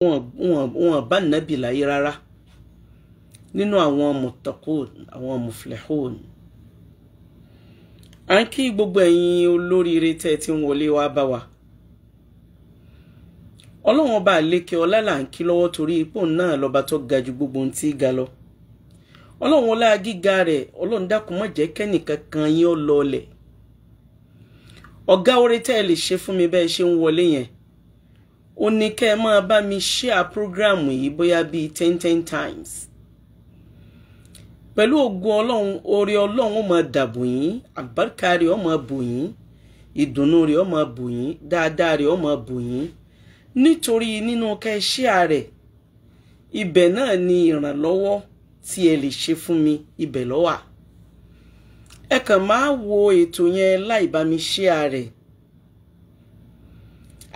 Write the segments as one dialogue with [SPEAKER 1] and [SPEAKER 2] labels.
[SPEAKER 1] wọn bá nàbì láyé rárá nínú àwọn mutaqun àwọn muflihun à ń kí gbogbo ẹ̀yin olóríire tẹ́ ẹ ti ń wọlé wá bá wa ọlọ́wọ́n bá lékè ọlá là ń kí lọ́wọ́ torí ipò náà lọ́ba tó ga ju gbogbo ohun tí ga lọ ọlọ́wọ́n ọlá gíga rẹ̀ ọlọ́run dákun má jẹ́ kẹ́nìkan kan yín ó lọ ọlẹ̀ ọ̀gá orí tẹ́ ẹ lè ṣe fún mi bẹ́ẹ̀ ṣe ń wọlé yẹn ó ní kẹ́ ẹ máa bá mi share program yìí bóyá bíi ten ten times pẹ̀lú ògùn ọlọ́run oore ọlọ́run ó máa dàbò yín àbáríkà rẹ̀ ó máa bò yín ìdùnnú rẹ̀ ó máa bò yín dáadáa rẹ̀ ó máa bò yín nítorí nínú kẹ́ ẹ share rẹ̀ ibẹ̀ náà ni ìrànlọ́wọ́ tí ẹ lè ṣe fún mi ibẹ̀ ló wà ẹ kàn máa wo ètò yẹn láì bá mi share rẹ̀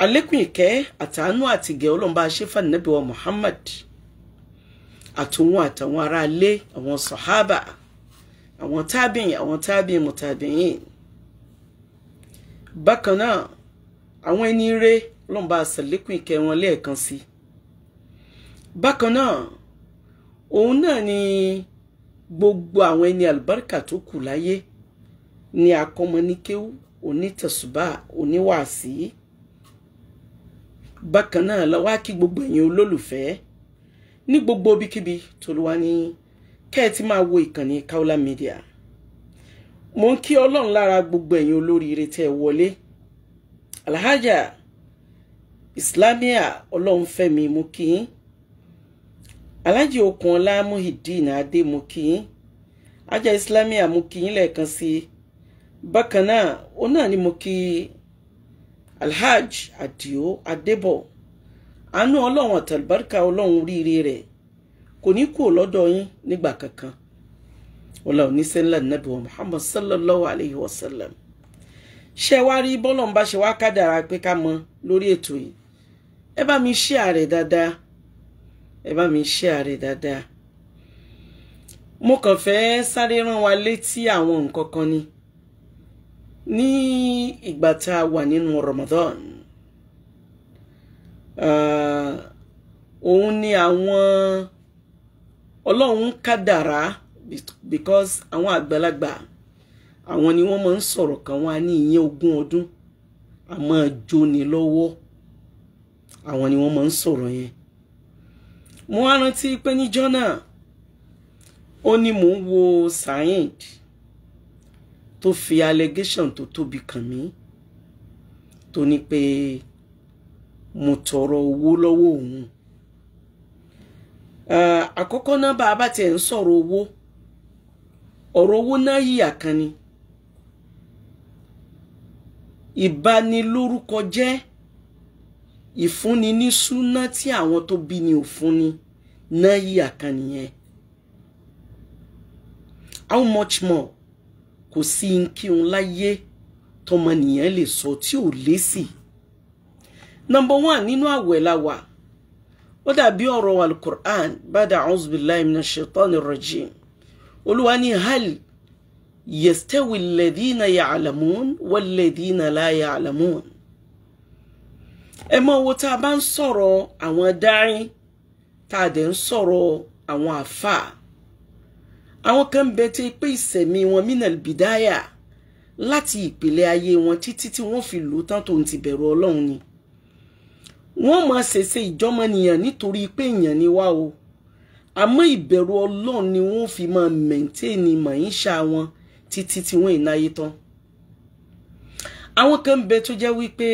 [SPEAKER 1] àlékún ìkẹ́ àtàánú àti ìgẹ̀ ọlọ́mọba aṣẹ́fà nàbẹ̀wá Muhammad àtòun àtàwọn aráalé àwọn sọ̀hábà àwọn tábìyìn àwọn tábìyìn mọ̀tàbìyìn bákan náà àwọn ẹni rere ọlọ́mọba àṣàlékún ìkẹ́ wọn lẹ́ẹ̀kan sí bákan náà òun náà ni gbogbo àwọn ẹni àlùbáríkà tó kù láyé ni akọmọníkéwú onítẹ̀sùbà oníwàásí. bákan náà la wá kí gbogbo ẹ̀yin olólùfẹ́ ní gbogbo ibikíbi tolúwa ní kẹ́ ẹ ti máa wo ìkànnì Kaola Media mo ń kí ọlọ́run lára gbogbo ẹ̀yin olóríire tẹ́ ẹ wọlé alhaja islamia ọlọ́runfẹ́mi mo kí alhaji okunola muhideen adé mo kí yín ajá islamia mo kí yín lẹ́ẹ̀kan sí i bákan náà ó náà ni mo kí alhaj adio adébọ̀ àánú ọlọ́run àtàlùbáríkà ọlọ́run oríire rẹ̀ kò ní kúrò lọ́dọ̀ yín nígbà kankan ọlá oníṣẹ́ ńlá nàbí wa muhammad sallallahu alayhi wa sallam ṣe wá rí bọ́lọ̀n bá ṣe wá kádàrá pé ká mọ lórí ètò yìí ẹ bá mi ṣe ààrẹ dáadáa ẹ bá mi ṣe ààrẹ dáadáa mo kàn fẹ́ sáré rán wa létí àwọn nǹkan kan ni ní ìgbà tá a wà nínú Ramadan uh, òun ni àwọn ọlọ́run kádàrá because àwọn àgbàlagbà àwọn ni wọ́n máa ń sọ̀rọ̀ kan wá ní ìyẹn ogún ọdún àmọ́ jóni lọ́wọ́ àwọn ni wọ́n máa ń sọ̀rọ̀ yẹn mo wá rántí pé níjọ́ náà ó ní mò ń wo Saheed tó fi allegation tó tóbi kàn mí tó ní pé mo tọrọ owó lọ́wọ́ òun àkọ́kọ́ náà bá a bá tiẹ̀ ń sọ̀rọ̀ owó ọ̀rọ̀ owó náà yíyà kan ni ìbanilórúkọ jẹ́ ìfúnni ní súná tí àwọn tó bí ni ò náà yíyà kan nìyẹn how much more kò sí nkíhun láyé tọmọnìyàn lè sọ tí ò lésì nọmba one nínú àwẹ̀ la wà ó dàbí ọ̀rọ̀ alukur'an bada auzubillahi minash shaitani rajim olúwa ní hal yastawi alladhina ya'lamun walladhina la ya'lamun ẹ mọ owó tá a bá ń sọ̀rọ̀ àwọn dárín tá a dẹ̀ ń sọ̀rọ̀ àwọn àfáà àwọn kan bẹ tí pé ìsẹ̀mí wọn minal bidaya láti ìpìlẹ̀ ayé wọn títí tí wọ́n fi lò tán tó ń ti bẹ̀rù ọlọ́run ni wọ́n máa ṣèṣe ìjọmọnìyàn nítorí pé èèyàn ni wá o àmọ́ ìbẹ̀rù ọlọ́run ni wọ́n fi máa mẹ̀ńtẹ́ẹ̀nì màáyíṣà wọn títí tí wọ́n ìnáyé tán àwọn kan bẹ tó jẹ́ wípé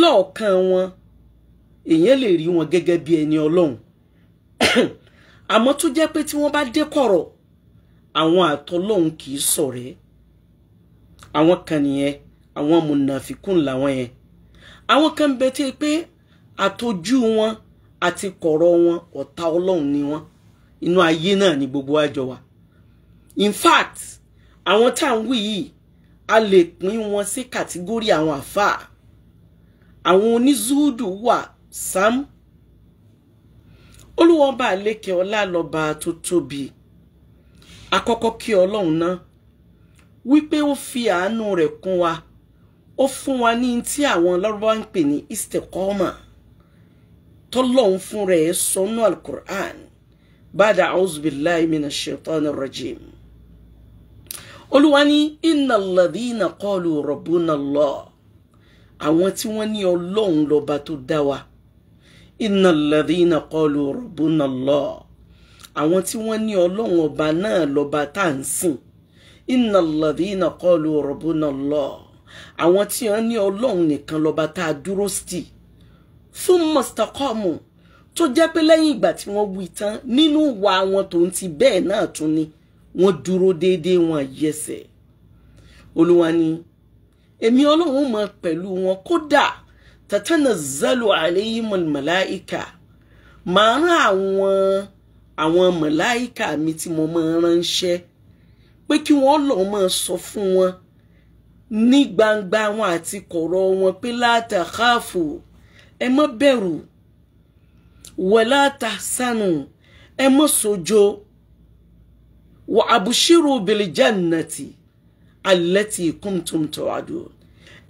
[SPEAKER 1] lọ́ọ̀kan wọn èèyàn lè rí wọn gẹ́gẹ́ bí ẹni ọlọ́run àmọ́ tó jẹ́ pé tí wọ́n bá dé kọ̀rọ̀ àwọn àtọ́lọ́hún kì í ṣọ̀rẹ́ àwọn kan nìyẹn àwọn mùnàfíkùn làwọn yẹn àwọn kan ń bẹ tí pé àtọ́jú wọn àti kọ̀rọ̀ wọn ọ̀tá ọlọ́run ni wọn inú ayé náà ni gbogbo àjọ wa in fact àwọn tá à ń wí yìí a lè pín wọn sí kàtígórì àwọn àfáà àwọn onízúùdù wà sam olúwa ọba àlékè ọlá lọba tó tóbi àkọ́kọ́ kí ọlọ́run ná wípé ó fi àánú rẹ̀ kún wa ó fún wa ní tí àwọn lọ́rọ́ ń pè ní istekoma tọ́lọ́run fún rẹ̀ sọnú alukur'an bada auzubillahi minash shaitani rajim olúwa ní innal ladhina qalu rabbuna Allah àwọn tí wọ́n ní ọlọ́run lọ́ba tó dá wa innal ladhina qalu rabbuna Allah àwọn tí wọ́n ní ọlọ́run ọba náà lọ́ba tá à ń sìn innal ladhina qalu rabbuna Allah àwọn tí wọ́n ní ọlọ́run nìkan lọ́ba tá a dúró sí thumma istaqamu tó jẹ́ pé lẹ́yìn ìgbà tí wọ́n wí tán nínú wa wọn tó ń ti bẹ́ẹ̀ náà tún ni wọ́n dúró déédéé wọn yẹsẹ̀ olúwa ni èmi ọlọ́run mọ̀ pẹ̀lú wọn kódà tatanazzalu alayhimul màláìkà màá rán àwọn àwọn màláìkà mi tí mo máa ránṣẹ́ pé kí wọ́n lọ́ọ́ máa sọ fún wọn ní gbangba wọn àti kọ̀rọ̀ wọn pé la takhafu ẹ má bẹ̀rù wala tahsanu ẹ má sojo wa abshiru bil jannati allati kuntum tu'adun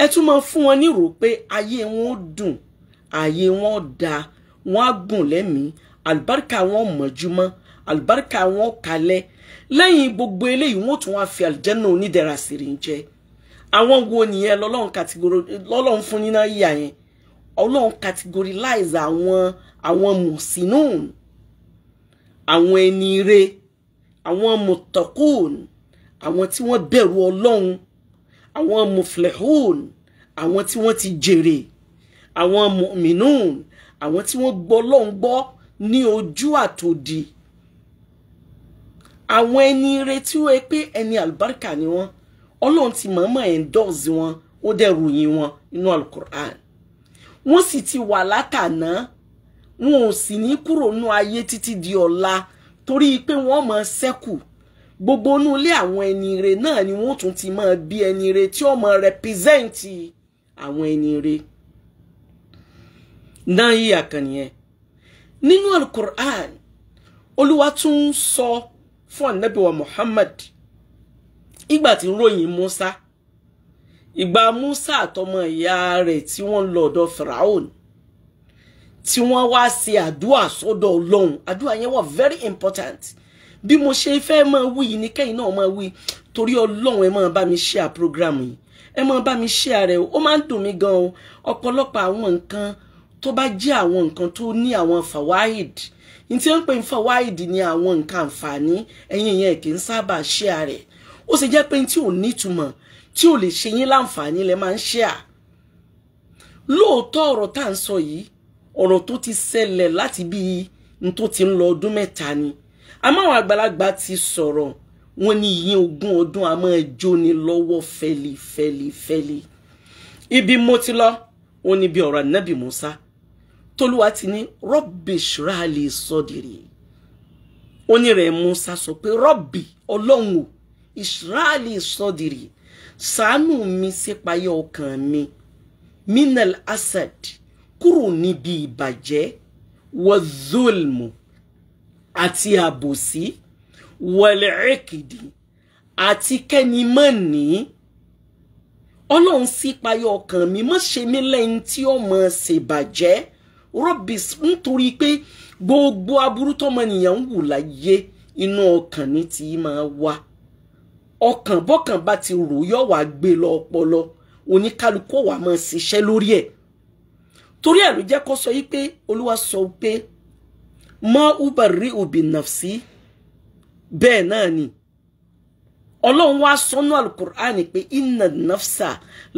[SPEAKER 1] ẹ tún máa fún wọn nírò pé ayé wọn ó dùn ayé wọn ó da wọn á gùn lẹ́mìí àlùbáríkà wọn ó mọ̀júmọ́ àlùbáríkà wọn ó kalẹ̀ lẹ́yìn gbogbo eléyìí wọn ó tún wá fi àlùjẹ́nà onídẹ̀ra sèrè ń jẹ àwọn wo nìyẹn lọ́lọ́run kàtìgòrò lọ́lọ́run fún níná yíyà yẹn ọlọ́run categorize àwọn àwọn mùsínún àwọn ẹni ire àwọn mùtọ́kùn àwọn tí wọ́n bẹ̀rù ọlọ́run àwọn muflehun àwọn tí wọ́n ti jèrè àwọn mu'minun àwọn tí wọ́n gbọ́ lọ́n gbọ́ ní ojú àtòdì àwọn ẹni retí wọ́n pé ẹni àlùbáríkà ni wọ́n ọlọ́run ti mọ̀ọ́mọ̀ endorse wọn ó dẹ̀ ròyìn wọn nínú alukur'an wọ́n sì ti wà látàná wọn ò sì ní kúrò nínú ayé títí di ọ̀la torí pé wọ́n mọ̀ ọ́ sẹ́kù gbogbo inú ilé àwọn ẹni re náà ni wọ́n tún ti máa bí ẹni re tí ó máa rẹpizẹ́ǹtì àwọn ẹni re náà yíyà kan nìyẹn nínú alukur'an olúwa tún ń sọ fún anabi wa muhammad ìgbà tí ń ròyìn musa ìgbà musa àtọmọ ìyá rẹ̀ tí wọ́n ń lọ ọ̀dọ̀ firaun tí wọ́n wá ṣe àdúà sọ́dọ̀ ọlọ́run àdúà yẹn wà very important bí mo ṣe fẹ́ máa wí yìí ni kẹ́yìn náà máa wí torí ọlọ́run ẹ máa bá mi share program yìí ẹ máa bá mi share rẹ̀ ó máa ń dùn mí gan o ọ̀pọ̀lọpọ̀ àwọn nǹkan tó bá jẹ́ àwọn nǹkan tó ní àwọn fawaid n tí wọ́n pè ń fawaid ni àwọn nǹkan àǹfààní ẹ̀yìn yẹn kì í sábà share rẹ̀ ó sì jẹ́ pé tí ò nítumọ̀ tí ò lè ṣe yín láǹfààní lẹ máa ń share lóòótọ́ ọ̀rọ̀ tá à ń sọ yìí ọ̀rọ̀ tó ti ṣẹlẹ̀ láti bíi n tó ti ń lọ ọdún mẹ́ta ni àmọ́ àwọn àgbàlagbà ti sọ̀rọ̀ wọ́n ní ìyẹn ogún ọdún àmọ́ ẹjọ́ ni lọ́wọ́ fẹ́lí fẹ́lí fẹ́lí ibi mo ti lọ wọ́n níbi ọ̀rọ̀ ànábì Musa tolúwa ti ní rọ́bì ṣíráàlì sọ́dìrì ó ní rẹ̀ Musa sọ pé rọ́bì ọlọ́run ò ìṣíráàlì sọ́dìrì ṣàánú mi sípayá ọkàn mi minal asad kúrò níbi ìbàjẹ́ wọ́n zulmù àti àbòsí wẹ̀lẹ́rẹ́kìdì àti kẹ́ni mọ̀ ní ọlọ́run sì payọ ọkàn mi mọ́ ṣe mí lẹ́yìn tí ọmọ ṣèbàjẹ́ rọ́bìs nítorí pé gbogbo aburú tọmọnìyàn ń wù láyé inú ọkàn ní ti máa wá ọkàn bọ́kàn bá ti rò yọ wá gbé lọ ọpọlọ oníkálukú wa máa ṣiṣẹ́ lórí ẹ̀ torí ẹ̀ ló jẹ́ kó sọ yí pé olúwa sọ pé mọ́ ubari ubi nafsi bẹ́ẹ̀ náà ni ọlọ́run wá sọ́nú alukur'an pé inna nafsa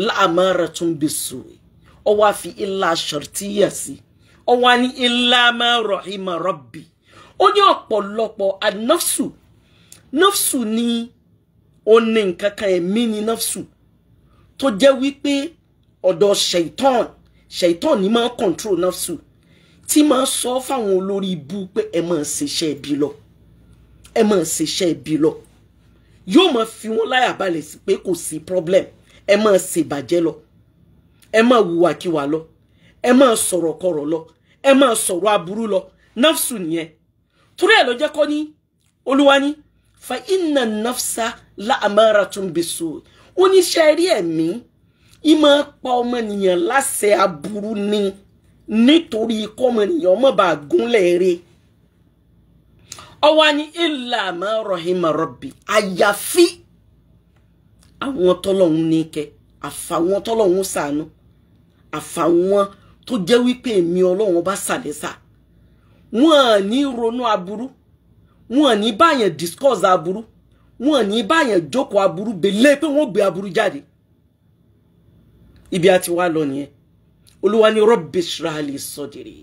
[SPEAKER 1] láàmàrà tún bí sùwé ọ wá fi ilá ṣọ̀rtíyà sí ọ wá ní ilá máa rọ̀hìmà rọ́bì ó ní ọ̀pọ̀lọpọ̀ anafsu nafsu ni ó ní nǹkan kan ẹ̀mí ni nafsu tó jẹ́ wípé ọ̀dọ̀ ṣèitán ṣèitán ni máa ń nafsu tí máa sọ fáwọn olórí ibú pé ẹ máa ṣiṣẹ́ ibi lọ ẹ máa ṣiṣẹ́ ibi lọ yóò máa fi wọn láyà balẹ̀ sí pé kò sí problem ẹ máa ṣèbàjẹ́ lọ ẹ máa wùwàkiwà lọ ẹ máa sọ̀rọ̀ kọ̀rọ̀ lọ ẹ máa sọ̀rọ̀ aburú lọ nafsu nìyẹn torí ẹ̀ ló jẹ́ kọ́ ní olúwa ní fa inna nafsa la amaratun bisu oníṣẹ́ rí ẹ̀mí ìmọ̀ pa ọmọnìyàn láṣẹ aburú ni. Fa nítorí kọ́mọnìyàn má bàa gúnlẹ̀ re ọwọ́ ni ilà máa rọ̀hìnmá rọ̀bì àyàfi àwọn tọ́lọ́hún ní kẹ àfàwọn tọ́lọ́hún sànú àfàwọn tó jẹ́ wípé èmi ọlọ́run bá sàlẹ́sà wọn ní ronú aburú wọn ní báyẹn discuss aburú wọn ní báyẹn jókòó aburú belé pé wọn gbé aburú jáde ibi àti wá lọ nìyẹn olúwa ní rọ́bì ṣírálì sọ́dìrì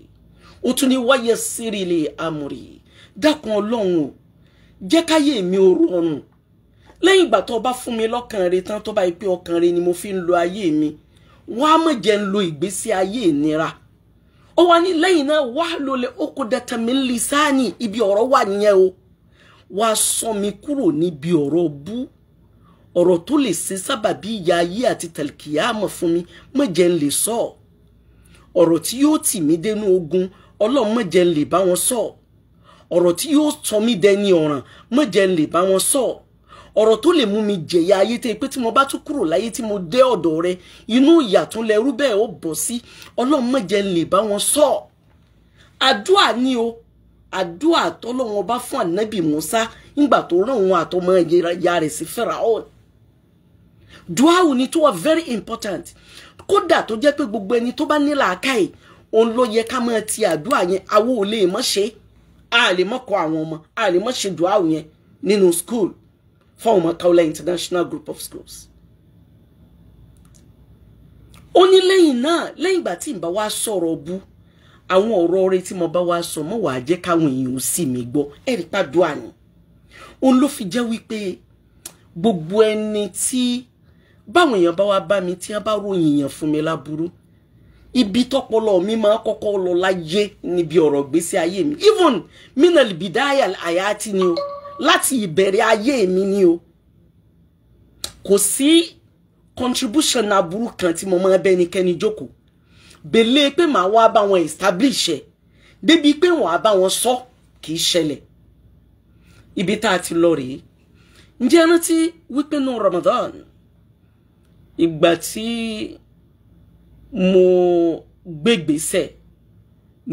[SPEAKER 1] ó tún ní wáyé sírìlì amúrì dákun ọlọ́run o jẹ́ káyé mi ó rọrùn lẹ́yìn ìgbà tó bá fún mi lọ́kàn rẹ tán tó bá yẹ pé ọkàn rẹ ni mo fi ń lo ayé mi wọ́n á mọ̀ jẹ́ ń lo ìgbésí ayé ìnira ó wá ní lẹ́yìn náà wá lólè oko dẹ́tẹ̀ mi lè sáàní ibi ọ̀rọ̀ wà nìyẹn o wá sọ mi kúrò níbi ọ̀rọ̀ bú ọ̀rọ̀ tó lè ṣe sábàbí ìyà ayé àti tàlkìyà mọ̀ fún mi mọ̀ jẹ́ ń lè sọ ọ́ ọ̀rọ̀ tí yóò tì mí dénú ogun ọlọ́run má jẹ́ n lè bá wọn sọ ọ̀rọ̀ tí yóò sọ mí dẹni ọ̀ràn má jẹ́ lè bá wọn sọ ọ̀rọ̀ tó lè mú mi jẹ̀yà ayé tẹ́ pé tí mo bá tún kúrò láyé tí mo dé ọ̀dọ̀ rẹ inú ìyàtún lẹrú bẹ́ẹ̀ ó bọ̀ sí ọlọ́run má jẹ́ lè bá wọn sọ àdúà ni o àdúà tọ́lọ́wọ́n bá fún ànábì Musa nígbà tó rán òun àtọmọ ìyá rẹ̀ sí Fáráò dùáwù ni tó wà very important kódà tó jẹ́ pé gbogbo ẹni tó bá ní làákàyè òun ló yẹ ká máa ti àdúrà yẹn àwo ò lè mọ́ ṣe a lè mọ́ kọ àwọn ọmọ a lè mọ́ ṣe dùá yẹn nínú school fún ọmọ Kaola International Group of Schools ó ní lẹ́yìn náà lẹ́yìn ìgbà tí n bá wá sọ̀rọ̀ bú àwọn ọ̀rọ̀ ọ̀rẹ́ tí mo bá wá sọ mọ́ wàá jẹ́ káwọn èèyàn sì mí gbọ́ ẹ̀rí pàdúrà ni òun ló fi jẹ́ wípé gbogbo ẹni tí báwọn èèyàn bá wá bá mi tí wọ́n bá ròyìn èèyàn fún mi láburú ibi tọpọlọ mi máa kọ́kọ́ lọ láyé níbi ọ̀rọ̀ gbèsè ayé mi even minal bidaya ayati ni o láti ìbẹ̀rẹ̀ ayé mi ni o kò sí contribution aburú kan tí mo máa bẹ ẹnikẹ́ni jókòó bèlè pé màá wá bá wọn establish ẹ débi pé wọn á bá wọn sọ kì í ṣẹlẹ̀ ibi tá a ti lọ rèé ǹjẹ́ rántí wípé nù Ramadan ìgbà tí mo gbégbèsè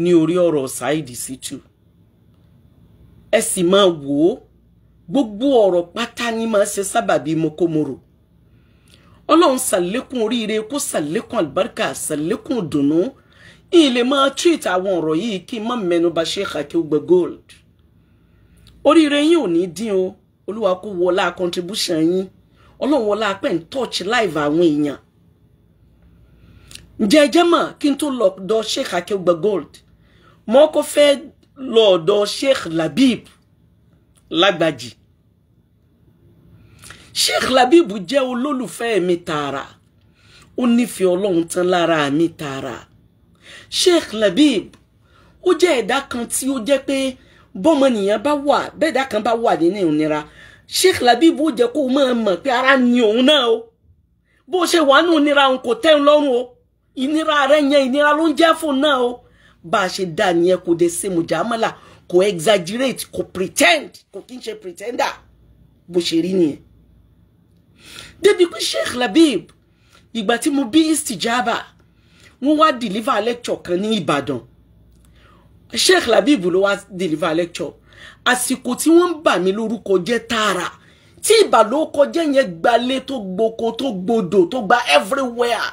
[SPEAKER 1] ní orí ọ̀rọ̀ Saheed Shittu ẹ sì máa wò ó gbogbo ọ̀rọ̀ pátá ni máa ṣe sábàbí mokomoro ọlọ́run ṣàlékún oríire kó ṣàlékún àlùbáríkà ṣàlékún ìdùnnú ilé máa treat àwọn ọ̀rọ̀ yìí kí n má mẹ́nuba Sheikh Akeugbe Gold oríire yín ò ní dín o olúwa kó wọlá contribution yín ọlọ́run wọlá pẹ́ ń touch live àwọn èèyàn ǹjẹ́ ẹjẹ́ mọ̀ kí n tó lọ ọ̀dọ̀ Sheikh Akeugba Gold mo kò fẹ́ lọ ọ̀dọ̀ Sheikh Labib Lágbàjì Sheikh Labib jẹ́ olólùfẹ́ mi tààrà ó nífẹ̀ẹ́ ọlọ́run tán lára mi tààrà Sheikh Labib ó jẹ́ ẹ̀dá kan tí ó jẹ́ pé bọ́mọnìyàn bá wà bẹ́ẹ̀dá kan bá wà nínú ìnira Sheikh Labeeb ó jẹ́ kó máa mọ̀ pé ara ni òun náà o bó ṣe wà nù nira òun kò tẹ́ ń lọ́rùn o ìnira rẹ yẹn ìnira ló ń jẹ́ fún náà o bá a ṣe dà nìyẹn kò dé ṣe mùjámọ́là kò exaggerate kò pretend kò kí n ṣe pretender bó ṣe rí nìyẹn. débi pé Sheikh Labeeb ìgbà tí mo bí istijaba wọ́n wá deliver lecture kan ní Ìbàdàn Sheikh Labeeb ló wá deliver lecture àsìkò tí wọ́n ń bà mí lórúkọ jẹ́ tààrà tí ìbàlórúkọ jẹ́ yẹn gbalé tó gboko tó gbodò tó gba everywhere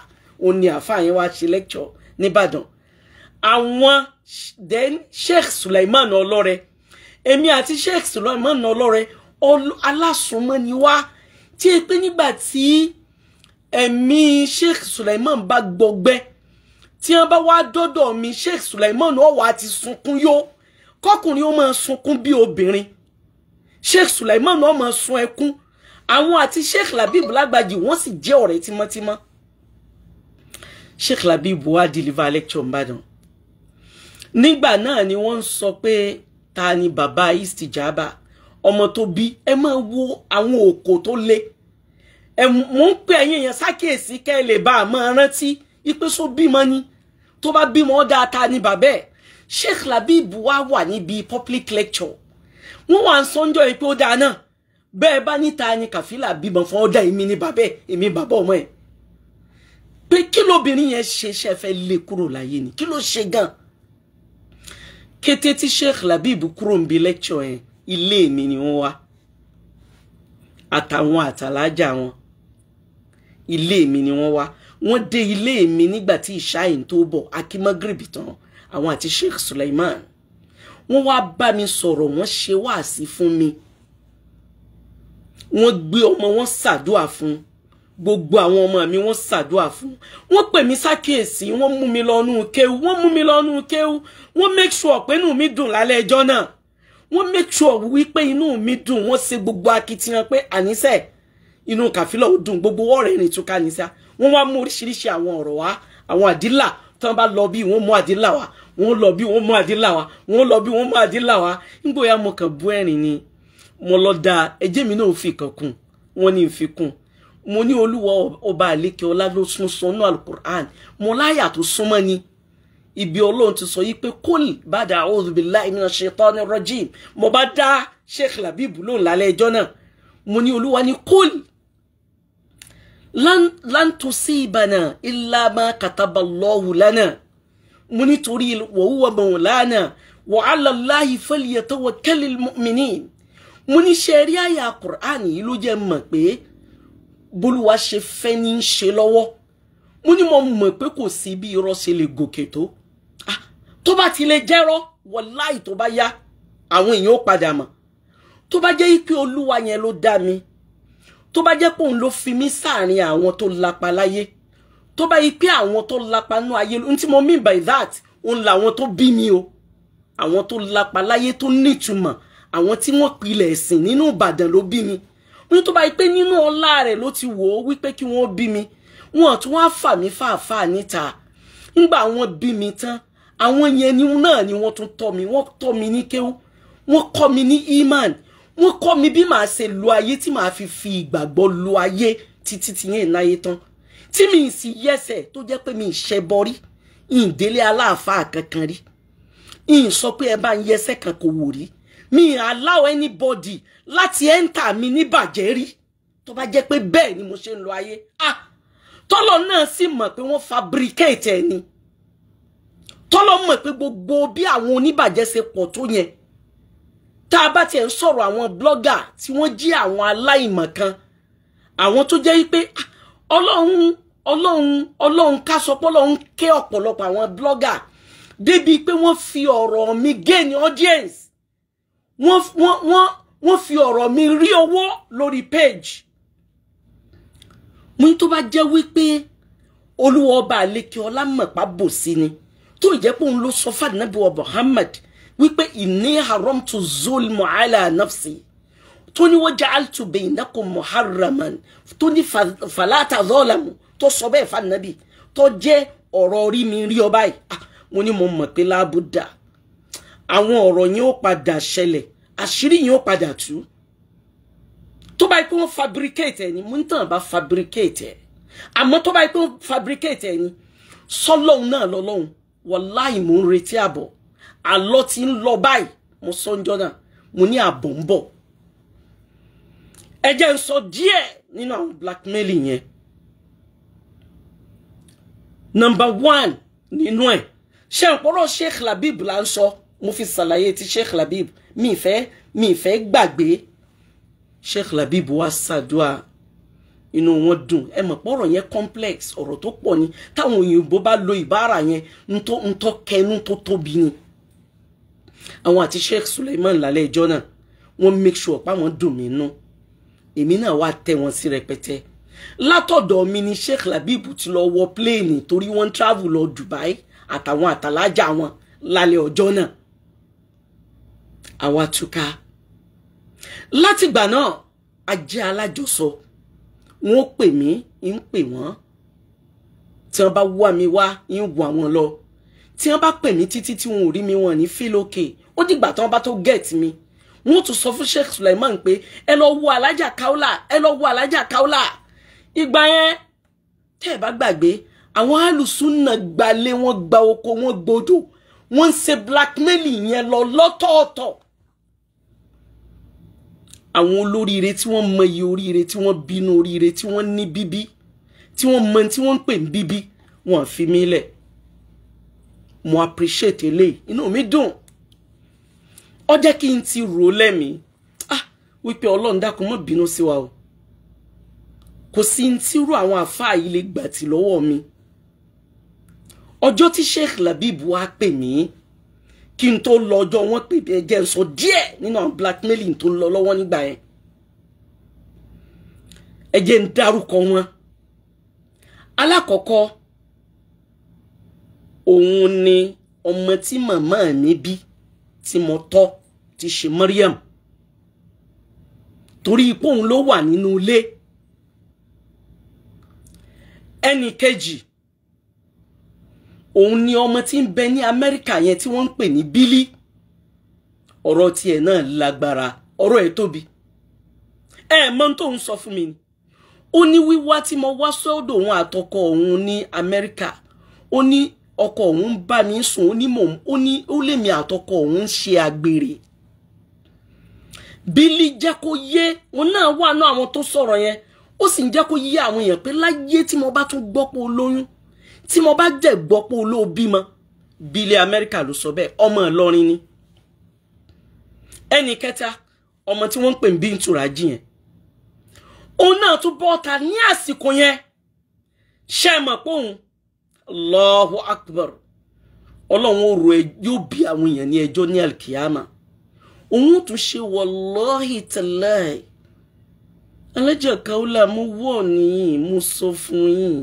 [SPEAKER 1] òun ni àáfàá yẹn wá ṣe lecture nìbàdàn àwọn then sheikh suleiman ọlọ́rẹ èmi àti sheikh suleiman ọlọ́rẹ alásùnmọ́ ni wá tí e pé nígbà tí ẹ̀mí sheikh suleiman bá gbọgbẹ́ tí wọ́n bá wá dọ́dọ̀ mi sheikh suleiman ọ̀wà ti sunkún yóò kọkùnrin ó máa sunkún bí obìnrin Sheikh Sulaiman náà máa sun ẹkún àwọn àti Sheikh Labib Lágbàjì wọ́n sì jẹ́ ọ̀rẹ́ tímọ́tímọ́ Sheikh Labib wá deliver lecture Ìbàdàn nígbà náà ni wọ́n ń sọ pé ta ni bàbá Istijaba ọmọ tó bí ẹ máa wo àwọn òkò tó le ẹ mò ń pè ẹ̀yin èèyàn sákèésí kẹ́ ẹ lè bá a máa rántí ipe so bímọ ni tó bá bímọ ó dáa ta ni bàbá ẹ̀ Sheikh Labib wá wà níbi public lecture wọ́n wà ń sọ́njọ́ yìí pé ó dáa náà bẹ́ẹ̀ bá níta ni kàfílà bímọ fún ọ́dà èmi ní bàbá èmi bàbá ọmọ ẹ̀ pé kí lóbìnrin yẹn ṣe ṣe fẹ́ lé kúrò láyé ni kí ló ṣe gan kété tí Sheikh Labib kúrò ń bi lecture yẹn ilé mi ni wọ́n wá àtàwọn àtàlájà wọn ilé mi ni wọ́n wá wọ́n dé ilé mi nígbà tí ìṣáyìn tó bọ̀ akímọ́gìrìbì tán àwọn àti Sheikh Suleiman wọ́n wá bá mi sọ̀rọ̀ wọ́n ṣe wáàsí fún mi wọ́n gbé ọmọ wọn ṣàdúà fún gbogbo àwọn ọmọ mi wọ́n ṣàdúà fún wọ́n pè mí sákèésí wọ́n mú mi lọ́nú kéwú wọ́n mú mi lọ́nú kéwú wọ́n make sure pé inú mi dùn lálẹ́ ẹjọ́ náà wọ́n make sure wípé inú mi dùn wọ́n ṣe gbogbo akitiyan pé àníṣe inú kàfílà ó dùn gbogbo ọ̀rẹ́ ìrìn túká níṣà wọ́n wá mú oríṣiríṣi àwọn ọ̀rọ̀ wá àwọn àdílà tán bá lọ bí wọ́n mú àdínláwà wọ́n lọ bí wọ́n mú àdínláwà wọ́n lọ bí wọ́n mú àdínláwà nígbòyà mo kàn bú ẹ̀rín ni mo lọ da ẹjẹ́ mi náà fi kàn kún wọ́n ní fi kún mo ní olúwa ọba àlékè ọlá ló sún sọnù alukur'an mo láyà tó súnmọ́ ni ibi ọlọ́run ti sọ yìí pé kólì bá da a'udhu billahi minash shaitani rajim mo bá dá sheikh labib lóhùn lálẹ́ ẹjọ́ náà mo ní olúwa ní kólì lan lan tusibana illa ma kataballahu lana mo nítorí wa huwa maulana wa ala Allahi falyatawakkalil mu'minin mo ní ṣẹ́rí àyà Qur'an yìí ló jẹ́ mọ̀ pé bólúwa ṣe fẹ́ ní í ṣe lọ́wọ́ mo ní mo mọ̀ pé kò sí bí irọ́ ṣe lè gòkè tó ah, tó bá ti lè jẹ́rọ́ wàláì tó bá yá àwọn èèyàn ó padà mọ̀ tó bá jẹ́ pé olúwa yẹn ló dá mi tó bá jẹ́ pé òun ló fi mí sáàrin àwọn tó lapa láyé tó bá yí pé àwọn tó lapa nú ayé ló tí mo mean by that òun làwọn tó bí mi o àwọn tó lapa láyé tó nítumọ̀ àwọn tí wọ́n pilẹ̀ ẹ̀sìn nínú Ìbàdàn ló bí mi wọ́n tó bá yí pé nínú ọlá rẹ̀ ló ti wò ó wípé kí wọ́n bí mi wọ́n tún wá fà mí fàáfàá níta ńgbà wọ́n bí mi tán àwọn yẹn náà ni wọ́n tún tọ́ mi wọ́n tọ́ mi ní kéwú wọ́n kọ́ mi ní imán e wọ́n kọ́ mi bí màá ṣe lo ayé tí màá fi fi ìgbàgbọ́ lo ayé títí ti yẹn náyé tán tí mi ì sì yẹsẹ̀ tó jẹ́ pé mi ì ṣẹbọ rí ìdílé aláàfáà kankan rí ìyìn sọ pé ẹ bá ń yẹsẹ̀ kan kò wò rí mi ì allow anybody láti enter mi ní bàjẹ́ rí tó bá jẹ́ pé bẹ́ẹ̀ ni mo ṣe ń lo ayé ah tọ́lọ̀ náà sì mọ̀ pé wọ́n fabricate ẹ̀ ni tọ́lọ̀ mọ̀ pé gbogbo bí àwọn oníbàjẹ́ ṣe pọ̀ tó yẹn tá a bá tiẹ̀ ń sọ̀rọ̀ àwọn blogger tí wọ́n jí àwọn aláìmọ̀kan àwọn tó jẹ́ pé ah, ọlọ́run ọlọ́run ọlọ́run ká sọ pé ọlọ́run ké ọ̀pọ̀lọpọ̀ àwọn blogger débi pé wọ́n fi ọ̀rọ̀ mi gain audience wọ́n wọ́n wọ́n wọ́n fi ọ̀rọ̀ mi rí owó lórí page mo ní tó bá jẹ́ wípé olúwa ọba àlekè ọlá mọ̀pá bòsí ni tó ìjẹ́ pé òun ló sọ fàdínàbí wa Muhammad wípé ìní haramtu zulmu ala nafsi tó ní wọ́n ja'altu bainakum muharraman tó ní falata zọ́ọ̀làmù tó sọ bẹ́ẹ̀ fa nàbì tó jẹ́ ọ̀rọ̀ rí mi rí ọba yìí ah, mo ní mo mọ̀ pé lábúdà àwọn ọ̀rọ̀ yẹn ó padà ṣẹlẹ̀ àṣírí yẹn ó padà tú tó bá pé wọ́n fabricate ẹ̀ ni mo ń tàn bá fabricate ẹ̀ àmọ́ tó bá pé wọ́n fabricate ẹ̀ ni sọ́lọ́hún náà lọ́lọ́hún wàláì mò ń retí àbọ̀ àlọ́ ti ń lọ báyìí mo sọ ń jọ́nà mo ní ààbò ń bọ̀ ẹ ń sọ díẹ̀ nínú àwọn blackmail yẹn number one nínú ẹ̀ ṣé ọ̀pọ̀lọ́ Sheikh Labib là ń sọ mo fi ṣàlàyé ti Sheikh Labib mi ìfẹ́ mi ìfẹ́ gbàgbé Sheikh Labib wá ṣàdúrà inú wọn dùn ẹ mọ̀ pọ̀rọ̀ yẹn complex ọ̀rọ̀ tó pọ̀ ni táwọn òyìnbó bá lo ìbára yẹn ń tó kẹnu tó tóbi ni àwọn àti Sheikh Suleiman lálẹ́ ìjọ náà wọ́n make sure pa páwọn dùn mí nú èmi náà wá tẹ wọn sí rẹpẹtẹ látọ̀dọ̀ mi ni Sheikh Labib ti lọ wọ pléènì torí wọ́n travel lọ Dubai àtàwọn àtàlájà wọn lálẹ́ ọjọ́ náà àwa túká látìgbà náà a jẹ́ alájọsọ wọ́n pè mí ń pè wọ́n tí wọ́n bá wá mi wá ń wọ àwọn lọ tí wọ́n bá pè mí títí tí wọn ò rí mi wọn ní feel okay ó dìgbà tí wọ́n bá tó get mi wọ́n tún sọ fún Sheikh Sulaiman pé ẹ lọ wo alájà kaula. ẹ lọ wo alájà kaula. ìgbà yẹn tẹ́ ẹ bá gbàgbé àwọn alùsùnà gbalé wọ́n gba oko wọ́n gbodò wọ́n ń ṣe blackmail yẹn lọ lọ́tọ̀ọ̀tọ̀ àwọn olóríire tí wọ́n mọ iye oríire tí wọ́n bínú oríire tí wọ́n ní bíbí tí wọ́n mọ tí wọ́n ń pè ní bíbí wọ́n fi mí lẹ̀ mo appreciate eléyìí inú mi dùn ó jẹ́ kí n ti rò ó ah wípé ọlọ́run dákun mọ́ bínú sí wa o kò sí n tí irú àwọn àfáà yìí lè gbà tí lọ́wọ́ mi ọjọ́ tí Sheikh Labib wá pè mí kí n tó lọ ọjọ́ wọn pè mí ẹjẹ́ sọ díẹ̀ nínú àwọn blackmailing tó ń lọ lọ́wọ́ nígbà yẹn ẹjẹ́ ń dárúkọ wọn alákọ̀ọ́kọ́ òun ni ọmọ tí màmá mi bí tí mo tọ́ ti ṣe Mariam torí ipò òun ló wà nínú ilé ẹnì kejì òun ni ọmọ tí ń bẹ ní Amẹ́ríkà yẹn tí wọ́n ń pè ní Bílí ọ̀rọ̀ tiẹ̀ náà lágbára ọ̀rọ̀ ẹ̀ tóbi ẹ mọ tó ń sọ fún mi ni ó ní wíwá tí mo wá sọ́dọ̀ òun àtọkọ òun ní Amẹ́ríkà ó ní ọkọ òun ń bá mi sùn ó ní mò ń ó lè mi àtọkọ òun ń ṣe àgbèrè bílí jẹ́ kó yé òun náà wà náà àwọn tó sọ̀rọ̀ yẹn ó sì ń jẹ́ kó yé àwọn èèyàn pé láyé tí mo bá tún gbọ́ pé olóyún tí mo bá jẹ́ gbọ́ pé olóbímọ bílí amẹ́ríkà ló sọ bẹ́ẹ̀ ọmọ ìlọrin ni ẹnì kẹta ọmọ tí wọ́n ń pè ní Bíntu Rájí yẹn òun náà tún bọ́ ọ̀tá ní àsìkò yẹn ṣe é mọ̀ pé òun Allahu akbar ọlọ́run ó ro yóò bí àwọn èèyàn ní ẹjọ́ ní alkiyama òun tún ṣe wallahi tallahi alájà kaula mo wọ̀ nìyí mo sọ fún yín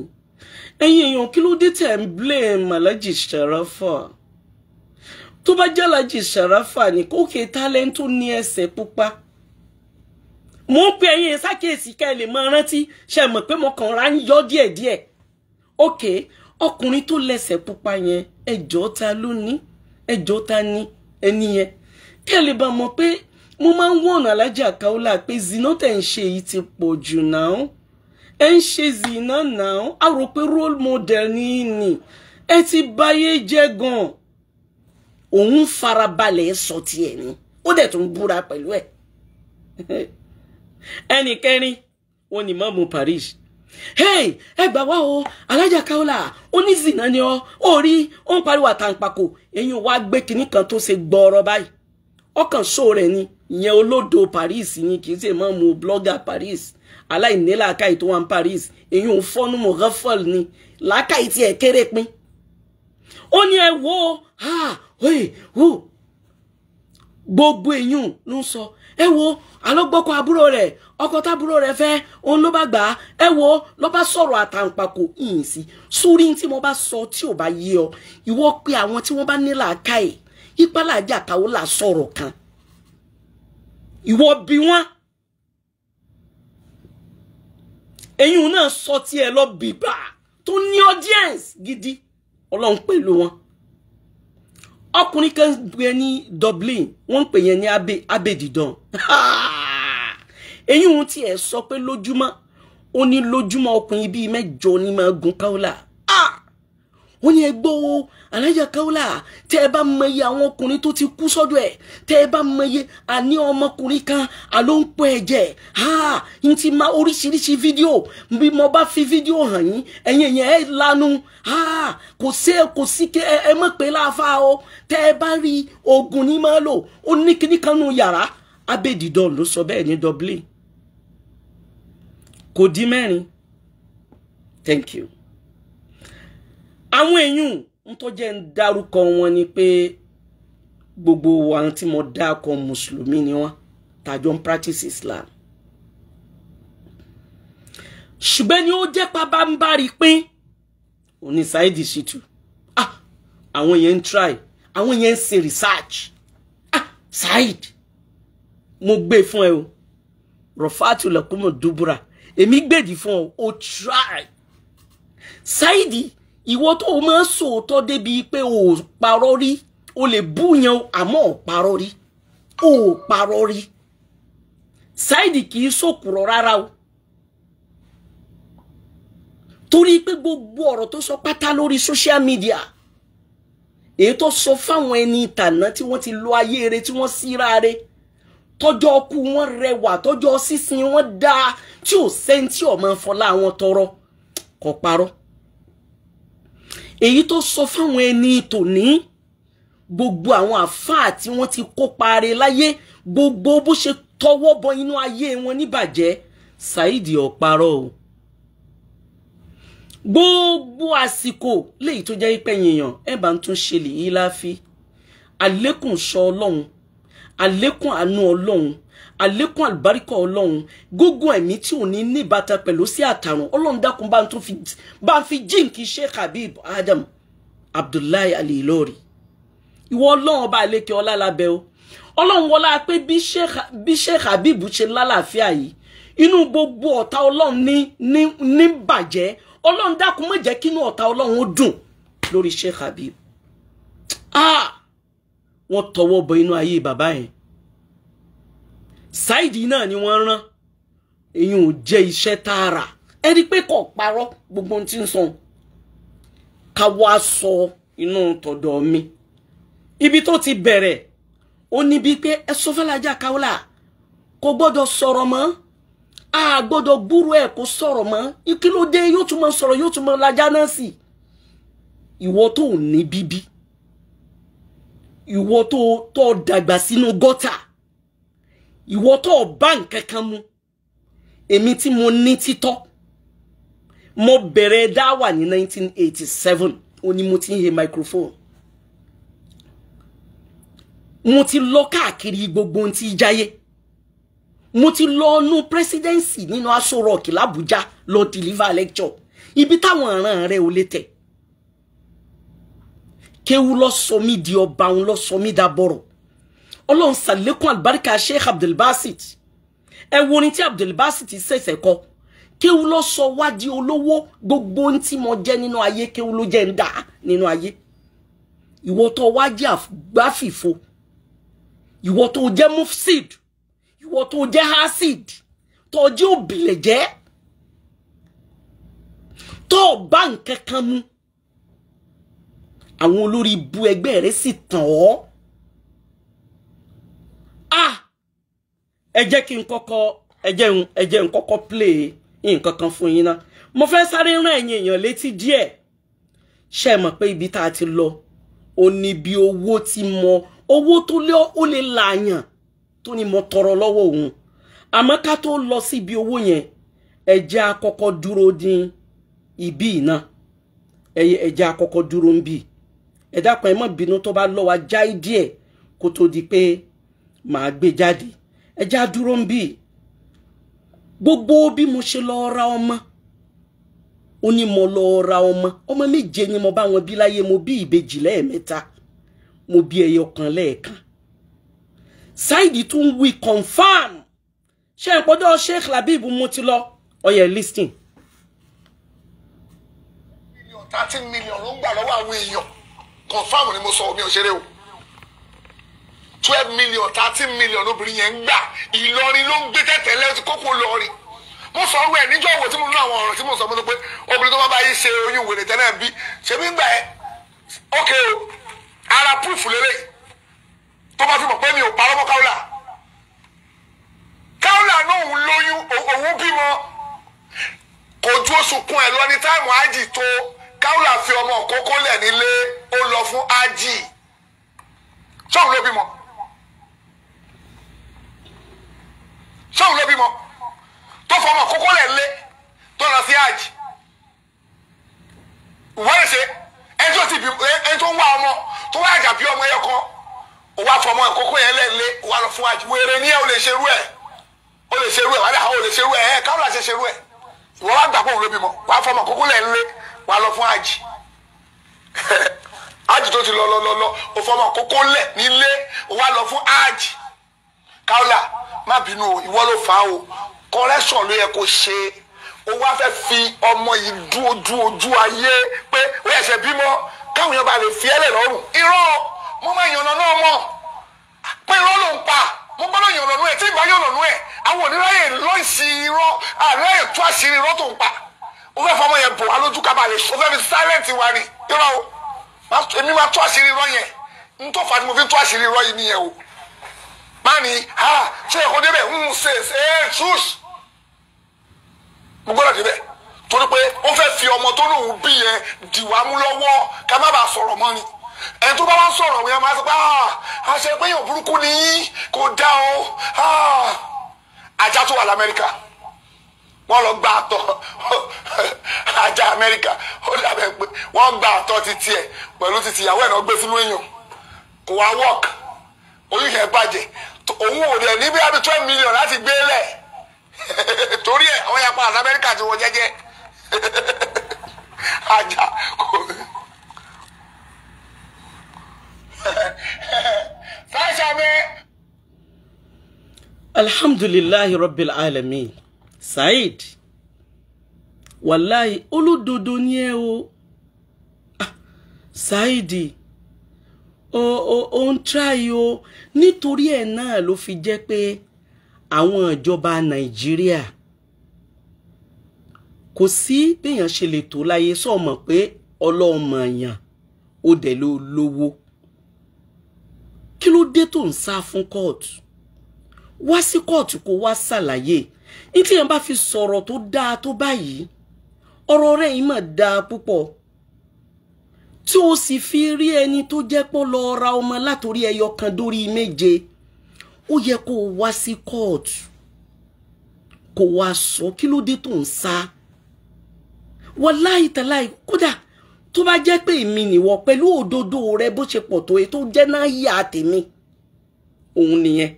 [SPEAKER 1] ẹ̀yin èèyàn kí ló dé tẹ̀ ń blame alájì Sharafa tó bá jẹ́ alájì Sharafa ní kókè tálẹ́ńtò ní ẹsẹ̀ pupa mo ń pe ẹ̀yin sákèsì ká ẹ lè máa rántí ṣe mọ̀ pé mo kàn ra ń yọ díẹ̀díẹ̀ okay ọkùnrin tó lẹ́sẹ̀ pupa yẹn ẹjọ́ ta ló ní ẹjọ́ ta ní ẹni yẹn kẹ́ lè bá mọ̀ pé mo máa ń wọ̀nà alájà Kaola pé zina tẹ̀ ń ṣe èyí ti pọ̀ jù náà ẹ ń ṣe zina náà a rò pé role model ní ní ẹ ti báyé jẹ́ gan òun farabalẹ̀ sọ tiẹ̀ ni ó dẹ̀ tún búra pẹ̀lú ẹ̀ ẹnìkẹrin wọn ni mọ́mú Paris hey ẹ gbà wá o alájà Kaola onízìnà ni ọ ó rí ó ń pariwo àtàǹpàkò ẹ̀yin wá gbé kinní kan tó ṣe gbọ́ọ̀rọ̀ báyìí ọkàn ṣó rẹ̀ ni ìyẹn olódo Paris ni kì í ṣe mọ́ mu blogger Paris aláìníláàkàì tó wà ní Paris èyí ò fọ́nú mọ̀ rẹ́fọ́l ni làákàì tiẹ̀ kéré pin ó ní ẹ wo ha ah, oye wo gbogbo èyí ló ń sọ ẹ wo alógbókọ àbúrò rẹ̀ ọkọ tábúrò rẹ̀ fẹ́ òun ló bá gbà á ẹ wo ló bá sọ̀rọ̀ àtàǹpàkò yìnyín sí sórí tí mo bá sọ tí ò bá yé ọ ìwọ pé àwọn tí wọ́n bá ní làákàyè ìpàlàjà káwọ́ là sọ̀rọ̀ kan ìwọ bí wọn ẹ̀yin náà sọ tiẹ̀ lọ bìbà tó ní audience gidi Ọlọ́run pẹ̀lú wọn ọkùnrin kan gbé ní Dublin wọ́n ń pè yẹn ní abedidan eyín ohun tí ẹ sọ pé lójúmọ́ ó ní lójúmọ́ ọkùnrin bíi mẹ́jọ ní máa gun káwọlà ah wọ́n ní ẹgbọ́ o alájà Kaola tẹ́ ẹ bá mọye àwọn ọkùnrin tó ti kú sọ́dọ̀ ẹ̀ tẹ́ ẹ bá mọye àní ọmọkùnrin kan àló ń pọ ẹ̀jẹ̀ ha n ti ma oríṣiríṣi fídíò bí mo bá fi fídíò hàn yín ẹ̀yin ẹ̀yin ẹ̀ lanu ha kò sí kò sí kẹ ẹ mọ̀ pé láàfa o tẹ́ ẹ bá rí oògùn ní máa lò ó ní kíní kan nù yàrá abédìdán ló sọ bẹ́ẹ̀ ní Dublin kò dín mẹ́rin thank you àwọn èèyàn ń tó jẹ́ ń dárúkọ wọn ni pé gbogbo wa tí mo dákọ mùsùlùmí ni wọn tàjọ ń practice Islam ṣùgbọ́n ni ó jẹ́ pabambari pín òní Saheed Shittu ah àwọn yẹn ń try àwọn yẹn ń ṣe research ah Saheed mo gbé fún ẹ o rọfàtù lẹkùnmọ dúbúrà èmi gbèdì fún ọ o try saidi ìwọ tó o máa ń sòótọ́ débi pé o ò parọ́ rí o lè búyan àmọ́ ò parọ́ rí o ò parọ́ rí Saheed kì í sòkùrọ̀ rárá o torí pé gbogbo ọ̀rọ̀ tó sọ pátá lórí social media èyí tó sọ fáwọn ẹni ìtànà tí wọ́n ti lo ayé rẹ̀ tí wọ́n síra rẹ̀ tọjọ́ ọkú wọn rẹwà tọjọ́ sísin wọn dáa tí ò sẹ́ńtì ọ̀mọ́ fọlá wọn tọrọ kò parọ́ èyí tó sọ fáwọn ẹni tòní gbogbo àwọn àfáà tí wọ́n ti kópa re láyé gbogbo bó ṣe tọwọ́ bọ inú ayé wọn níbàjẹ́ Saheed ọ̀parọ́ o gbogbo àsìkò léyìí tó jẹ́ pé yìnyàn ẹ bá ń tún ṣe lèyí láfi àlékún ṣọ ọlọ́run àlékún àánú ọlọ́run àlékún àlùbáríkà ọlọ́run gógó ẹ̀mí tí ò ní ní ìbátan pẹ̀lú sí àtàrùn ọlọ́run dákun bá ń tún fi bá ń fi jíǹkì sheikh habib adam abdullahi alilori ìwọ ọlọ́run ọba àlékè ọlá lábẹ́ o ọlọ́run wọlá pé bí sheikh habib ṣe lálàáfíà yìí inú gbogbo ọ̀tá ọlọ́run ní ní ní bàjẹ́ ọlọ́run dákun má jẹ́ kínú ọ̀tá ọlọ́run ó dùn lórí sheikh habib ah wọ́n tọwọ́ bọ inú ayé bàbá yẹn Saheed náà ni wọ́n rán èyí ò jẹ́ iṣẹ́ tààrà ẹni pé kò parọ́ gbogbo ohun tí ń sọ ká wá sọ inú tọ̀dọ̀ mi ibi tó ti bẹ̀rẹ̀ ó ní bíi pé ẹ sọ fẹ́lájà káwọ́là kò gbọ́dọ̀ sọ̀rọ̀ mọ́ a gbọ́dọ̀ búrú ẹ̀ kó sọ̀rọ̀ mọ́ kí yóò tún mọ sọ̀rọ̀ yóò tún mọ lajá náà sí ìwọ tó ní bíbí ìwọ tó tó dàgbà sínú gọ́tà ìwọ tó bá nǹkan kan mu èmi tí mo ní títọ́ mo bẹ̀rẹ̀ dáwà ní 1987 oni ní mo ti he microphone mo ti lọ káàkiri gbogbo ohun tí jáyé mo ti lọ ọnú presidency nínú aṣọ rock làbújá lọ deliver lecture ibi táwọn ọ̀ràn rẹ̀ ò lè tẹ̀ kéwu lọ sọ mí di ọba òun lọ sọ mí dá bọ̀rọ̀ ọlọ́run sàlékún àlùbáríkà sheikh abdulbasit ẹ wo orin tí abdulbasit ṣẹ̀ṣẹ̀ kọ kéwu lọ sọ wá di olówó gbogbo ohun tí mo jẹ́ nínú ayé kéwu ló jẹ́ ń dà nínú ayé ìwọ tó wá jẹ́ àgbáfìfo ìwọ jẹ́ mufsid ìwọ jẹ́ hasid tó òbílẹ̀ jẹ́ tó bá nǹkan kan mu àwọn olórí ibu ẹgbẹ́ rẹ̀ sì tàn ọ́. ah eje ki nkoko eje nkoko play nkankan fun yin na mo fe sare ran eyin eyan leti die se mo pe ibi ta ti lo oni bi owo ti mo owo to le o le layan to ni mo toro lowo ohun ama ka to lo si bi owo yen eje akoko duro din ibi na eye eje akoko duro nbi e dapo e mo binu to ba lo wa jai die màá gbé jáde ẹjá dúró ń bì gbogbo bí mo ṣe lọ ra ọmọ ó ní mo lọ ra ọmọ ọmọ méje ni mo bá wọn bí láyé mo bí ìbejì lẹ́ẹ̀mẹ́ta mo bí ẹyọ kan lẹ́ẹ̀kan Saidi tún wí confam ṣe ìpọ́jọ́ Sheikh Labib mo ti lọ ọyẹ listing.
[SPEAKER 2] thirteen million ló ń gbà lọ́wọ́ àwọn èèyàn confam ni mo sọ omi òṣèré o twelve million thirteen million obìnrin yẹn ń gbà Ìlọrin ló ń gbé tẹ́tẹ́lẹ́ kókó lọ́ọ̀rì mo sọ ọ̀rọ̀ ẹ̀ níjọ́ wo tí mo ní àwọn ọ̀rọ̀ tí mo sọ mo sọ pé obìnrin tó bá bá yìí ṣe oyún wèrè tẹ́lẹ̀ bí ṣèbí ń gbà ẹ́ ok o ara púùfù lélẹ̀ tó bá ti mọ̀ pé mi ò parọ́ mọ́ káwùlà káwùlà náà òun lóyún òun bímọ kò ju oṣù kun ẹ̀ lọ ní táìmù ájì tó káwùlà fi ọmọ kókó lẹ̀ nílé ó lọ fún ájì ṣọ́ọ̀hún ló bímọ. sóun ló bímọ tó fọmọ kókó lẹ̀ lé tó lọ sí àjì wọ́n ṣe ẹni tó ti bí ẹni tó ń wá ọmọ tó wá àjà bí ọmọ ẹyọkan wá fọmọ kókó yẹn lẹ̀ lé wà lọ fún àjì wèrè ní ẹ ò lè ṣerú ẹ ò lè ṣerú ẹ wà ò lè ṣerú ẹ ẹ káwọn àṣẹ ṣerú ẹ wọ́n wá gbà pé òun ló bímọ wà fọmọ kókó lẹ̀ lé wà lọ fún àjì àjì tó ti lọ lọ lọ lọ òfọmọ kókó lẹ̀ nílé wà lọ fún àjì káwọlà má bínú o ìwọ ló fà á o correction ló yẹ kó ṣe o wá fẹ́ fi ọmọ yìí dúó dúó ojú ayé pé ó yẹ ṣe bímọ káwọn èèyàn bá lè fi ẹlẹ lọ́rùn irọ́ mo máa yànnà náà mọ̀ pé irọ́ ló ń pa mo gbọ́dọ̀ yànnà nú ẹ̀ tí ìgbà yànnà nú ẹ̀ àwọn oníráyè lọ́ọ̀sì irọ́ àárẹ̀ ètò àṣírí irọ́ tó ń pa o fẹ́ fọmọ yẹn bò wá kaba lè o fẹ́ fi silent wa ni irọ́ o èmi máa tó àṣírí irọ́ yẹn n tó fà á ni mo fi tó àṣírí irọ́ yìí nìyẹn o mani ha seko débẹ̀ ń ṣe ṣe ṣuṣ mo gbọ́dọ̀ débẹ̀ torí pé ó fẹ́ fi ọmọ tó lóun bí yẹn dìwà mú lọ́wọ́ ká má bàa sọ̀rọ̀ mọ́ ni ẹni tó bá wá ń sọ̀rọ̀ yẹn máa sọ pé ah, a ṣe pé yóò burúkú ni yín kò dá o ah. ajá tó wà lamẹ́ríkà wọ́n lọ gba àtọ̀ ajá amẹ́ríkà ó dàbẹ̀ pé wọ́n gba àtọ̀ títí ẹ̀ pẹ̀lú títí ìyàwó ẹ̀ náà gbé sínú èèyàn kò wá wọ́ọ̀kì oyún yẹn bàjẹ́ òun ò dẹ̀ ní bí abi twelve million láti gbé lẹ̀ torí ẹ̀ àwọn yapa àti amẹ́ríkà ti wọ jẹ́jẹ́ ajá kò. fáṣàmì.
[SPEAKER 1] alhamdulilayi rabbil alamin saheed wàláyé olódodo ni ẹ o ah, saheed ó ń try o nítorí ẹ̀ náà ló fi jẹ́ pé àwọn ìjọba nàìjíríà kò sí béèyàn ṣe lè tó láyé sọmọ pé ọlọ́mọ èèyàn ó dẹ̀ ló lówó kí ló dé tó ń sá fún kóòtù wá sí kóòtù kó wá ṣàlàyé ní tí yẹn bá fi sọ̀rọ̀ tó dáa tó báyìí ọ̀rọ̀ rẹ̀ yìí mà dáa púpọ̀ tí o sì fi rí ẹni tó jẹ́ pé lọ ra ọmọ látòrí ẹyọ kan dórí méje ó yẹ kó o wá sí kóòtù kó wá sọ kí ló dé tó ń sá wàláì tàláì kódà tó bá jẹ́ pé èmi nìwọ pẹ̀lú òdodo rẹ bó ṣe pọ̀ tó e tó jẹ́ náà yà tèmi òun nìyẹn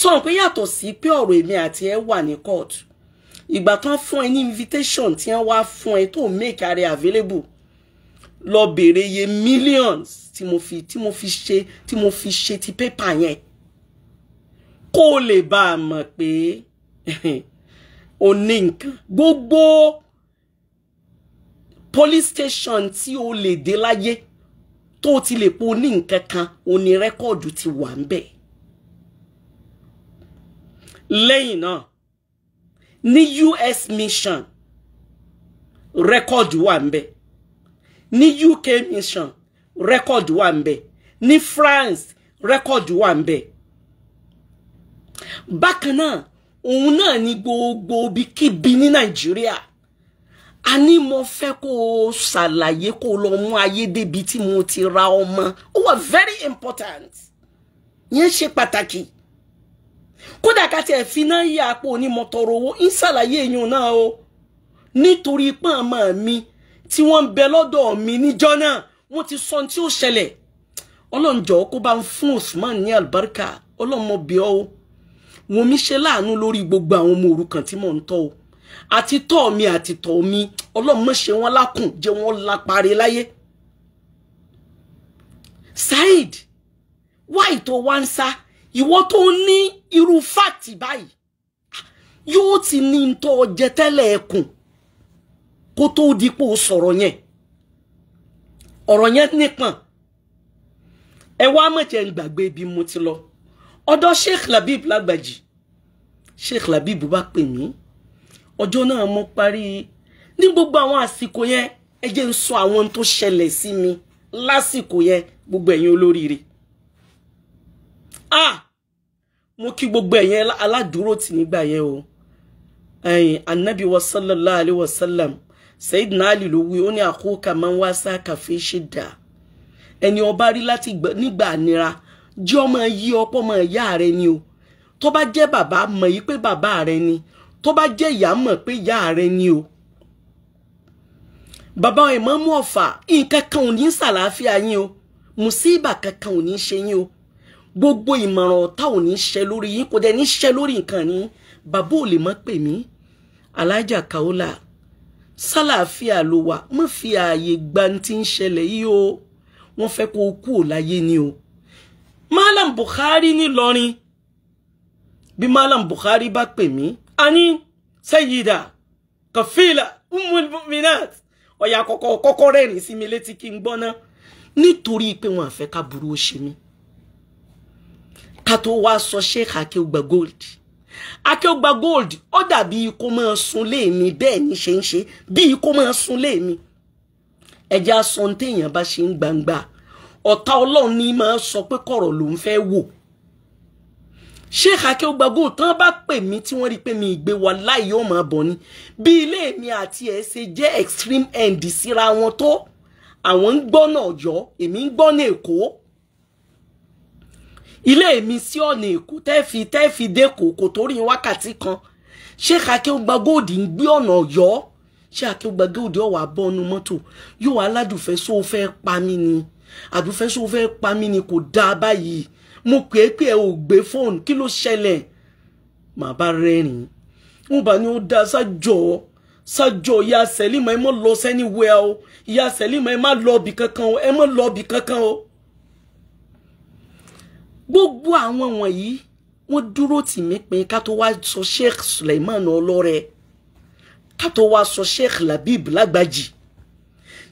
[SPEAKER 1] sọ pé yàtọ̀ sí pé ọ̀rọ̀ èmi àti ẹ wà ní kóòtù ìgbà tán fún ẹ ní invitation tí wọ́n wá fún ẹ tó make are available lọ bèrè iye millions tí mo fi tí mo fi ṣe tí mo fi ṣe ti pépà yẹn kó o lè bá a mọ̀ pé o ní nǹkan gbogbo police station tí o lè dé láyé tó o ti lè po ní nǹkan kan o ní rẹ́kọ̀dù ti wà ń bẹ̀ lẹ́yìn náà ní US mission rẹ́kọ̀dù wà ń bẹ̀ ní UK mission record wà ń bẹ ní France record wà ń bẹ bákan náà òun náà ní gbogbo ibikíbi ní Nàìjíríà a ní mo fẹ́ kó o ṣàlàyé kó o lọ mú ayé débi tí mo ti ra ọmọ ó wà very important yẹn ṣe pàtàkì kódà ká tiẹ̀ fi náà yí apò onímọ̀tọ̀rọ̀ owó ń ṣàlàyé èèyàn náà o nítorí pọ́n àmọ́ mi tí wọ́n ń bẹ lọ́dọ̀ mi níjọ́ náà wọ́n ti sọ tí ó ṣẹlẹ̀ ọlọ́run jọ̀ọ́ kó bá ń fún Usman ní àlùbáríkà ọlọ́mọ bí ọ́ wọn mi ṣe láàánú lórí gbogbo àwọn ọmọ òrukàn tí mò ń tọ́ o àti tọ́ mi àti tọ́ mi ọlọ́mọ ṣe wọ́n lákùn jẹ́ wọ́n lápare láyé Saheed wáì tó wá ń sá ìwọ tó ní irú fáàtì báyìí yóò ti ní tó jẹ tẹ́lẹ̀ ẹkùn kó tó dípò sọ̀rọ̀ yẹn ọ̀rọ̀ yẹn nípọn ẹ wá mọ̀jẹ̀ ń gbàgbé ibi mo ti lọ ọ̀dọ̀ Sheikh Labib lágbàjì Sheikh Labib bá pè mí ọjọ́ náà mo parí ní gbogbo àwọn àsìkò yẹn ẹ jẹ́ ń sọ àwọn tó ṣẹlẹ̀ sí mi lásìkò yẹn gbogbo ẹ̀yin olóríire ah mo kí gbogbo ẹ̀yin aládùúró tì nígbà yẹn o ẹ̀yin anabi wa sallallahu alayhi wa sallam Sayyidina Ali ló wí ó ní àkókò máa ń wá sáàkà fi ṣe dà ẹni ọba rí láti nígbà nira jẹ́ ọmọ yí ọpọ́ ọmọ ìyá rẹ ni o tó bá jẹ́ bàbá mọ̀ yí pé bàbá rẹ ni tó bá jẹ́ ìyá mọ̀ pé ìyá rẹ ni o bàbá ìmáàmù Ọ̀fà nǹkan kan ò ní ṣàlàáfíà yín o mùsíbà kankan ò ní ṣe yín o gbogbo ìmọ̀ràn ọ̀tá ò ní ṣe lórí yín kò dẹ̀ ní ṣe lórí nǹkan ni bàbá ò lè mọ́ pè mí alájà Kaola sálàáfíà ló wà má fi ààyè gba ti ń ṣẹlẹ̀ yìí o wọ́n fẹ́ kó o kú ò láyé ni o Malam Buhari nílọrin bí Malam Buhari bá pè mí a ní Sayyida Kafila Ummul Mu'minat ọ̀yà kọ̀kọ̀ kọ́kọ́ rẹ́rìn sí mi létí kí n gbọ́ ná nítorí pé wọn àfẹ́ ká burú ó ṣe mí ká tó wá sọ Sheikh Akeugba Gold akéwògbà gold ó dàbí kó máa sun léèmí bẹ́ẹ̀ ni ṣe ń ṣe bíi kó máa sun léèmí ẹja sọ téèyàn bá ṣe ń gbangba ọ̀tá ọlọ́run ni máa sọ pé kọ̀rọ̀ ló ń fẹ́ wò sheikh akéwògbà gold tán bá pè mí tí wọ́n rí pé mi ìgbé wa láì yóò máa bọ̀ ni bí ilé mi àti ẹ̀ ṣe jẹ́ extreme end síra wọn tó àwọn ń gbọ́ náà yọ èmi ń gbọ́ ní èkó ilé mi sí ọ̀nà èkó tẹ́ fi tẹ́ fi dé kòkò tó rìn wákàtí kan ṣé Akeugba Gold ń gbé ọ̀nà ọ̀yọ́ ṣé Akeugba Gold ọ̀wà bọ́nu mọ́tò yóò aládùúfẹ́ só fẹ́ pa mí ni àdùúfẹ́ só fẹ́ pa mí ni kò dáa báyìí mo pè é pé ẹ ò gbé fóònù kí ló ṣẹlẹ̀ màá bá rẹ́rìn mo bá ní ó dá sájọ sájọ ìyá sẹ́límà ẹ mọ́ lọ sẹ́niwẹ́ o ìyá sẹ́límà ẹ má lọ ibì kankan o ẹ mọ́ lọ ibì kankan o gbogbo àwọn wọ̀nyí wọ́n dúró tì mí pé ká tó wá sọ Sheikh Suleiman Ọlọ́rẹ ká tó wá sọ Sheikh Labib Lágbàjì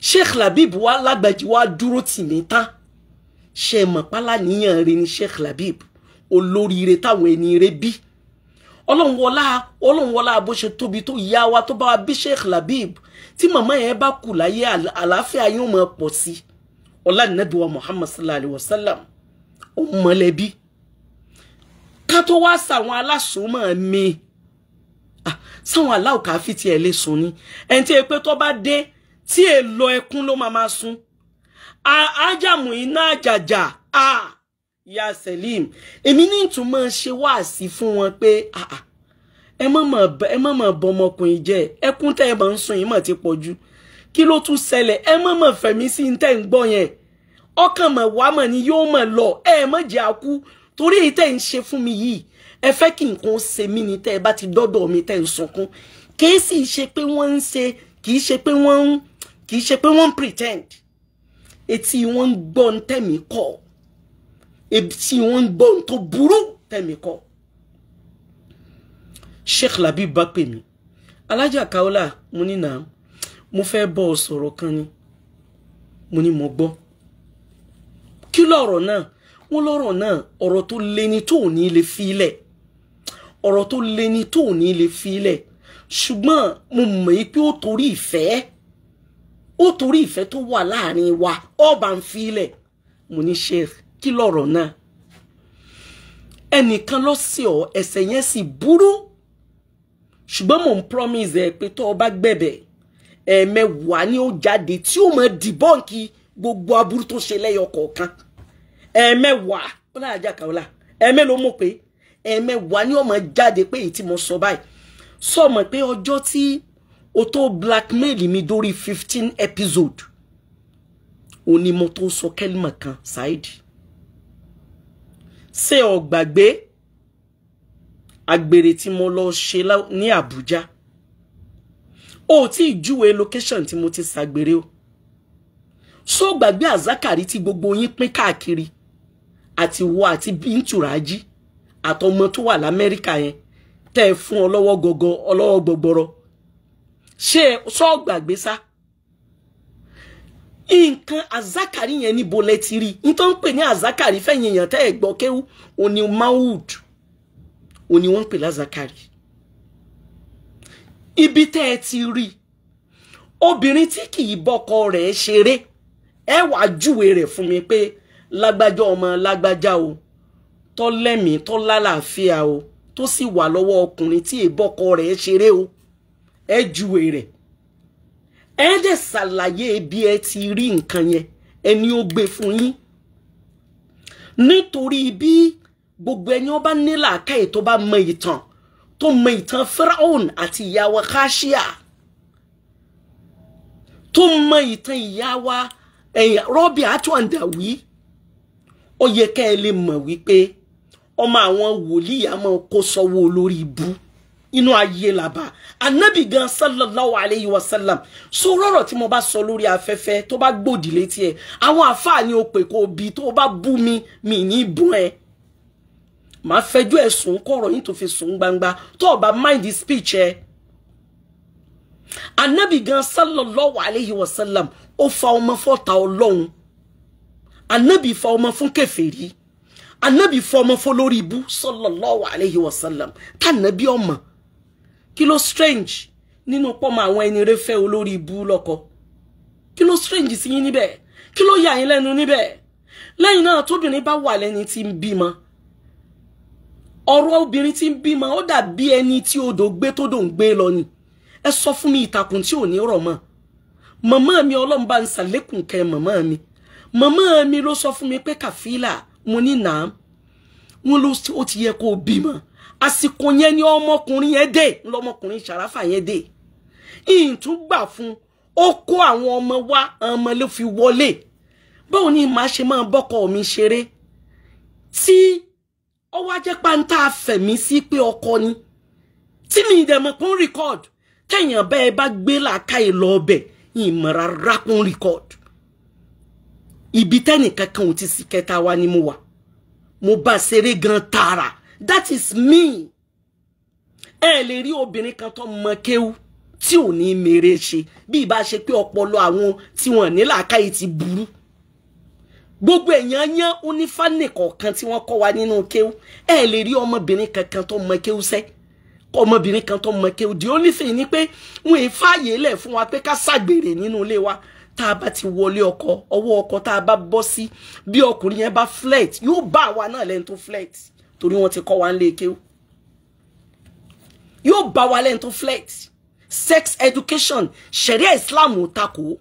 [SPEAKER 1] Sheikh Labib wá Lágbàjì wá dúró tì mí tán ṣe mọ̀pálá níyàn rẹ ni Sheikh Labib olóríire táwọn ẹni rẹ bí ọlọ́run wọlá ọlọ́run wọlá bó ṣe tóbi tó ìyá wa tó bá wa bí Sheikh Labib tí màmá yẹn bá kù láyé àlàáfíà yóò máa pọ̀ sí ọlá nàbí Muhammad sallallahu alayhi wa sallam ó mọ̀lẹ́bí ká tó wá sàwọn alásùnmọ̀ mi sáwọn aláòká fi tiẹ̀ lè sùn ni ẹni tí èpè tó bá dé tí èlò ẹkún ló máa máa sùn ájàmù iná àjàjà ya Selim èmi ní ìtumọ̀ ṣe wáàsí fún wọn pé ẹ mọ̀ mọ̀ bọmọkùnrin jẹ́ ẹkún tẹ́ ẹ mọ̀ ń sùn yìí mọ̀ ti pọ̀ jù kí ló tún ṣẹlẹ̀ ẹ mọ̀ fẹ̀mí sí ní tẹ́ ń gbọ́ yẹn ọkàn mọ̀ wá mọ̀ ni yóò mọ̀ lọ ẹ mọ̀ jẹ́ àkú torí èyí tẹ́ ń ṣe fún mi yìí ẹ fẹ́ kí nǹkan ṣe mí ni tẹ́ ẹ bá ti dọ́dọ̀ mi tẹ́ ń sunkún kìí sì ṣe pé wọ́n ń ṣe kìí ṣe pé wọ́n ń kìí ṣe pé wọ́n ń pretend etí wọ́n ń gbọ́ ń tẹ̀mí kọ́ etí wọ́n ń gbọ́ ń tó burú tẹ̀mí kọ́ Sheikh Labib bá pè mí alájà kaola mo ní nà mo fẹ́ bọ́ ọ sọ̀rọ̀ kan ni mo ní mo gbọ́ kí lọ̀rọ̀ náà wọ́n lọ́rọ̀ náà ọ̀rọ̀ tó leni tó ò ní lè fi ilẹ̀ ọ̀rọ̀ tó leni tó ò ní lè fi ilẹ̀ ṣùgbọ́n mo mọ̀ pé ó torí ìfẹ́ ó torí ìfẹ́ tó wà láàrin wa ọba ń fi ilẹ̀ mo ní ṣe kí lọ̀rọ̀ náà ẹnìkan lọ sí ọ ẹ̀ṣẹ̀ yẹn sì burú ṣùgbọ́n mò ń promise ẹ pé tó o bá gbẹ̀bẹ̀ ẹ̀ẹ̀mẹwàá ni ó jáde tí ó mọ dìbọ́ǹkì gbogbo aburú tó ṣe lẹ́yọ kọ̀ọ̀kan ẹ̀ẹ̀mẹ́wàá ó náà ajá kàwọ́lá ẹ̀ẹ̀mẹ́ ló mọ̀ pé ẹ̀ẹ̀mẹ́wàá ni ó máa jáde pé èyí tí mo sọ báyìí sọ mọ̀ pé ọjọ́ tí o tó blackmail mi dórí fifteen episode ó ní mo tó sọ kẹ́lìmọ̀ kan ṣáìdì ṣé o gbàgbé agbèrè tí mo lọ ṣe ní Àbújá o ò tí ì júwe location tí mo ti ṣàgbèrè o So gbàgbé àzákàrí tí gbogbo yín pín káàkiri ati wọ àti bíntùrájí àtọmọ tó wà lamẹ́ríkà yẹn tẹ́ ẹ fún ọlọ́wọ́ gọgọ ọlọ́wọ́ gbọgbọrọ ṣé sọ gbàgbé sá nǹkan àzákàrí ni níbo lẹ ti rí n tó ń pè ní àzákàrí fẹ̀yìn èèyàn tẹ́ ẹ gbọ́ kéwú òní mawood òní wọ́n ń pè ibi tẹ́ ti rí obìnrin tí kì í bọ́kọ rẹ̀ ẹ wàá júwe rẹ̀ fún mi pé lágbájá ọmọ lágbájá o tó lẹ́mìí tó lálàáfíà o tó sì wà lọ́wọ́ ọkùnrin tí ìbọ́kọ rẹ̀ ṣeré o ẹ júwe rẹ̀ ẹ dẹ̀ ṣàlàyé bí ẹ ti rí nǹkan yẹn ẹni ó gbé fún yín nítorí bí gbogbo ẹni ó bá ní tó bá mọ ìtàn tó mọ ìtàn Fáráò àti ìyá wa Káṣíà tó mọ ìtàn ìyá wa. Káṣíà, ẹ̀yìn rọ́bì àtúwàǹdà wí ó yẹ ká ẹ lè mọ̀ wípé ọmọ àwọn wòlíì àmọ́ kó sọ́wọ́ olórí ibú inú ayé làbá anabi gan sallallahu alayhi wa sallam so rọrọ tí mo bá sọ lórí afẹ́fẹ́ tó bá gbòdì létí ẹ àwọn àfáà ni o pè kó o bi tó bá bú mi mi ní bún ẹ màá fẹjọ́ ẹ sùn kọ̀rọ̀ yín tó fi sùn gbangba tó o bá mind speech ẹ anabi gan sallallahu alayhi wa sallam ó fa ọmọ fọ́ta ọlọ́run ànábì fa ọmọ fún kèfèrí ànábì fa ọmọ fún lórí ibú sallallahu alayhi wa sallam tànábì ọmọ kí ló strange nínú pọ́mọ àwọn ẹni rẹ fẹ́ olórí ibú lọ́kọ kí strange sí yín níbẹ̀ kí ló yà yín lẹ́nu níbẹ̀ lẹ́yìn náà tóbìnrin bá wà lẹ́ni tí ń bímọ ọ̀rọ̀ obìnrin tí ń bímọ ó dàbí ẹni tí odò gbé tó dò ń gbé lọ ni ẹ sọ fún mi ìtàkùn tí ò ní rọ̀ mọ́ Mama mi ọlọ́run bá ń sàlékùn kẹ màmá mi màmá mi ló sọ fún mi pé kàfílà mo ní nàám wọn ló ó ti yẹ kó o bímọ àsìkò yẹn ni ọmọkùnrin yẹn dé lọmọkùnrin sàràfà yẹn dé ìtún gbà fún ó kó àwọn ọmọ wá ọmọ ló fi wọlé báwo ni màá ṣe máa bọ́kọ mi ṣeré tí ó wá pàǹtà fẹ̀mí sí pé ọkọ ni tí mi ìdẹ̀mọ̀ kún rìkọ́d tẹ̀yàn bẹ́ẹ̀ bá gbé làákàyè lọ ọbẹ̀ ìmọ̀ rárá kún record ibi tẹ́nì kankan ò ti sí kẹta wa ni mo wà mo bá ṣeré gan tààrà that is me ẹ lè rí obìnrin kan tó mọ kéwú tí ò ní mèrè ṣe bí ìbá ṣe pé ọpọlọ àwọn tí wọn ní làákàyè ti burú gbogbo èèyàn yán onífànì kọ̀ọ̀kan tí wọ́n kọ́ wa nínú kéwú ẹ lè rí ọmọbìnrin kankan tó mọ kéwú sẹ́ẹ́ ọmọbìnrin kan tó mọ kí o di ó nífẹ̀ẹ́ ni pé wọn è fààyè lẹ̀ fún wa pé ká ṣàgbèrè nínú ilé wa tá a bá ti wọlé ọkọ ọwọ́ ọkọ tá a bá bọ́ sí bí ọkùnrin yẹn bá flirt yóò bá àwa náà lẹ́nu tó flirt torí wọ́n ti kọ́ wa ń lé yóò bá wa lẹ́nu tó flirt sex education ṣẹ̀ríà Islam ò takò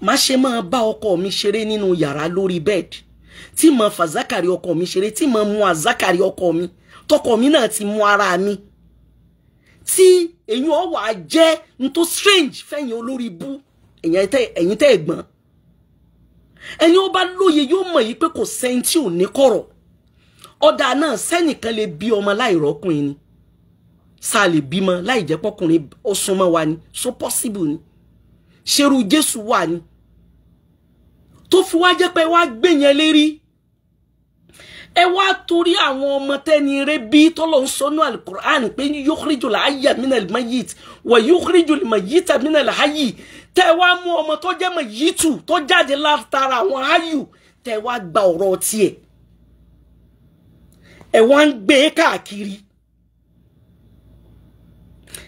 [SPEAKER 1] má ṣe máa bá ọkọ mi ṣeré nínú yàrá lórí bed tí mo fàzákàrí ọkọ mi ṣeré tí mo mú àzákàrí ọkọ mi tọkọ mi náà ti mú ara mi tí èyí ọ wà jẹ́ ní tó strange fẹ́yìn olórí bú ẹ̀yìn tẹ́ ẹ̀gbọ́n ẹni ọ bá lóye yóò mọ̀ yìí pé kò sẹ́ni tí ò ní kọrọ ọ̀dà náà lè bí ọmọ ni sá lè bímọ láì so possible ni ṣerú Jésù wà ni tó fi wá pé wá ẹ wá torí àwọn ọmọ tẹ́ni rẹ bí tọ́lọ̀ ń sọ́nú alukur'an pé yókùrìjù là áyà mínà lè má yìí wà yókùrìjù lè má yìí tà mínà lè háyì tẹ́ ẹ wá mú ọmọ tó jẹ́ mọ̀ yìí tù tó jáde látara àwọn háyù tẹ́ ẹ wá gba ọ̀rọ̀ tiẹ̀ ẹ wá ń gbé káàkiri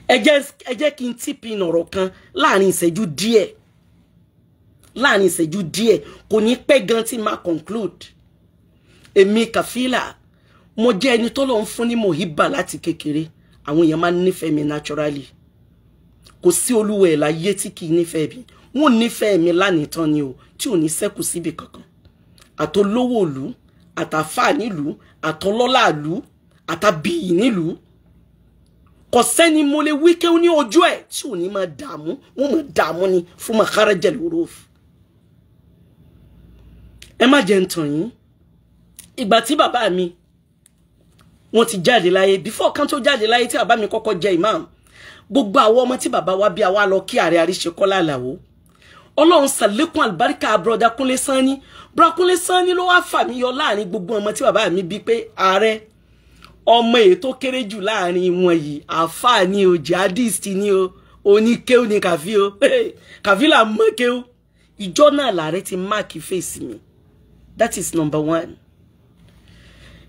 [SPEAKER 1] ẹ jẹ́ kí n típin ọ̀rọ̀ kan láàrin ìṣẹ́jú díẹ̀ láàrin ìṣẹ́jú díẹ̀ kò ní pẹ́ gan tí máa conclude èmi kàfílà mo jẹ́ ẹni tó lọ́n fún ní mohiba láti kékeré àwọn èèyàn máa ń nífẹ̀ẹ́ mi naturally kò sí olúwa ẹ̀ láyé tí kì í nífẹ̀ẹ́ mi wọ́n nífẹ̀ẹ́ mi lánìtàn ni o tí ò ní sẹ́kù síbi kankan àtolówó ìlú àtàfáà nílùú àtọlọ́lá ìlú àtàbíyì nílùú kò sẹ́ni mo lè wí kéwọn ní ojú ẹ̀ tí ò ní máa dààmú wọ́n máa dààmú ni fún makarajal huruf ẹ má jẹ́ ń tàn yín ìgbà tí bàbá mi wọ́n ti jáde láyé before kan tó jáde láyé tí bàbá mi kọ́kọ́ jẹ́ imam gbogbo àwọn ọmọ tí bàbá wa bí àwa lọ kí ààrẹ àríṣekọ́lá àlàó ọlọ́run sàlékún àlùbáríkà broda kúnlé sanni broda kúnlé sanni ló wáá fà mí yọ láàrin gbogbo ọmọ tí bàbá mi bí pé ààrẹ ọmọ èyí tó kéré jù láàrin wọn yìí àáfàá ni o jihadist ni o oníkéw ni kàfí o kàfí là ń mọ́kéw ìjọ náà làárẹ̀ ti máàkì fèsì mi that is number one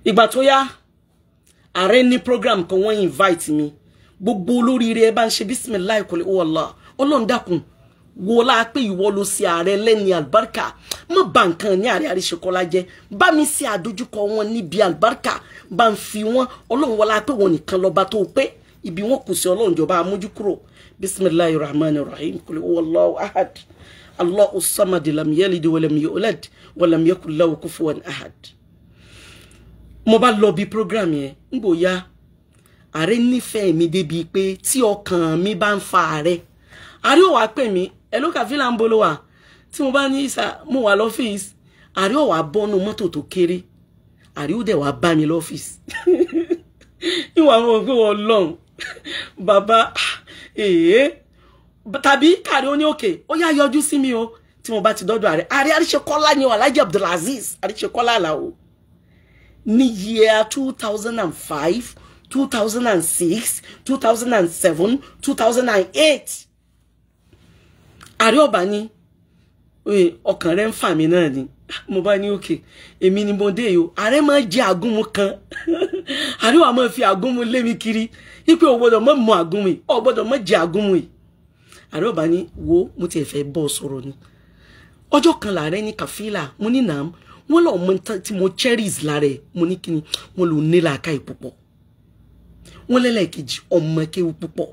[SPEAKER 1] ìgbà tó yá ààrẹ ní program kan wọ́n invite mi gbogbo olóríire ẹ bá ń ṣe bisimilayi kò lè wọ ọlá ọlọ́run dákun wo la pé ìwọ ló ṣe ààrẹ lẹ́ni àlùbáríkà má ba nǹkan ní ààrẹ àríṣekọ́lá jẹ́ bá mi ṣe àdójúkọ wọn níbi àlùbáríkà bá ń fi wọn ọlọ́run wọlá pé wọn nìkan lọ́ba tó pé ibi wọn kù sí ọlọ́run jọba amójúkúrò bisimilayi rahman rahim kò lè ahad allahu samad lam yalid walam yulad walam yakul lahu kufuwan ahad mo bá lọ bí program yẹn ń bò ya ààrẹ nífẹ̀ẹ́ mi débi pé tí ọkàn mi bá ń fa ààrẹ ààrẹ ò wá pè mí ẹ ló kà ń bolo wà tí mo bá ní ìsà mo wà lọ́fíìsì ààrẹ ò wá bọ́nu mọ́tò tó kéré ààrẹ ò dẹ̀ wá bá mi lọ́fíìsì ìwà àwọn ògbó ọlọ́run bàbá ah, èèyàn tàbí kàrí ó ní òkè ó yá yọjú sí mi o tí mo bá ti dọ́dọ̀ ààrẹ ààrẹ àríṣekọ́lá ni o alájẹ Abdulaziz àríṣekọ́lá àlàó Ni year two thousand and five two thousand and six two thousand and seven two thousand and eight àárẹ̀ ọ̀bà ni ọkàn rẹ̀ ń fà mí náà ni mo bá ní òkè èmi ni mo dé yìí o ààrẹ máa jẹ àgúnmu kan ààrẹ máa fi àgúnmu lé mi kiri wípé o gbọ́dọ̀ má mu àgúnmu yìí o gbọ́dọ̀ má jẹ àgúnmu yìí ààrẹ ọba wo mo tiẹ̀ fẹ́ bọ́ sọ̀rọ̀ ni ọjọ́ kan làárẹ̀ ní kàfílà mo ní nàám wọ́n lọ mọ tí mo cherish lára ẹ̀ mo ní kí ni wọ́n lò ní làákàyè púpọ̀ wọ́n lẹ́lẹ́kejì ọmọ kéwu púpọ̀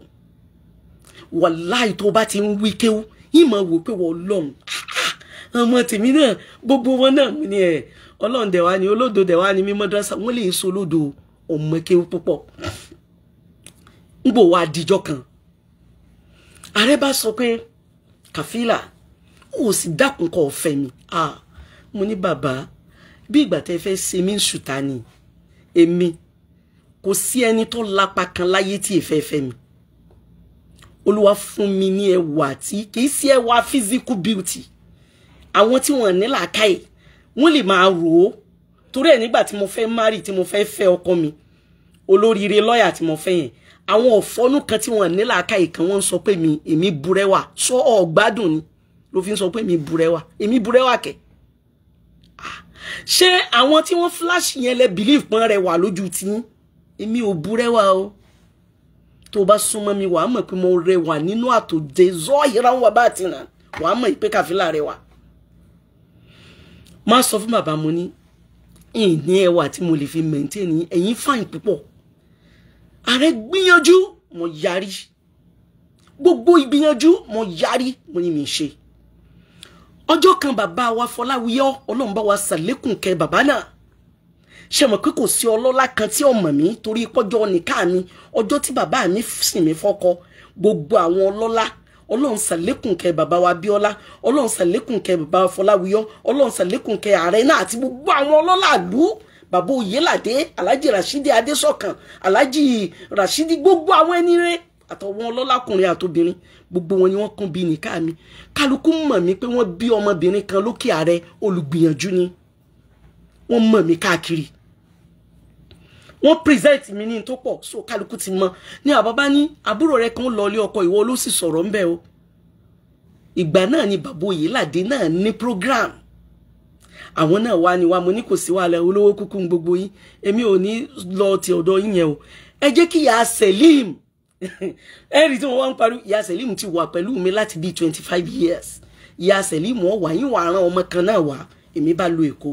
[SPEAKER 1] wàláì tó bá ti ń wí kéwu ìmọ̀ wò pé wọ́n lọ́hùn ah, ah, ọmọ tèmi náà gbogbo wọn náà mi ni ẹ̀ ọlọ́run dẹ̀ ni olódo dẹ̀ ni mímọ́ dọ́sà wọ́n lè so olódo ọmọ kéwu púpọ̀ ń gbò wá kan ààrẹ bá sọ pé kàfílà ó sì dákun kọ ọ̀fẹ́ mi ah mo ní bàbá bí ìgbà tẹ́ fẹ́ ṣe mí ń ṣùtá ni èmi kò sí ẹni tó lápá kan láyé tí ìfẹ́ fẹ́ mi olúwa fún mi ní ẹwà tí kìí sí ẹwà physical beauty àwọn tí wọ́n ní làákàyè wọ́n lè máa rò ó torí ẹ̀ nígbà tí mo fẹ́ marry tí mo fẹ́ fẹ́ ọkọ mi olóríire lọ́ọ̀yà tí mo fẹ́ yẹn àwọn ọ̀fọ́nú kan tí wọ́n ní làákàyè kan wọ́n sọ pé mi èmi burẹ́wà sọ ọ̀gbádùn ni ló fi ń sọ pé mi burẹ́wà èmi burẹ́wà kẹ̀ẹ́ ṣé àwọn tí wọ́n flash yẹn lẹ believe pọ́n rẹwà lójú tiyín èmi ò bu rẹwà o tó bá súnmọ́ mi wàá mọ̀ pé mo rẹwà nínú àtòjẹ zọ́ ìran wà bá ti ràn wàá mọ̀ pé kàfílà rẹwà má sọ fún bàbá mo ní ìní ẹwà tí mo lè fi maintain ẹ̀yìn fine púpọ̀ ààrẹ gbìyànjú mo yarí gbogbo ìgbìyànjú mo yarí mo ní mi ṣe ọjọ́ kan bàbá wa Fọláwíyọ ọlọ́run bá wa ṣàlékún kẹ bàbá náà ṣe mọ̀ pé kò sí ọlọ́lá kan tí ọmọ mi torí pọ́jọ́ nìka mi ọjọ́ tí bàbá mi sìn mí fọ́kọ gbogbo àwọn ọlọ́lá ọlọ́run ṣàlékún kẹ bàbá wa Abíọ́lá ọlọ́run ṣàlékún kẹ bàbá wa Fọláwíyọ ọlọ́run ṣàlékún kẹ ààrẹ náà àti gbogbo àwọn ọlọ́lá àlú bàbá Oyèládé Alhaji Rashidi Adésọ̀kan Alhaji Rashidi gbogbo àwọn ẹni rẹ àtọwọn ọlọ́lákùnrin àtobìnrin gbogbo wọn ni wọ́n kún bí nìka mi kálukú mọ̀ mí pé wọ́n bí ọmọbìnrin kan lókè ààrẹ olùgbìyànjú ni wọ́n mọ̀ mí káàkiri wọ́n present mi ní tó pọ̀ so kálukú ti mọ̀ ní àbábá ní àbúrò rẹ kan lọlé ọkọ ìwọ ló sì sọ̀rọ̀ ńbẹ o ìgbà náà ni bàbá Oyèládé náà ní program àwọn náà wá ni wá mo ní kò sí wàhálà olówó kúkú gbogbo yín èmi ò ní lọ ti ọ̀dọ̀ yín yẹn o ẹ jẹ́ kí ìyá Selim ẹ̀rí tí wọ́n wá ń parí ìyá Sẹ̀límù ti wà pẹ̀lú mi láti bíi twenty five years ìyá Sẹ̀límù ọ̀wà yín wà rán ọmọ kan náà wá èmi bá lọ Èkó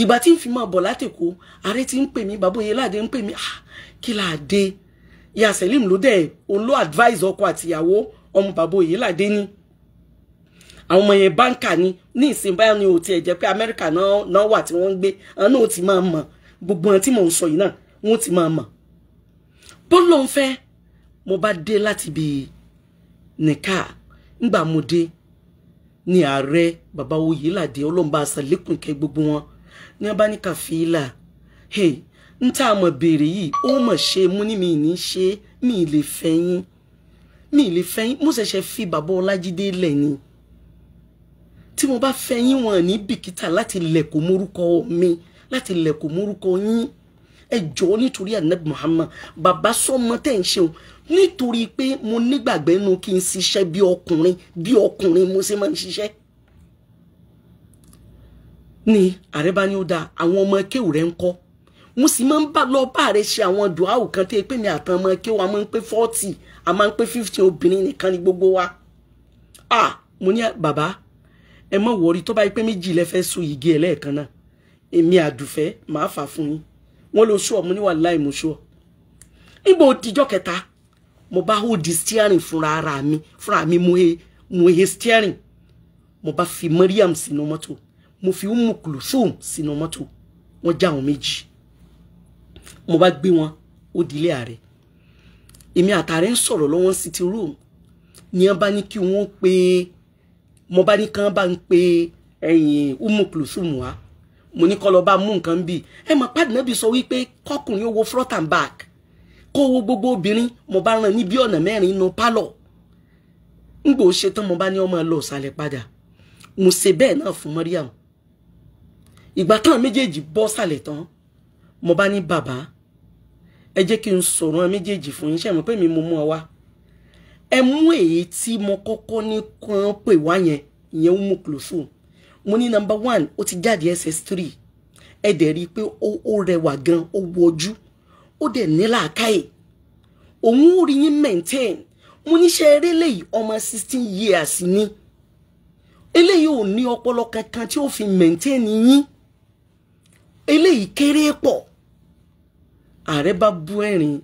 [SPEAKER 1] ìgbà tí n fi máa bọ̀ látẹ̀kọ́ ààrẹ ti ń pè mí bàbá Oyèládé ń pè mí ah kí là á dé ìyá Sẹ̀límù ló dẹ̀ òun ló advise ọkọ àtìyàwó ọmọ bàbá Oyèládé ní àwọn ọmọ yẹn báńkà ni ní ìsìn báyọ̀ ni ò tiẹ̀ jẹ́ pé Amẹ́ríkà náà wà tí wọ́n ń gbé àwọn náà ti máa mọ̀ gbogbo wọn tí mò ń sọ yìí náà wọ́n ti máa mọ̀ bó lóun fẹ́ mo bá dé láti ibi nìka ńgbà mo dé ni ààrẹ bàbá Oyèládé ọlọ́mọba àṣàlékùn ìkẹ́ gbogbo wọn ní abáníkà fìlà hey n tá a mọ̀ béèrè yìí ó mọ̀ ṣe mú ní mi ní ṣe mi lè fẹ́yìn mi lè fẹ́yìn mo ṣẹ̀ṣẹ̀ fi bàbá Ọlájídé lẹ̀ ni tí mo bá fẹ́yìn wọn ní bìkítà láti lẹ̀kọ̀ mórúkọ mi láti lẹ̀kọ̀ mórúkọ yín ẹ jọ̀ọ́ nítorí anabi muhammad bàbá sọmọ tẹ̀ ń ṣeun nítorí pé mo nígbàgbẹ́ nu kí n ṣiṣẹ́ bí ọkùnrin bí ọkùnrin mo ṣe máa ń ṣiṣẹ́ ni ààrẹ bá ní ó dáa àwọn ọmọ kéwù rẹ ń kọ́ mo sì máa ń bá lọ bá rẹ ṣe àwọn dùáwù kan tó yẹ pé mi àtàn ọmọ kéwù a máa ń pé fọ́ọ̀tì a máa ń pé fífìtì obìnrin nìkan ni gbogbo wa ah mo ní bàbá ẹ mọ̀ wọ̀rí tó bá yẹ pé méjì lẹ fẹ́ so ẹ̀ lẹ́ẹ̀kan náà èmi àdùfẹ́ màá fà fún yín wọ́n lọ ṣúọ̀ mo ní wàláì mo ṣúọ̀ nígbà òdìjọ́ kẹta mo bá hold steering fúnra ara mi fúnra mi mo he mo he steering mo bá fi Mariam sínú mọ́tò mo fi umu kulsum sínú mọ́tò wọ́n já àwọn méjì mo bá gbé wọn ó di ilé ààrẹ èmi àtàrẹ ń sọ̀rọ̀ lọ́wọ́ sí room ni wọ́n bá ní kí wọ́n pe mo bá ní kí wọ́n bá ń pe ẹ̀yìn umu kulsum wá mo ní kọ́ lọ bá mú nǹkan bì ẹ mọ̀ pàdé náà bí sọ wípé kọkùnrin ó wo front and back kó wo gbogbo obìnrin mo bá ràn ní bí ọ̀nà mẹ́rin inú pálọ̀ ngbò ṣe tán mo bá ní ọmọ lọ ọ̀sàlẹ̀ padà mo ṣe bẹ́ẹ̀ náà fún Mariam ìgbà táwọn méjèèjì bọ́ sàlẹ̀ tán mo bá ní bàbá ẹ jẹ́ kí n sọ̀rọ̀ ẹ méjèèjì fún yín ṣe mọ̀ pé mi mo mú ọ wá ẹ mú èyí tí mo kọ́kọ́ ní kàn pè wá yẹn ìyẹn ń mú kùlùfù mo ní number one ó ti jáde ss3 ẹ dẹ̀ rí i pé ó rẹwà gan ó wojú ó dẹ̀ ní làákàyè òun ò rí yín maintain mo níṣẹ́ eré léyìí ọmọ sixteen years ni eléyìí ò ní ọpọlọ kankan tí ó fi maintain yín eléyìí kéré pọ̀ ààrẹ bá bú ẹ̀rín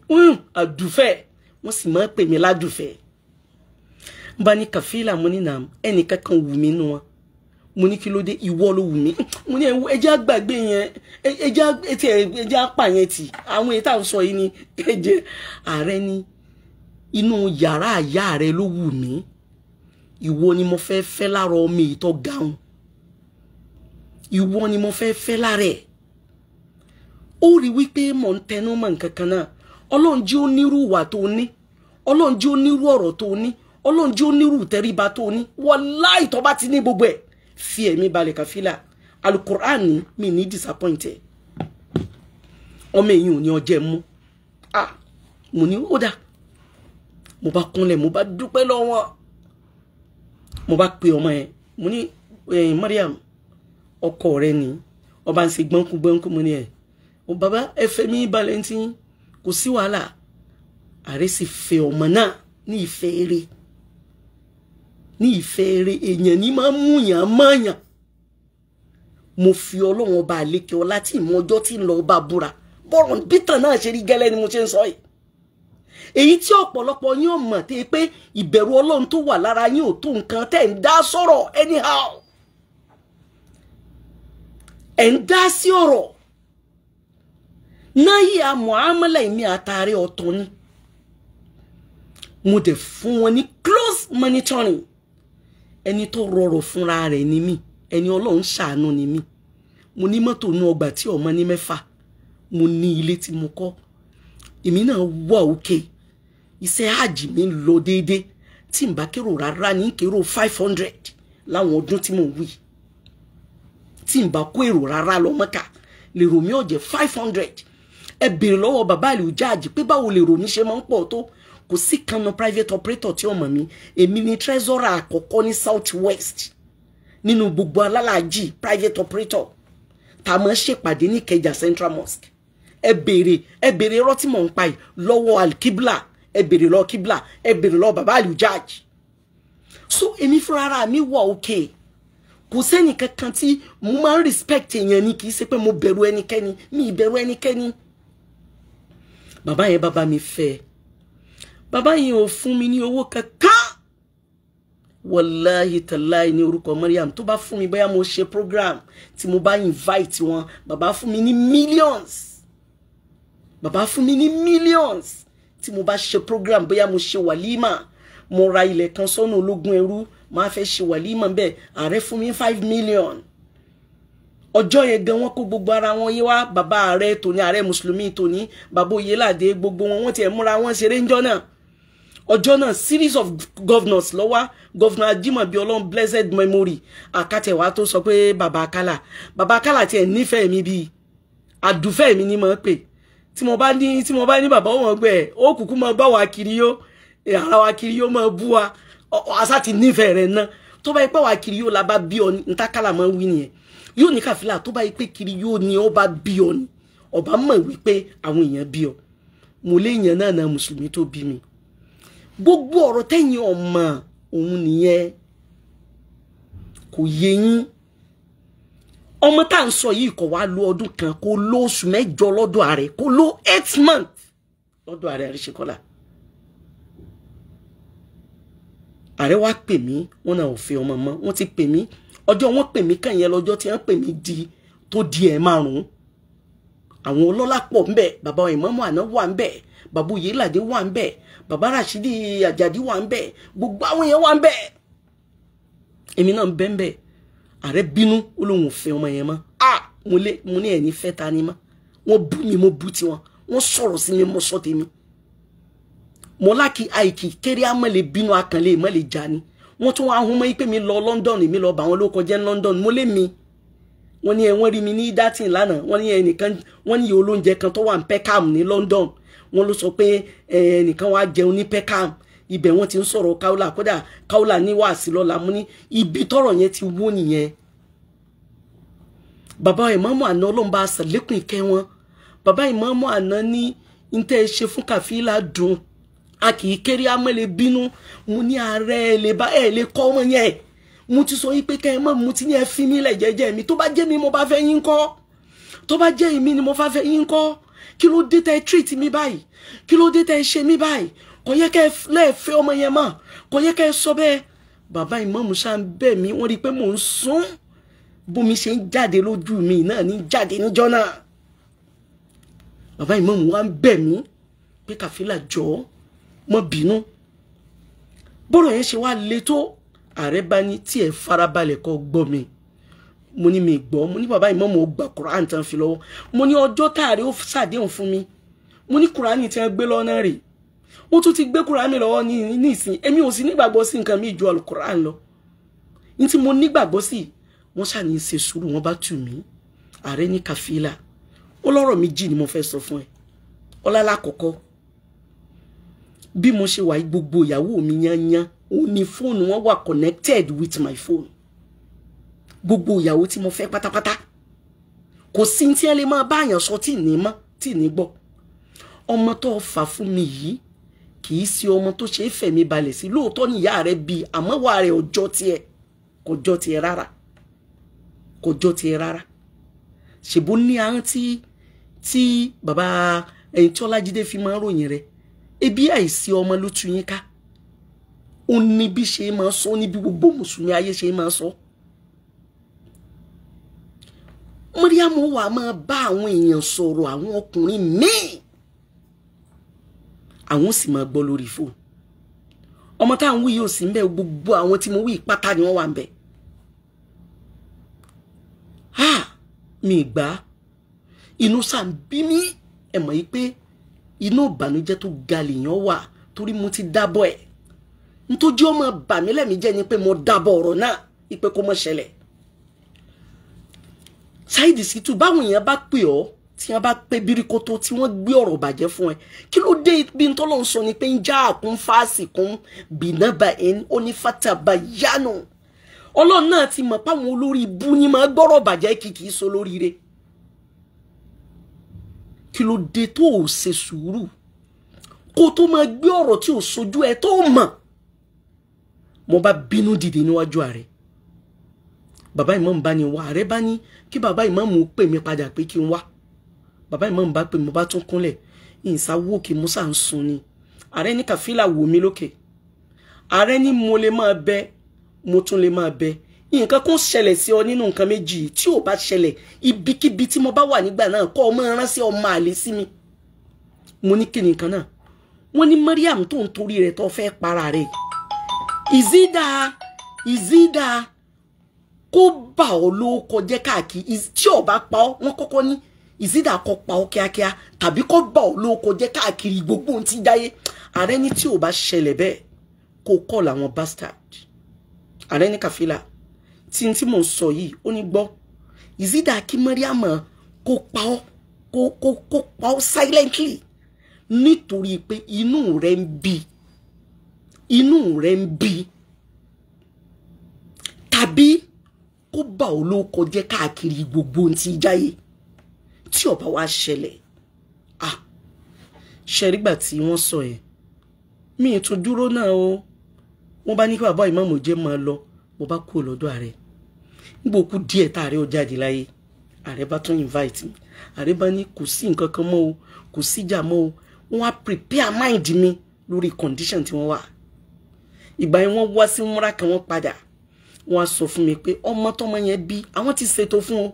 [SPEAKER 1] àdùfẹ́ wọ́n sì máa ń pè mí ládùfẹ́ bá ní kàfílà mo ní nà ẹnìkan kan wù mí nù wọn mo ní kí ló dé ìwọ ló wù mí mo ní ẹjẹ àgbàgbé yẹn ẹjẹ etí ẹjẹ apá yẹn tì àwọn èyí tá à sọ yìí ni ẹjẹ ààrẹ ni inú yàrá àyà rẹ ló wù mí ìwọ ni mo fẹ́ fẹ́ lára ọmọ ìtọ́ gáhùn ìwọ ni mo fẹ́ fẹ́ lára ẹ̀ ó rí wípé mò ń tẹnu mọ́ nǹkan kan náà ọlọ́run jí ó nírú ìwà tó ní ọlọ́run jí ó nírú ọ̀rọ̀ tó ní ọlọ́run jí ó nírú ìtẹríba tó ní wọ́n láì tó bá ti ní gbogbo ẹ̀ fi ẹ̀mí balẹ̀ káfílà alukur'an mi ní disappointed ọmọ èyí ò ní ọjẹ́ mú ah mo ní ó dà mo bá kúnlẹ̀ mo bá dúpẹ́ lọ́wọ́ mo bá pe ọmọ yẹn mo ní eh, Mariam ọkọ rẹ ni ọba ń ṣe gbọ́nkú gbọ́nkú mo ní ẹ̀ o baba ẹ fẹ́ mi balẹ̀ ń tí kò sí wàhálà ààrẹ sì fẹ́ ọmọ náà ní ìfẹ́ rẹ̀ ní ìfẹ́ eré èèyàn ní máa ń mú yàn mọ́yàn mo fi ọlọ́run ọba àlékè ọlá tí ìmọ̀ ọjọ́ tí ń lọ ọba búra bọ́rọ̀ bítàn náà ṣe rí gẹ́lẹ́ ni mo ṣe ń sọ yìí èyí tí ọ̀pọ̀lọpọ̀ yín ò mọ̀ tẹ́ pé ìbẹ̀rù ọlọ́run tó wà lára yín ò tó nǹkan tẹ́ ń dá sọ̀rọ̀ anyhow ẹ̀ ń dá sí ọ̀rọ̀ náà àmọ́ àmọ́lẹ̀ mi àtàrí ọ̀tọ̀ ni mo dẹ̀ fún wọn ní close monitoring ẹni tó rọrọ̀ fúnra rẹ̀ ni mí ẹni ọlọ́run ṣàánú ni mí mo ní mọ́tò inú ọgbà tí ọmọ ní mẹ́fà mo ní ilé tí mo kọ́ èmi náà wà òkè iṣẹ́ hajj mi ń lọ déédéé tí n bá kérò rárá ní kérò five hundred láwọn ọdún tí mò ń wí tí n bá kó èrò rárá lọ Mọ́kà lèrò mi ọ̀jẹ̀ five hundred ẹ bèrè lọ́wọ́ bàbá àlùjáàjì pé báwo lèrò mi ṣe máa ń pọ̀ tó kò sí kanu private operator tí ó mọ̀ mí èmi ni treasurer àkọ́kọ́ ní south west nínú gbogbo alálàájì private operator tá a máa ṣèpàdé ní Ìkẹjà central mosque ẹ béèrè ẹ béèrè irọ́ tí mò ń pa yìí lọ́wọ́ alkibla ẹ béèrè lọ́wọ́ kibla ẹ béèrè lọ́wọ́ baba alujaj so èmi fúnra ara mi wà òkè kò sẹ́ni kankan tí mo máa ń respect èèyàn ni kì í ṣe pé mo bẹ̀rù ẹnikẹ́ni mi ì bẹ̀rù ẹnikẹ́ni bàbá yẹn bàbá mi fẹ́ ẹ bàbá yìí ò fún mi ní owó kankan wàláhì tàláì ní orúkọ Mariam tó bá fún mi bóyá mo ṣe program tí mo bá invite wọn bàbá fún mi ní millions bàbá fún mi ní millions tí mo bá ṣe program bóyá mo ṣe wàlímà mo ra ilẹ̀ kan sọ́nà ológun ẹrú máa fẹ́ ṣe wàlímà bẹ́ẹ̀ ààrẹ fún mi five million ọjọ́ yẹn gan wọ́n kó gbogbo ara wọn yé wá bàbá ààrẹ tòní ààrẹ mùsùlùmí tòní bàbá oyèládé gbogbo wọn wọ́n tiẹ̀ múra wọn ṣeré ńjọ́ náà ọjọ́ náà series of governors lọ́wọ́ governor Ajímọ̀bí ọlọ́run blessed memory àkàtẹ̀wá tó sọ pé baba akálà baba akálà tiẹ̀ nífẹ̀ẹ́ mi bíi àdùfẹ́ mi ni mo ń pè tí mo bá ní tí mo bá ní bàbá wọn gbẹ ó kúkú máa bá wa kiri yó ara wa kiri yó máa bú wa àṣà ti nífẹ̀ẹ́ rẹ̀ ná tó bá yẹ pé wa kiri yó la bá bí ọ ní ntakàlà máa wí nìyẹn yóò ní kàfílà tó bá yẹ pé kiri yó ni ọ bá bí ọ ni ọba mọ̀ wípé àwọn èèyàn bí ọ mo léèyàn náà na mùsùlùmí tó bí mi gbogbo ọ̀rọ̀ tẹ́yìn ọmọ òun nìyẹn kò yé yín ọmọ tá à ń sọ yìí kò wá lo ọdún kan kó lo oṣù mẹ́jọ lọ́dọ̀ ààrẹ kó lo eight months lọ́dọ̀ ààrẹ àríṣekọlá ààrẹ wá pè mí wọn náà ò fẹ́ ọmọ mọ́ wọn ti pè mí ọjọ́ wọn pè mí kàn yẹn lọ́jọ́ tí wọn pè mí di tó di ẹ márùnún àwọn ọlọ́lá pọ̀ ńbẹ bàbá ìmọ̀mọ́ àná wà ńbẹ bàbá òyìnládé wà ńbẹ bàbá Rashidi Ajadi wà ń bẹ̀ gbogbo àwọn yẹn wà ń bẹ̀ èmi náà ń bẹ́ ń bẹ̀ ààrẹ bínú ó lóun ò fẹ́ ọmọ yẹn mọ́ a mo lé mo ní ẹ̀ní fẹ́ ta ni mọ́ wọ́n bú mi mo bú tiwọn wọ́n sọ̀rọ̀ sí mi mo sọ tèmi mọ́láki àìkì le amọ̀lẹ̀ bínú akànlẹ̀ ìmọ̀lẹ̀ jà ni wọ́n tún wá ahun mọ́ ipé mi lo London mi lọ bà lo ló kọjá London mo lé mi wọ́n ní ẹ wọ́n rí mi ní datin lánàá wọ́n ní ẹnìkan wọ́n ní olóúnjẹ kan tó wà ní Peckham ní London wọ́n ló sọ pé ẹnìkan wàá jẹun ní Peckham ibẹ̀ wọ́n ti ń sọ̀rọ̀ Kaula kódà Kaola ní wàásì lọ́la mú ní ibi tọ́rọ̀ yẹn ti wó nìyẹn bàbá ìmáàmù àná ọlọ́run bá ṣàlékún ìkẹ́ wọn bàbá ìmáàmù àná ní ntẹ́ ẹ ṣe fún kàfílà dùn a kì í kéré amẹ́lẹ́ bínú mo ní ààrẹ ẹ̀ lè kọ́ ọmọ yẹn mo ti sọ yín pé kẹ́ ẹ mọ̀ mo ti ní ẹ fi mí lẹ̀ jẹ́jẹ́ mi tó bá jẹ́ mi mo bá fẹ́ yín kọ́ tó bá jẹ́ èmi ni mo bá fẹ́ yín kọ́ kí ló dé tẹ́ treat mi báyìí kí ló dé tẹ́ ṣe mi báyìí kò yẹ kẹ́ ẹ lẹ́ẹ̀fẹ́ ọmọ yẹn mọ̀ kò yẹ kẹ́ ẹ sọ bẹ́ẹ̀ bàbá ìmọ̀ọ́mù ṣá ń bẹ̀ mí wọ́n rí i pé mò ń sún bómi ṣe ń jáde lójú mi náà ní jáde níjọ́ náà bàbá ìmọ̀ọ́mù wa ń bẹ̀ mí pé kàfílà jọ̀ọ́ mọ́ bínú bọ́rọ̀ yẹn ṣe wá le tó ààrẹ bá ní tí ẹ farabalẹ̀ kọ́ gbọ́ mi mo ní mi gbọ́ mo ní bàbá ìmáàmù ó gba Quran tán fi lọ́wọ́ mo ní ọjọ́ táàrí ó ṣàdéhùn fún mi mo ní Quran tí wọ́n gbé lọ́nà rẹ̀ wọ́n tún ti gbé Quran lọ́wọ́ ní ìsìn èmi ò sì nígbàgbọ́ sí nǹkan mi ju alukuran lọ ní tí mo nígbàgbọ́ sí wọ́n ṣàní ṣe sùúrù wọ́n bá tù mí ààrẹ ní kàfílà ó lọ́rọ̀ méjì ni mo fẹ́ sọ fún ẹ ọlá lákọ̀ọ́kọ́ bí mo ṣe wà gbogbo ìyàwó mi yán òun ni fóònù wọn wà connected with my phone gbogbo ìyàwó tí mo fẹ́ pátápátá kò sí tí ẹ lè máa bá àyàn sọ tí ní mọ́ tí ní gbọ́ ọmọ tó fà fún mi yìí kì í ṣe ọmọ tó ṣe é fẹ̀mí balẹ̀ sí lóòótọ́ ni ìyá rẹ̀ bí àmọ́ wà rẹ̀ ọjọ́ kò jọ tiẹ̀ rárá kò jọ tiẹ̀ rárá ṣèbó ní ahọ́n tí tí bàbá tí ọlájídé fi máa ń ròyìn rẹ̀ ebi àìsí ọmọ ló tu yín ká ó ní bí ṣe máa sọ ní bí gbogbo mùsùlùmí ayé ṣe máa sọ. Mariam wà máa bá àwọn èèyàn sọ̀rọ̀ àwọn ọkùnrin míì àwọn sì máa gbọ́ lórí fóònù ọmọ táwọn wí yóò sí ń bẹ gbogbo àwọn tí mo wí pátá ni wọ́n wà ń bẹ ha ah, mi gbà inú sáà ń bí mi ẹ mọ̀ yí pé inú ìbànújẹ́ tó ga lèèyàn wà torí mo ti dábọ̀ ẹ̀ nítorí ọmọ bà mí lẹ́mí jẹ́ ni pé mo dábọ̀ ọ̀rọ̀ náà ìpè kó mọ̀ ṣẹlẹ̀ Saheed Shittu báwọn èèyàn bá pè ọ́ tí wọ́n bá pé birikoto tí wọ́n gbé ọ̀rọ̀ bàjẹ́ fún ẹ kí ló dé bí n tọ́lọ́ ń sọ ni pé ń já àkún fáàsì kún bìnàbà ẹn onífàtàbà yánu ọlọ́run náà ti mọ̀ páwọn olórí ibú ni máa gbọ́rọ̀ bàjẹ́ kìkì so lóríire kí ló dé tó o ṣe sùúrù kó o tó máa gbé ọ̀rọ̀ tí o sojú ẹ tó mọ̀ mo bá bínú dìde níwájú ààrẹ bàbá ìmáàmù bá ní wá ààrẹ bá ní kí bàbá ìmáàmù pè mí padà pé kí n wá bàbá ìmáàmù bá pè mí mo bá tún kúnlẹ̀ ìsáwó kí musa ń sun ni ààrẹ ní kàfílà wò mí lókè ààrẹ ní mo lè máa bẹ mo tún lè máa bẹ nǹkan kó ṣẹlẹ̀ sí ọ nínú nǹkan méjì tí ò bá ṣẹlẹ̀ ibikíbi tí mo bá wà nígbà náà kọ́ ọmọ ránṣẹ́ ọmọ àlè sí mi mo ní kí nìkan náà wọ́n ní Mariam tó ń torí rẹ̀ tó fẹ́ para rẹ̀ ìzídà ìzídà kó bà ọ́ lórúkọ jẹ́ káàkiri tí ò bá pa ọ́ wọ́n kọ́kọ́ ní ìzídà kó pa ọ́ kíákíá tàbí kó bà ọ́ lórúkọ jẹ́ káàkiri gbogbo ohun tí dáyé ààrẹ ní tí ò bá ṣẹlẹ̀ bẹ́ẹ̀ kó kọ́ làwọn bastard ààrẹ ní kàfílà tí n tí mò ń sọ yìí ó ní gbọ́ ìzídà kí mẹ́ríàmù kó pa ọ́ kó kó kó pa ọ́ silently nítorí pé inú rẹ̀ ń bíi inú rẹ̀ ń bí tàbí kó bá olóko jẹ́ káàkiri gbogbo ohun tí jáyé tí ó bá wá ah ṣẹrígbà tí wọ́n sọ yẹn mi tún dúró náà o wọ́n bá ní kí bàbá ìmọ̀ọ́mọ̀ jẹ́ máa lọ mo bá kú lọ́dọ̀ ààrẹ nígbà òkú díẹ̀ tá ààrẹ ó jáde láyé ààrẹ bá tún invite mi ààrẹ bá ní kò sí nǹkan kan mọ́ o kò síjà mọ́ o wọ́n á prepare mind mi lórí condition tí wọ́n wà ìgbà yẹn wọ́n wá sí múra kan wọ́n padà wọ́n á sọ fún mi pé ọmọ tọmọ yẹn bí àwọn ti ṣètò fún o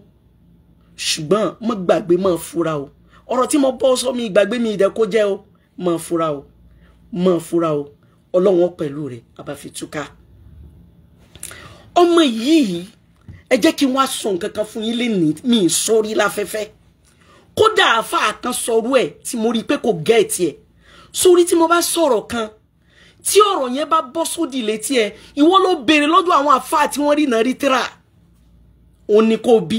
[SPEAKER 1] ṣùgbọ́n mo gbàgbé máa fura o ọ̀rọ̀ tí mo bọ́ sọ mi ìgbàgbé mi ìdẹ́kó jẹ́ o máa fura o máa fura o ọlọ́wọ́n pẹ̀lú rẹ̀ àbáfitúká ọmọ yìí ẹ jẹ́ kí wọ́n á sọ nǹkan kan fún yín lénìí mi ì sọrí láfẹ́fẹ́ kódà àáfàá kan sọrú ẹ̀ tí mo rí i pé kò gẹ́ ẹ̀ sórí tí mo bá sọ̀rọ̀ kan tí ọ̀rọ̀ yẹn bá bọ́ sódì létí ẹ ìwọ ló béèrè lọ́dọ̀ àwọn àfáà tí wọ́n rí náà rí tíra òun ni kò bí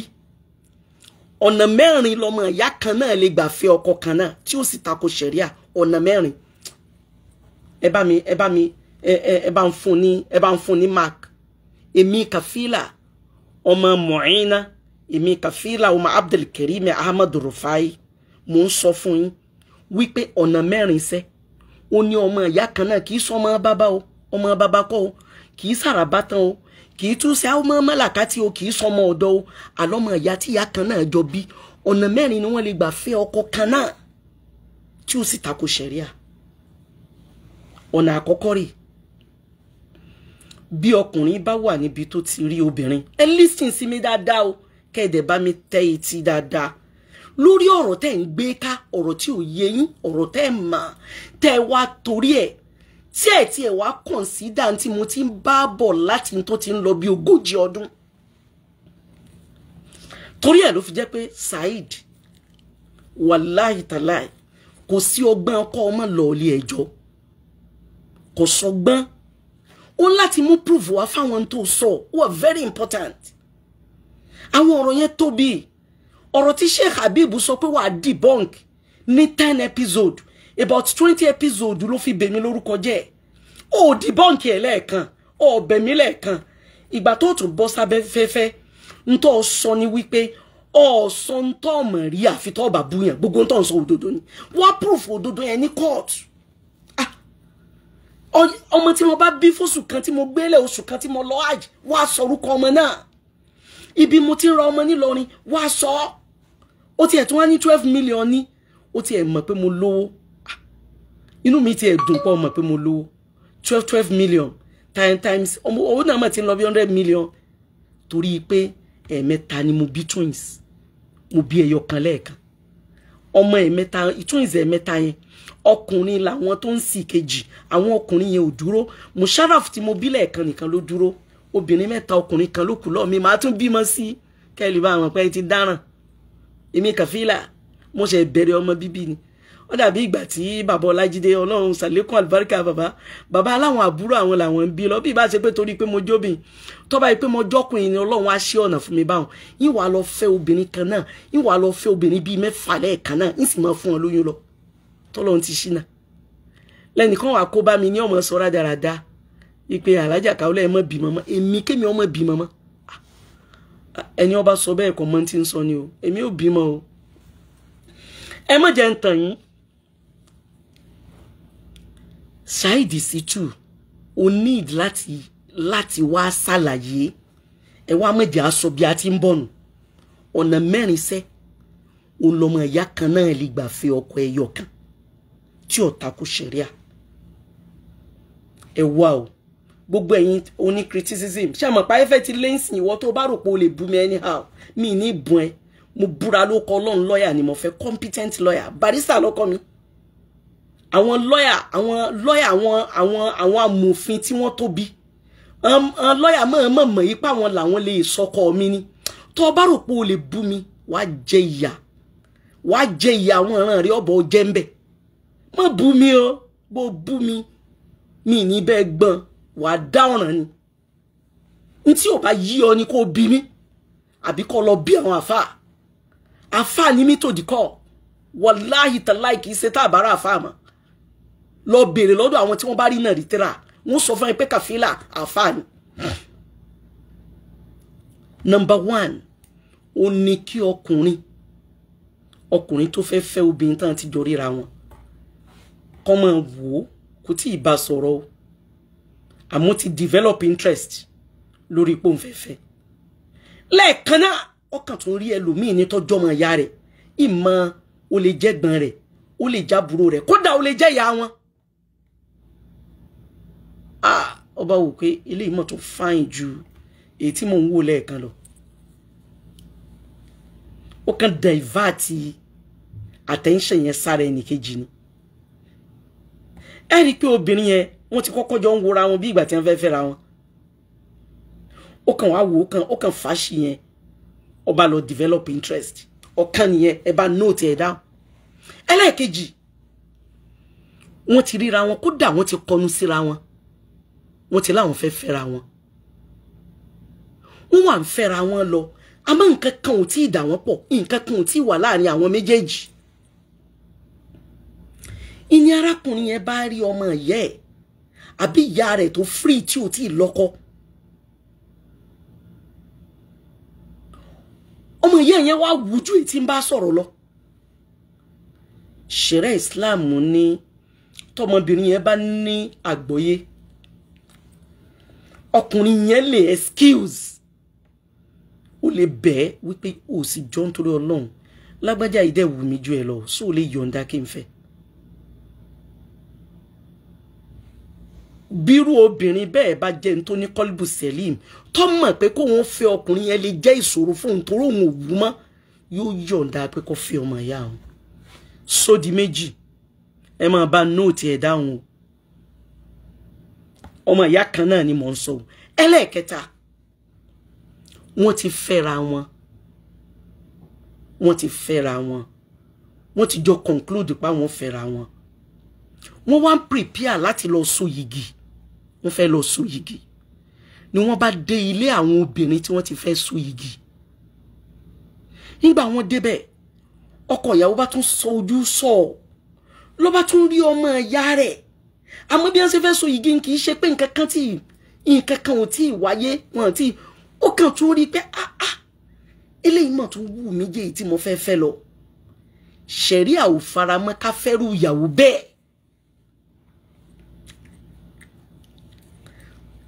[SPEAKER 1] ọ̀nà mẹ́rin lọmọ ìyá kan náà lè gbà fẹ́ ọkọ kan náà tí ó sì tako ṣẹ̀ríà ọ̀nà mẹ́rin ẹ bá mi ẹ bá mi ẹ bá ń fún ní ẹ bá ń fún ní mark èmi kàfílà ọmọ mọ̀ọ́ínà èmi kàfílà ọmọ abdulkarim ahmed rufai mò ń sọ fún yín wípé ọ̀nà mẹ́rin sẹ́ẹ́ ó ní ọmọ ìyá kan náà kì í sọmọ bàbá o ọmọ bàbá kọ́ o kì í sàràbá tán o kì í tún ṣe ọmọ mọ́làkátì o kì í sọmọ ọ̀dọ́ o àlọ́mọ ìyá tí ìyá kan náà jọ bí ọ̀nà mẹ́rin ni wọ́n lè gbà fẹ́ ọkọ kan náà tí ó sì tako ṣẹ̀ríà ọ̀nà àkọ́kọ́ rèé bí ọkùnrin bá wà níbi tó ti rí obìnrin ẹ lísìn sí mi dáadáa o kẹ́ẹ̀dẹ̀ bá mi tẹ́ etí dáadáa lórí ọ̀rọ̀ tẹ́ ń gbé ká ọ̀rọ̀ tí ò yé yín ọ̀rọ̀ tẹ́ ń mà tẹ́ wá torí ẹ̀ tí ẹ̀ tí ẹ̀ wá kọ̀ǹsídà tí mo ti ń bá bọ̀ láti tó ti ń lọ bí ogójì ọdún torí ẹ̀ ló fi jẹ́ pé Saheed wàláhì tàláì kò sí ọgbọ́n ọkọ ọmọ lọ́ọ̀lì ẹ̀jọ́ kò sọgbọ́n ó láti mú proof wá fáwọn tó sọ ó very important àwọn ọ̀rọ̀ yẹn tóbi ọ̀rọ̀ tí Sheikh Habib sọ pé wàá debunk ní ten episode about twenty episode ló fi bèmí lórúkọ jẹ́ ó debunk ẹ̀ lẹ́ẹ̀kan ó bẹ̀mí lẹ́ẹ̀kan ìgbà tó tún bọ́ sábẹ́ fẹ́fẹ́ ntọ́ sọ ni wípé ọ̀sán ntọ́ mọ̀ rí àfi tọ́ yẹn gbogbo ntọ́ sọ òdodo ni wá proof òdodo yẹn ní court ah! ọmọ tí mo bá bí fóṣù kan tí mo gbélé oṣù kan tí mo lọ àjì wá sọ orúkọ ọmọ náà ibi mo ti ra ọmọ nílọrin wá sọ ọ́ ó tiẹ̀ tún wá ní twelve million ní ó tiẹ̀ mọ̀ pé mo lówó inú mi tiẹ̀ dùn pọ̀ mọ̀ pé mo lówó twelve twelve million time times owó náà mà ti ń lọ bí hundred million torí pé ẹ̀ẹ̀mẹ́ta ni mo bí twins mo bí ẹyọ kan lẹ́ẹ̀kan ọmọ ẹ̀mẹ́ta twins ẹ̀mẹ́ta yẹn ọkùnrin làwọn tó ń sì kejì àwọn ọkùnrin yẹn ò dúró musharaf tí mo bí lẹ́ẹ̀kan nìkan ló dúró obìnrin mẹ́ta ọkùnrin kan ló kù lọ́ọ̀ mi màá tún bímọ sí kẹ́lí bá àwọn pẹ́ ti dáràn èmi kàfílà mo ṣe bẹ̀rẹ̀ ọmọ bíbí ni ó dàbí ìgbà tí bàbá ọlájídé ọlọ́run sàlékún àlùbáríkà bàbá bàbá aláwọn àbúrò àwọn làwọn ń bí lọ bí ìbá ṣe pé torí pé mo jóbìn tọ́ba yìí pé mo jọ́kùnrin ni ọlọ́run á ṣí ọ̀nà fún mi báwọn yín wàá lọ fẹ́ obìnrin kan náà yín wàá lọ fẹ́ obìnrin bíi mẹ́fà lẹ́ẹ̀kan náà yín sì máa fún ọ lóyún lọ tọ́lọ́run ti ṣínà lẹ́nìkan wàá kó bá mi ní ọmọ sọ rádaràda ìpè alájà káwọlẹ́ ẹ mọ́ bímọ mọ́ èmi kémi ọmọ bímọ mọ́ ẹni ọba sọ bẹ́ẹ̀ kọ́ mọ́ tí ń sọ ni o èmi ò bímọ o ẹ má jẹ́ ń tàn yín ṣáìdì sítù o need láti láti wá ṣàlàyé ẹ wá méjì aṣọ bí a ti ń bọ̀nù ọ̀nà mẹ́rin sẹ́ o lọmọ ìyá kan náà lè gbà fẹ́ ọkọ ẹyọ kan tí ọ̀tá kò ṣẹ̀ríà ẹ wá o gbogbo ẹ̀yin oní criticism ṣé àmọ́ pàáfẹ́ ti lẹ́sìn ìwọ tó bá rò pé o lè bu mi anyhow mi ní ìbọn ẹ mo búra ló kọ ọlọ́run lọ́ọ̀yà ni mo fẹ́ competent lawyer barista lọ́kọ mi àwọn lọ́ọ̀yà àwọn lọ́ọ̀yà àwọn àwọn àwọn amòfin tí wọ́n tóbi lọ́ọ̀yà mọ̀ọ́mọ̀ mọ̀ yí pé àwọn làwọn lè sọkọ mi ni tó o bá rò pé o lè bu mi wàá jẹ ìyà wàá jẹ ìyà àwọn ọ̀ràn rẹ ọ̀bọ̀ jẹ́ ń bẹ̀ má bu mi o bó bu mi mi ní bẹ́ẹ̀ gbọ́n wà á dá ọ̀ràn ni n tí ò bá yí ọ ni kó bí mi àbí kó lọ bí àwọn àfa àfa ni mi tòdì kọ́ wàláhì tàláì kì í ṣe tá a bára àfa mọ́ lọ béèrè lọ́dọ̀ àwọn tí wọ́n bá rí náà rí tẹ́ra wọ́n sọ fún ẹ pé ni. number one o ní kí ọkùnrin ọkùnrin tó fẹ́ fe obìnrin tán ti jọ ríra wọn kọ́ máa wò ó kò tí ì o àmọ́ ti develop interest lórí ipò nfẹ́fẹ́ lẹ́ẹ̀kan náà ọkàn tó ń rí ẹlòmíì ní tọ́jọ́ ọmọ ìyá rẹ̀ ìmọ̀ o lè jẹ́gbọ́n rẹ̀ o lè jábúrò rẹ̀ kódà o lè jẹ́ ìyá wọn. ọba ah, wò pé eléyìí mọ̀ tó fáìn ju èyí tí mò ń wò lẹ́ẹ̀kan lọ ó kàn divert attention yẹn sára ẹnìkejì ni ẹ rí i pé obìnrin yẹn wọ́n ti kọ́kọ́ jọ ń wora wọn bí ìgbà tí wọ́n fẹ́ẹ́ fẹ́ra wọn ó kàn wá wò ó kàn ó kàn fàáṣì yẹn ó bá lọ develop interest ọ̀kan nìyẹn ẹ bá nóòtì ẹ̀ dáhùn ẹlẹ́ẹ̀kejì wọ́n ti ríra wọn kódà wọ́n ti kọnu síra wọn wọ́n ti láwọn fẹ́ fẹ́ra wọn wọ́n wà ń fẹ́ra wọn lọ àmọ́ nǹkan kan ò tí ì dà wọ́n pọ̀ nǹkan kan ò tí ì wà láàrin àwọn méjèèjì ìní arákùnrin yẹn bá rí ọmọ ìyá àbí ìyá rẹ̀ tó free tí ò tí ì lọ́kọ. ọmọ ìyá yẹn wá wùjú èyí tí ń bá sọ̀rọ̀ lọ. ṣẹ̀rẹ́ Islam ní tọmọbìnrin yẹn bá ní àgbọ́yé ọkùnrin yẹn lè excuse ó lè bẹ́ẹ̀ wípé ó sì jọ́ nítorí ọlọ́run lágbájá ìdẹ́wù mi ju ẹ lọ sóò lè yọ̀ǹda kí n fẹ́. bírú obìnrin bẹ́ẹ̀ bá jẹ́ ní tó kọ́líbù selim tó mọ̀ pé kó wọn fẹ́ ọkùnrin yẹn lè jẹ́ ìṣòro fún un torí òun ò wú mọ́ yóò yọ̀ǹda pé kó fẹ́ ọmọ ìyá òun sódì méjì ẹ máa bá nóòtì ẹ̀ dáhùn o ọmọ ìyá kan náà ni mò ń sọ o ẹlẹ́ẹ̀kẹta wọ́n ti fẹ́ra wọn wọ́n ti fẹ́ra wọn wọ́n ti jọ conclude pa wọ́n fẹ́ra wọn wọ́n wá ń prepare láti lọ so wọ́n fẹ́ lọ sùn yìgì ni wọ́n bá dé ilé àwọn obìnrin tí wọ́n ti fẹ́ sùn yìgì nígbà wọ́n débẹ̀ ọkọ ìyàwó bá tún sọ ojú sọ ọ ló bá tún rí ọmọ ìyá rẹ̀ àmọ́ bí wọ́n ṣe fẹ́ sùn yìgì kì í ṣe pé nǹkan kan tí nǹkan kan ò tí ì wáyé wọn tí ó kàn tún rí pé ah ah eléyìí mọ̀ tún wù mí jẹ́ èyí tí mo fẹ́ fẹ́ lọ ṣẹ̀ríà ò faramọ́ ká ìyàwó bẹ́ẹ̀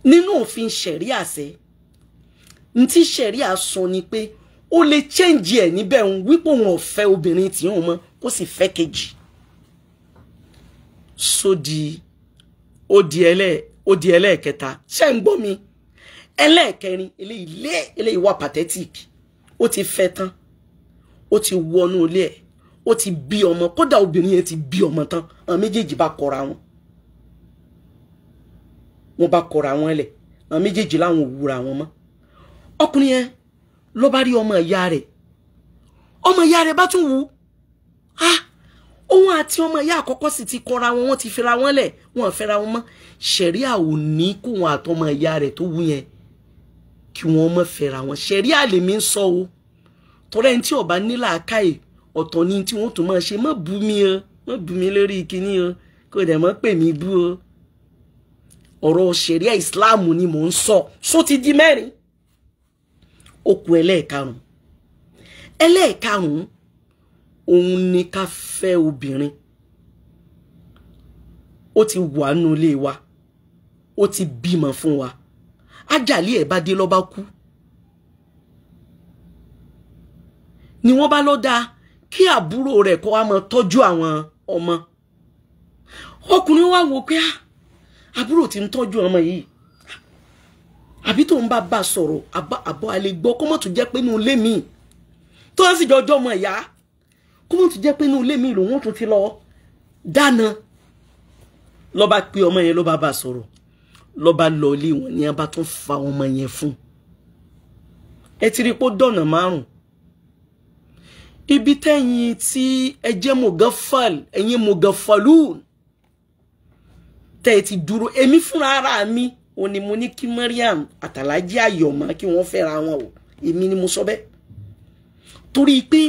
[SPEAKER 1] nínú òfin ṣẹ̀ríà sẹ́ n tí ṣẹ̀ríà sọ ni pé ó lè chẹ́ǹjì ẹ̀ níbẹ̀ ń wípé òun ọ̀fẹ́ obìnrin tí òun mọ́ kó sì fẹ́ kejì so di ó di ẹlẹ́ ó di ẹlẹ́ẹ̀kẹta ṣé ń gbọ́ mi ẹlẹ́ẹ̀kẹrin eléyìí lé eléyìí wà pathetic ó ti fẹ́ tán ó ti wọnú ilé ẹ̀ ó ti bí ọmọ kódà obìnrin yẹn ti bí ọmọ tán àwọn méjèèjì bá kọra wọn wọ́n bá kọra wọn lẹ̀ àwọn méjèèjì láwọn òwúra wọn mọ́ ọkùnrin yẹn ló bá rí ọmọ ìyá rẹ̀ ọmọ ìyá rẹ̀ bá tún wù á ah! òun àti ọmọ ìyá àkọ́kọ́ sì ti kọra wọn wọ́n ti fira wọn lẹ̀ wọ́n fẹ́ra wọn mọ́ ṣẹ̀ríà ò ní kó wọn àtọmọ ìyá rẹ̀ tó wù yẹn kí wọn má fẹ́ra wọn ṣẹ̀ríà lèmi ń sọ o tọrẹ ní tí ọba nílà káyè ọ̀tọ̀ ni tí wọ́n tún máa ṣe má bú mi o má lórí kinní o kò dẹ̀ mọ́ pè mí bú o ọ̀rọ̀ ṣẹ̀ríà islam ni mò ń sọ só ti di mẹ́rin ó kù ẹlẹ́ẹ̀karùn-ún ẹlẹ́ẹ̀karùn-ún òun ni ká fẹ́ obìnrin ó ti wà nù ilé wa ó ti bímọ fún wa ájàlí ẹ̀ bá dé lọ́ kú ni wọ́n bá lọ́ dáa kí àbúrò rẹ̀ kó wá máa tọ́jú àwọn ọmọ ọkùnrin wa wò pé ah àbúrò tí ń tọ́jú ọmọ yìí àbí tó ń bá bá sọ̀rọ̀ àbọ̀ àlè gbọ́ kó mọ̀ tó jẹ́ pé inú ilé mi tó sì jọ ọjọ́ ọmọ ìyá kó mọ̀ tó jẹ́ pé inú ilé mi lòun tó ti lọ dáná ló bá ọmọ yẹn ló bá sọ̀rọ̀ ló lọ ilé wọn ni a bá tún fa ọmọ yẹn fún ẹ ti rí i pé ó dọ̀nà márùn ibi tẹ́yìn tí ẹ jẹ́ mọ̀gáfàl ẹ̀yin mọ̀gáfàlùún tẹ́ ẹ ti dúró èmi fúnra ara mi ò ní mo ní kí Mariam àtàlájì àyọ̀mọ́ kí wọ́n fẹ́ra wọn o èmi ni mo sọ bẹ́ẹ̀ torí pé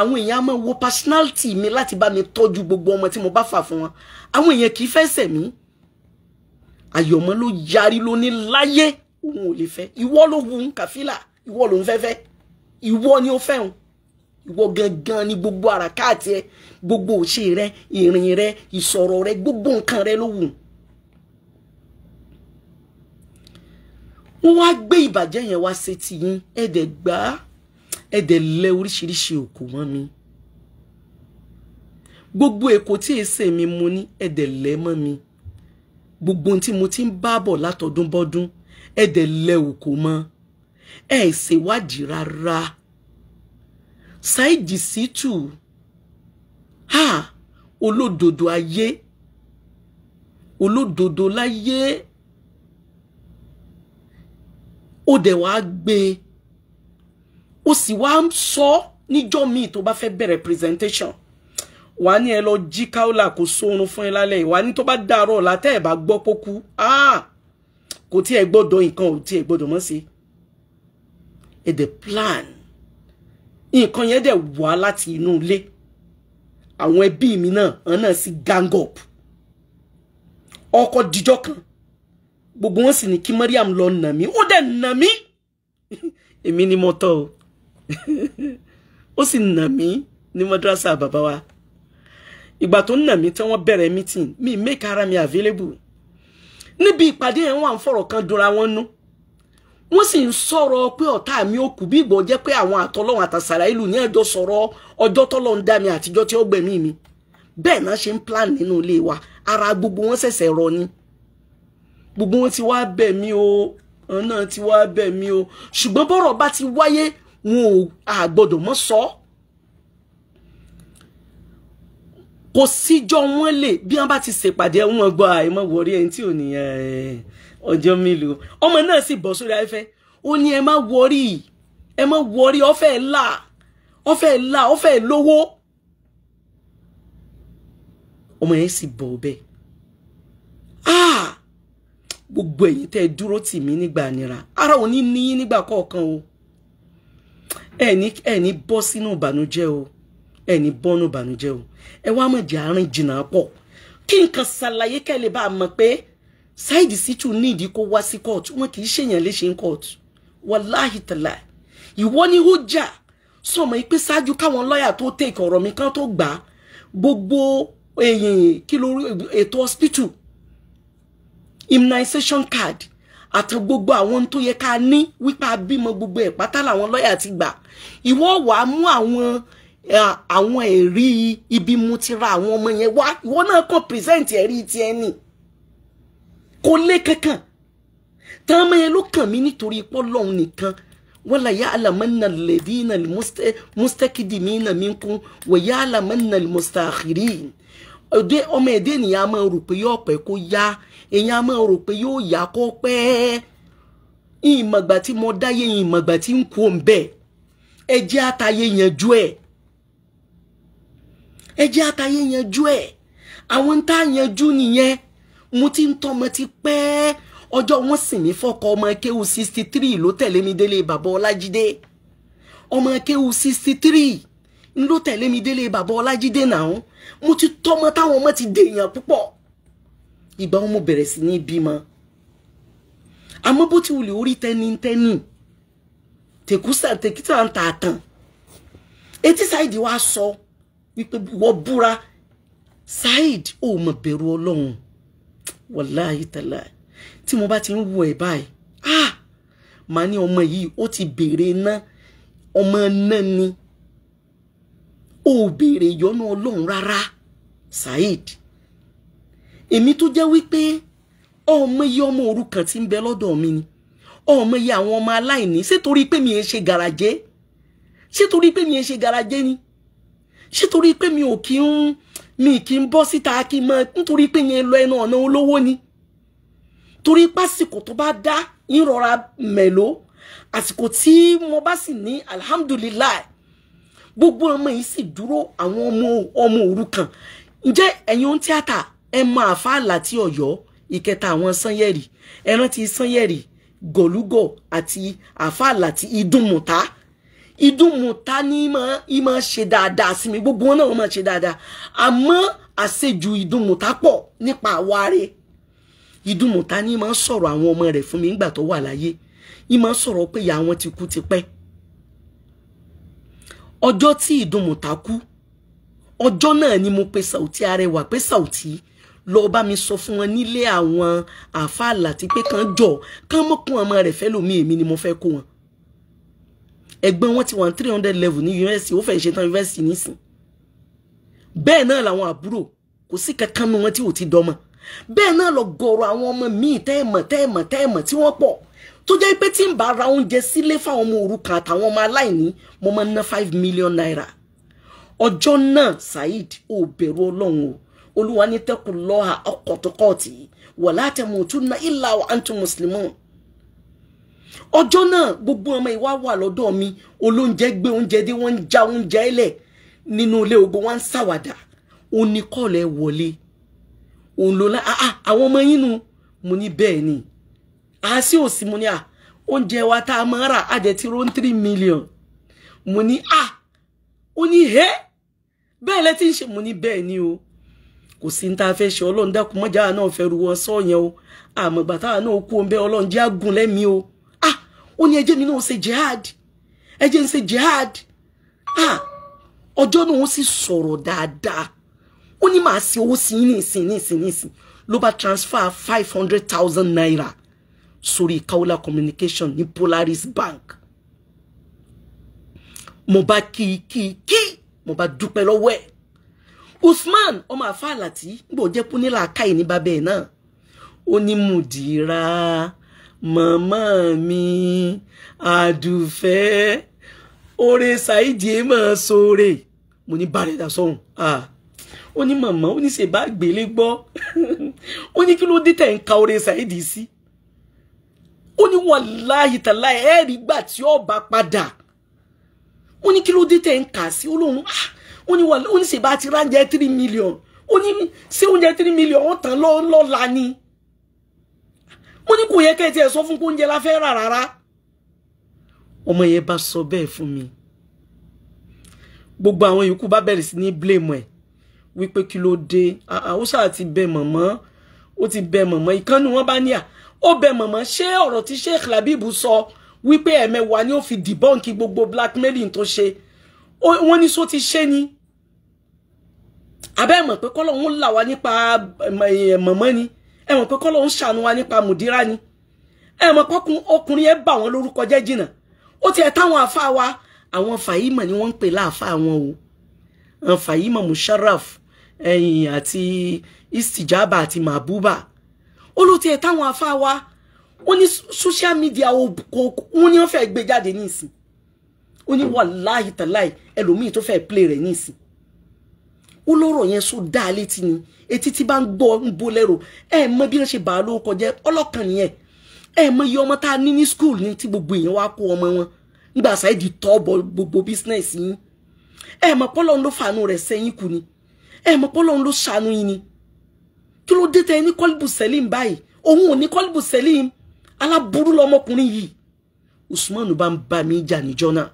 [SPEAKER 1] àwọn èèyàn á máa wo personality mi láti bá mi tọ́jú gbogbo ọmọ tí mo bá fà fún wọn àwọn èèyàn kì í fẹ́ sẹ̀ mí àyọ̀mọ́ ló yarí ló ní láyé òun ò lè fẹ́ ìwọ ló wù ń kàfílà ìwọ ló ń fẹ́ fẹ́ ìwọ ni ó fẹ́hùn ìwọ gangan ni gbogbo àràkáàtì ẹ gbogbo òṣè rẹ ìrìn rẹ ìsọ̀rọ̀ rẹ gbogbo nǹkan rẹ ló wù ń. wọ́n wá gbé ìbàjẹ́ yẹn wá sétí yín ẹ̀dẹ̀ gbá ẹ̀dẹ̀ lẹ oríṣiríṣi òkú mọ́ mi gbogbo èkó tí èsè mi mu ní ẹ̀dẹ̀ lẹ mọ́ mi gbogbo tí mo ti ń bá bọ̀ látọdún bọ́dún ẹ̀dẹ̀ lẹ òkú mọ́ ẹ̀ ṣèwádìí rárá Saheed Shittu ha olódodo ayé olódodo láyé ó dẹ̀ wá gbé e ó sì wá ń sọ níjọ́ míì tó bá fẹ́ bẹ̀rẹ̀ presentation wà á ní ẹ lọ jí káólà kó sórun fún ẹ lálẹ́ ìwà ní tó bá dàárọ̀ látẹ́ ẹ̀ bá gbọ́ pókú ah! kò tí ẹ gbọ́dọ̀ nǹkan ò tí ẹ gbọ́dọ̀ mọ́ sí ẹ dẹ̀ plan nǹkan yẹn dẹ̀ wá láti inú ilé àwọn ẹbí mi náà hàn sí gang up ọkọ̀ dijọ́ kan gbogbo wọn sì ní kí Mariam lọ nà mí ó dẹ̀ nà mí èmi ni mo tọ́ ó sì nà mí ní madrasa bàbá wa ìgbà tó nà mí tí wọ́n bẹ̀rẹ̀ meeting mi make ara mi available níbi ìpàdé yẹn wà ń fọ̀rọ̀ kan dunra wọn nú wọ́n sì ń sọ̀rọ̀ pé ọ̀tá mi ò kù bí ìgbọ jẹ́ pé àwọn àtọlọ́run àtàsàrà ìlú ní ẹjọ́ sọ̀rọ̀ ọjọ́ tọlọ ń dá mi àtijọ́ tí ó gbẹ̀mí mi bẹ́ẹ̀ náà ṣe ń plan nínú ilé wa ara gbogbo wọn ṣẹ̀ṣẹ̀ rọ ni gbogbo wọn ti wá bẹ̀ mí o wọn náà ti wá bẹ̀ mí o ṣùgbọ́n bọ́rọ̀ bá ti wáyé wọn ò àgbọ́dọ̀ mọ́ sọ ọ́ kò síjọ wọn lè bí wọn bá ti ṣèpàdé wọn gbọ́ àìmọ̀ wọrí ẹni tí ò ní ọjọ́ mélòó ọmọ náà sì bọ́ sórí afẹ́fẹ́ ó ní ẹ má wọrí ẹ má wọrí ọ̀fẹ́ là ọ̀fẹ́ là ọ̀fẹ́ lówó ọmọ yẹn sì bọ̀ bẹ́ẹ̀ ah gbogbo ẹ̀yin tẹ́ ẹ dúró tì mí nígbà nira ara ò ní níyín nígbà kọ̀ọ̀kan o ẹni ẹni bọ́ sínú ìbànújẹ́ o ẹni bọ́nú ìbànújẹ́ o ẹ wá mọ̀ jẹ́ àárín jìnnà pọ̀ kí nǹkan ṣàlàyé kẹ́lẹ́ bá a mọ̀ pé Saheed Shittu nídìí kó wá sí kóòtù wọn kì í ṣèyàn léṣe ń kóòtù wàláhì tàlà ìwọ ni ó jà sọmọ yìí pé ṣáájú káwọn lọ́ọ̀yà tó tẹ̀kọ̀ ọ̀rọ̀ mi kan tó gbà gbogbo ètò hospital immunization card àti gbogbo àwọn tó yẹ ká ní wípé abímọ gbogbo ẹ̀ pátá làwọn lọ́ọ̀yà ti gbà ìwọ wàá mú àwọn àwọn ẹ̀rí ibi mu ti ra àwọn ọmọ yẹn wá ìwọ náà kàn present ẹ̀rí ti ẹni kò lé kankan tán ọmọ yẹn ló kàn mí nítorí pọ́lọ́hún nìkan wọ́n la yàrá mẹ́nà lẹ́dí iná mùsítẹ́kìdì mi iná mi kún wọ́n yàrá mẹ́nà mùsítàkìrì ọdẹ ọmọ ẹ̀dẹ́ nìyà máa rò pé yọ kó yá èèyàn á máa rò pé yóò yá kó pẹ́ ìmọ̀gbà tí mo dáyé ìmọ̀gbà tí ń kú òǹbẹ̀ ẹ jẹ́ àtàyè yanjú ẹ̀ ẹ jẹ́ àtàyè yanjú ẹ̀ àwọn ń tá yanjú nìyẹn mo ti ń tọmọ ti pẹ́ ọjọ́ wọn sì mí fọkọ ọmọ kéwu sixty three ló tẹ̀lé mi délé bàbá ọlájídé ọmọ kéwu sixty three ló tẹ̀lé mi délé bàbá ọlájídé náà mo ti tọmọ táwọn ọmọ ti dèèyàn púpọ̀ ìgbà wọn mo bẹ̀rẹ̀ sí ní bímọ àmọ́ bó ti wulẹ̀ orí tẹ́nitẹ́ni tèkúsà tèkítà ń ta àtàn etí Saheed wa sọ wípé wọ́n búra Saheed ò mọ̀ bẹ̀rù ọlọ́run wàláhì tàlà tí mo bá ti ń wo ẹ̀ báyìí ah màá ní ọmọ yìí ó ti béèrè iná ọmọ náà ni ó béèrè ìyọ́nú ọlọ́run rárá Saheed èmi tó jẹ́ wípé ọmọ iye ọmọ òrukàn tí ń bẹ lọ́dọ̀ mi ni ọmọ iye àwọn ọmọ aláìní ṣé torí pé mi ẹ ṣe gàràjé ṣé torí pé mi ẹ ṣe gàràjé ni ṣé torí pé mi ò kí ń mi kì í bọ́ síta kí n mọ nítorí pé yẹn lọ ẹnu ọ̀nà olówó ni torí pásìkò tó bá dá ń rọra mẹ̀ló àsìkò tí mo bá sì ní alihamudulilayi gbogbo ọmọ yìí sì dúró àwọn ọmọ ọmọ òrukàn ǹjẹ́ ẹ̀yin ohun tíátà ẹ mọ àfáàlà tí Ọ̀yọ́ ìkẹta àwọn Sanyẹ̀rì ẹ rántí Sanyẹ̀rì gòlúgò àti àfáàlà tí Ìdúnmùtà Ìdúnmùtà ní ìmọ̀ ṣe dáadáa sí mi gbogbo wọn náà wọ́n máa ṣe dáadáa àmọ́ àṣejù Ìdúnmùtà pọ̀ nípa àwáre Ìdúnmùtà ní ìmọ̀ sọ̀rọ̀ àwọn ọmọ rẹ̀ fún mi nígbà tó wà láyé ìmọ̀ sọ̀rọ̀ pé ìyá wọn ti kú tipẹ́ ọjọ́ tí Ìdúnmùtà kú ọjọ́ náà ni mo pe Saoty Arẹwà pé Saoty lọ bá mi sọ fún wọn nílé àwọn àfàlà tí pé kan jọ kán mọ́kún ọmọ rẹ̀ fẹ́ lómi èmi ni mo fẹ́ kó wọn ẹ̀gbọ́n wọn ti wà ní three hundred level ní yunifásitì ó fẹ́ẹ́ ṣetán yunifásitì nísìn bẹ́ẹ̀ náà làwọn àbúrò kò sí kankan nu wọn tí ò ti dọ́mọ bẹ́ẹ̀ náà lọ gọ̀ọ̀rọ̀ àwọn ọmọ míì tẹ́ẹ̀mọ̀ tẹ́ẹ̀mọ̀ tẹ́ẹ̀mọ̀ tí wọ́n pọ̀ tó jẹ́ pé tí n bá ra oúnjẹ sílé fáwọn ọmọ òrukàn àtàwọn ọmọ aláìní mo máa ń ná five million naira ọjọ́ náà Saheed ò bẹ̀rù ọlọ́run o olúwa ní tẹ́kù lọ́ha ọkọ̀ tó kọ́ọ̀tì wọ̀ látẹ̀mùtúnà ìlà àǹtí mùsùlùmí ọjọ́ náà gbogbo ọmọ ìwà wà lọ́dọ̀ mi olóúnjẹ gbé oúnjẹ dé wọ́n ń já oúnjẹ ẹlẹ̀ nínú ilé ogun wọn ń ṣàwàdà oníkọ̀ọ̀lẹ̀ wọlé òun ló lá ah, ah, àwọn ọmọ yín nu mo ní bẹ́ẹ̀ ni àásì òsì mo ní à ah, oúnjẹ wa tá a máa rà àjẹ tí ron three million mo ní à ó ní hẹ́ bẹ́ẹ̀ lẹ́tí ń ṣe mo ní bẹ́ẹ̀ ni o kò sí ní tá a fẹ́ ṣe ọlọ́run dákun mọ́jà náà fẹ́ ruwọ́ sọ́ọ̀yẹn o àmọ̀gbà táwa náà kú ọ̀nbẹ́ ọlọ́run jẹ́ àgùn lẹ́mìí o ah ó ní ẹjẹ́ mi náà ṣe jihad ẹjẹ́ ń ṣe jihad ah ọjọ́ náà ó sì sọ̀rọ̀ dáadáa ó ní màá ṣe owó sí ní ìsìn ní ló bá transfer five hundred thousand naira sórí Kaula communication ní Polaris Bank mo bá kí kí kí mo bá dúpẹ́ lọ́wọ́ ẹ̀ usman ọmọ àfàlàtì gbò jẹ́ kú nílà káì ní bàbá ẹ̀ náà ó ní mùdìrà màmá mi àdùfẹ́ oore ṣáìdì ẹ̀ máa sóore mo ní bá rẹ̀ dà sọ́hùn ó ní màmá ó ní ṣe bá gbélé gbọ́ ó ní kí ló dé tẹ̀ ń ka oore ṣáìdì sí ó ní wàláhì tàláhì ẹ̀ẹ́rì gbà tí ó bá padà ó ní kí ló dé tẹ̀ ń kà sí ó lóun ah ó ní wọ́n ó ní ṣèbá ti ráńjẹ three million ó ní ṣé oúnjẹ three million ó tán lọ́la ni mo ní kò yẹ kẹ́ ẹ tiẹ̀ sọ fún kó oúnjẹ la fẹ́ rà rárá ọmọ yẹn bá sọ bẹ́ẹ̀ fún mi gbogbo àwọn yòókù bá bẹ̀rẹ̀ sí ní blame ẹ̀ wípé kí ló dé ó ṣáà ti bẹ mọ̀mọ́ ó ti bẹ mọ̀mọ́ ìkànnì wọn bá ní à ó bẹ mọ̀mọ́ ṣé ọ̀rọ̀ tí Sheikh Labib sọ wípé ẹ̀mẹwàá ni ó fi dìbọ́ǹkì gbogbo blackmailing tó ṣe wọ́n ní sọ ti ṣe ni abẹ́ mọ̀ pé kọ́lọ́hún là wá nípa mọ̀mọ́ ni ẹ mọ̀ pé kọ́lọ́hún ṣàánú wá nípa mùdírà ni ẹ mọ̀ pọ́kun ọkùnrin yẹn bà wọ́n lórúkọ jẹ́ jìnnà ó tiẹ̀ táwọn àfa wa àwọn fàyímọ̀ ni wọ́n ń pè láàfa àwọn o àwọn fàyímọ̀ musharraf ẹ̀yìn àti istijaba àti mabuba ó táwọn àfa wa wọ́n ní social media wọ́n ní wọ́n fẹ́ gbé jáde nísìn ó ní wàláhìtàláì ẹlòmíì tó fẹ́ play rẹ̀ nísìn ó lọ́rọ̀ yẹn sọ dáa létí ni etí tí bá ń gbọ́ ń bo lẹ́rọ ẹ mọ bí wọ́n ṣe bàá lórúkọ jẹ́ ọlọ́kàn nìyẹn ẹ mọ iye ọmọ tá a ní ní school ní tí gbogbo èèyàn wá kó ọmọ wọn nígbà sáìdì tọ́ bọ gbogbo business yín ẹ mọ pọ́lọ́n ló fàánú rẹ̀ sẹ́yìn kù ni ẹ mọ pọ́lọ́n ló ṣàánú yín ni kí ló dé tẹ ní kọ́líbù sẹ́lìm báyìí òun ò ní kọ́líbù sẹ́lìm aláburú lọmọkùnrin yìí Usman bá ń bá mi jà níjọ́ náà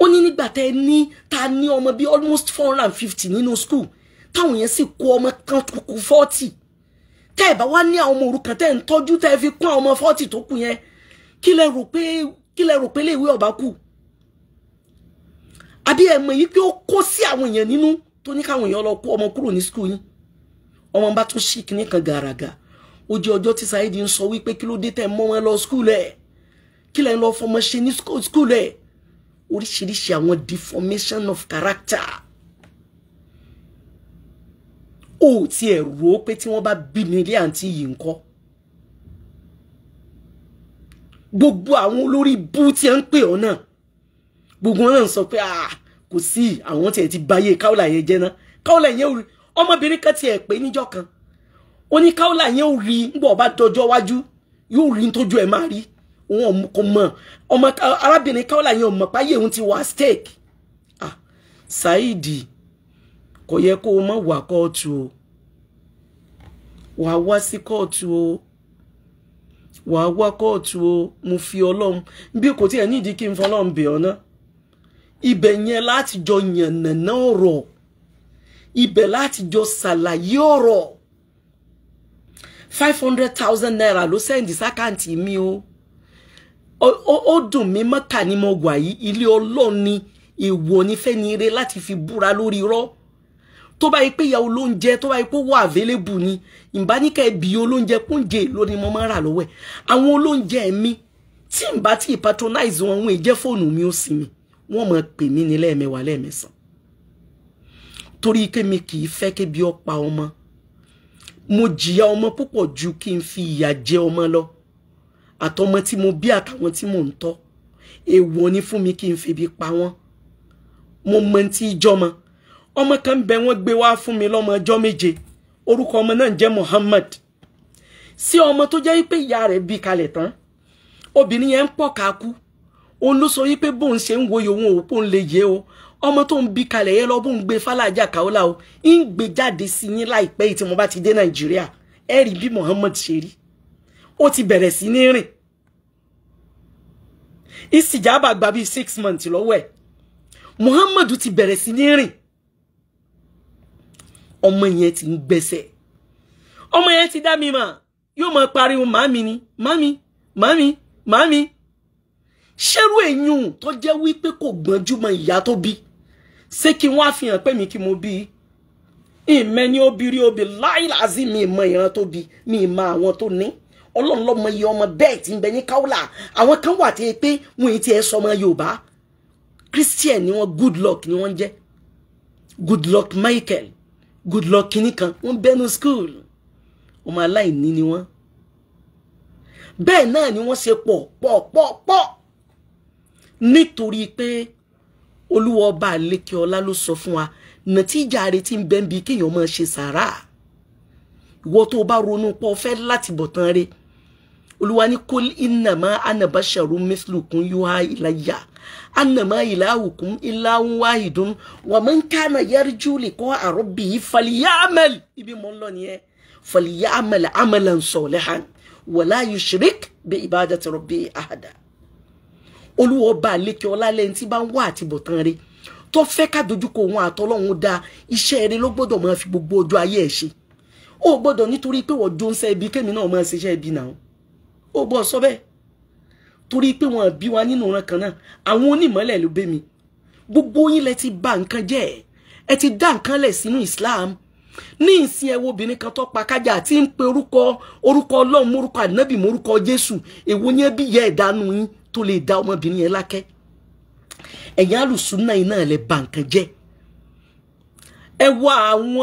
[SPEAKER 1] ó ní nígbà tẹ ní ta ní ọmọ bíi almost four hundred and fifty nínú school táwọn yẹn sì kó ọmọ kan kú forty tẹ ẹ bá wá ní àwọn ọmọ òrukàn tẹ ń tọ́jú tẹ fi kún àwọn ọmọ forty tó kù yẹn kí lẹ rò pé kí lẹ rò pé léèwé ọba kù àbí ẹ mọ̀ yìí pé ó kó sí àwọn èèyàn nínú tó ní káwọn èèyàn lọ kó ọmọ kúrò ní school yín ọmọ bá tún ṣì kíní kan gàràgà ó jẹ tí Saheed ń sọ wípé kí ló dé tẹ mọ́ wọn lọ school ẹ kí lẹ ń lọ fọmọ ṣe ní school ẹ oríṣiríṣi àwọn deformation of character ó tiẹ̀ rò ó pé tí wọ́n bá bí mi ilé àǹtí yìí ń kọ́ gbogbo àwọn olórí bú tí ẹ ń pè ọ́ náà gbogbo wọn náà sọ pé ah, kò sí àwọn tiẹ̀ ti báyé káwọ́là yẹn jẹ́ náà káwọ́là yẹn ò rí ọmọbìnrin kan tiẹ̀ pé níjọ́ kan ó ní káwọ́là yẹn ò rí ń bọ̀ bá dọjọ́ wájú yóò rí ń tójú ẹ̀ máa rí wọn kò mọ̀ ọmọ arábìnrin Kaola yẹn ò mọ̀ ti wà stake ah Saidi kò yẹ kó o wà o wàá wá sí kóòtù o wàá wá o mu fi ọlọ́run bí kò tiẹ̀ nídìí kí n fọlọ́run bẹ̀ ọ́ ná yẹn láti jọ yànnàná ọ̀rọ̀ ibẹ̀ láti jọ ṣàlàyé ọrọ five naira ló mi o. ó dùn mí mọ́kà ni mo wà yìí ilé ọlọ́run ni ìwọ ni fẹ́ni ire láti fi búra lórí irọ́ tó bá yẹ pé ìyá olóúnjẹ tó bá yẹ pé ó wà available ni ìbáníkà ẹbí olóúnjẹ kúnjẹ ló ni mo máa ń rà lọ́wọ́ ẹ̀ àwọn olóúnjẹ mi tí n bá ti patronize wọn wọn èjẹ́ fóònù mi ó sinmi wọ́n máa pè mí ní lẹ́ẹ̀mẹwàá lẹ́ẹ̀mẹsàn torí kémi kì í fẹ́ kébi ọ̀pá ọmọ mo jìyà ọmọ púpọ̀ ju kí n fi ìyà jẹ ọmọ lọ àtọmọ tí mo bí àtàwọn tí mò ń tọ́ èèwọ̀ ni fún mi kí n febi pa wọ́n mo mọ tí ìjọmọ ọmọ kan bẹ wọ́n gbé wá fún mi lọ́mọ ọjọ́ méje orúkọ ọmọ náà ń jẹ́ Muhammad sí ọmọ tó jẹ́ pé ìyá rẹ̀ bí kalẹ̀ tán obìnrin yẹn ń pọ̀ káku òun ló sọ wípé bóun ṣe ń woyè òun òun bóun lè yé o ọmọ tó ń bí kalẹ̀ yẹn lọ bóun gbé fàlàjà kàólà o ń gbé jáde sí yín láìpẹ́ yìí tí mo bá ti dé Nàìjíríà ẹ rí bí Muhammad ṣe rí ó ti bẹ̀rẹ̀ sí ní rìn ìsìjàbà gba bíi six months lọ́wọ́ ẹ̀ muhammadu ti bẹ̀rẹ̀ sí ní rìn ọmọ yẹn ti ń gbẹ́sẹ̀ ọmọ yẹn ti dá mi mà yóò máa pariwo màmí ni màmí màmí màmí ṣerú èyún tó jẹ́ wípé kò gbọ́njú mọ ìyá tó bí ṣé kí wọ́n á fi hàn pé mi kí mo bí ìmẹ́ni obìnrin obì láìláàzí mi ìmọ̀ ìran tó bí mi ìmọ̀ àwọn tó ní ọlọ́run lọ́mọ iye ọmọ bẹ́ẹ̀ tí ń bẹ ní káwùlà àwọn kan wà tẹ́ pé wọn ti ẹ̀ sọmọ yorùbá christian ni wọn good luck ni wọn jẹ good luck michael good luck kìnnì kan wọn bẹnu school ọmọ aláìní ni wọn bẹ́ẹ̀ náà ni wọ́n ṣe pọ̀ pọ̀ pọ̀ pọ̀ nítorí pé olúwa ọba àlékè ọlá ló sọ fún wa nàtíjà rẹ ti ń bẹ́ẹ̀ bí kéèyàn máa ṣe sàrà ìwọ tó o bá ronú pọ̀ fẹ́ láti bọ̀ tán rẹ̀ olúwa ní kó ìnàmá ànàbàṣàrú mẹsìlùkún yóò iláyà ànàmá ìlàwùkún ìlàwùn wáhìdùn wàmọ́ nkánà yẹrìjú lìkọ́ àrọ́bì fàlìyà àmàlì ibi mọ́ ń lọ nìyẹn fàlìyà àmàlì àmàlà ń sọ̀ lẹ́hàn wàlá yushrik bí ìbáda ti rọ̀ bí àhàdà olúwa ọba àlékè ọlá lẹ́yìn tí bá ń wá àtibọ̀tán rẹ̀ tó fẹ́ ká dojúkọ òun àtọlọ́hun da iṣẹ́ rẹ ló gbọ́dọ̀ máa fi gbogbo ọjọ́ ayé ẹ̀ ṣe ó gbọ́dọ̀ nítorí pé wọ́n jó ń sẹ́ ibi kémi náà máa ṣiṣẹ́ ibi náà ó bọ́ sọ bẹ́ẹ̀ torí pé wọn bí wa nínú ran kan náà àwọn onímọ̀lẹ̀ ló bẹ́ mi gbogbo yín lẹ ti bà nǹkan jẹ́ ẹ ti dá nǹkan lẹ̀ sínú Islam ní ìsìn ẹ wo obìnrin kan tó pa kájà tí ń pe orúkọ orúkọ Ọlọ́run morúkọ ànábì morúkọ Jésù ni ẹbí yẹ ẹ̀dánù yín tó lè dá ọmọbìnrin yẹn lákẹ́ ẹ̀yin alùsùn náà iná lẹ bà nǹkan jẹ́ ẹ àwọn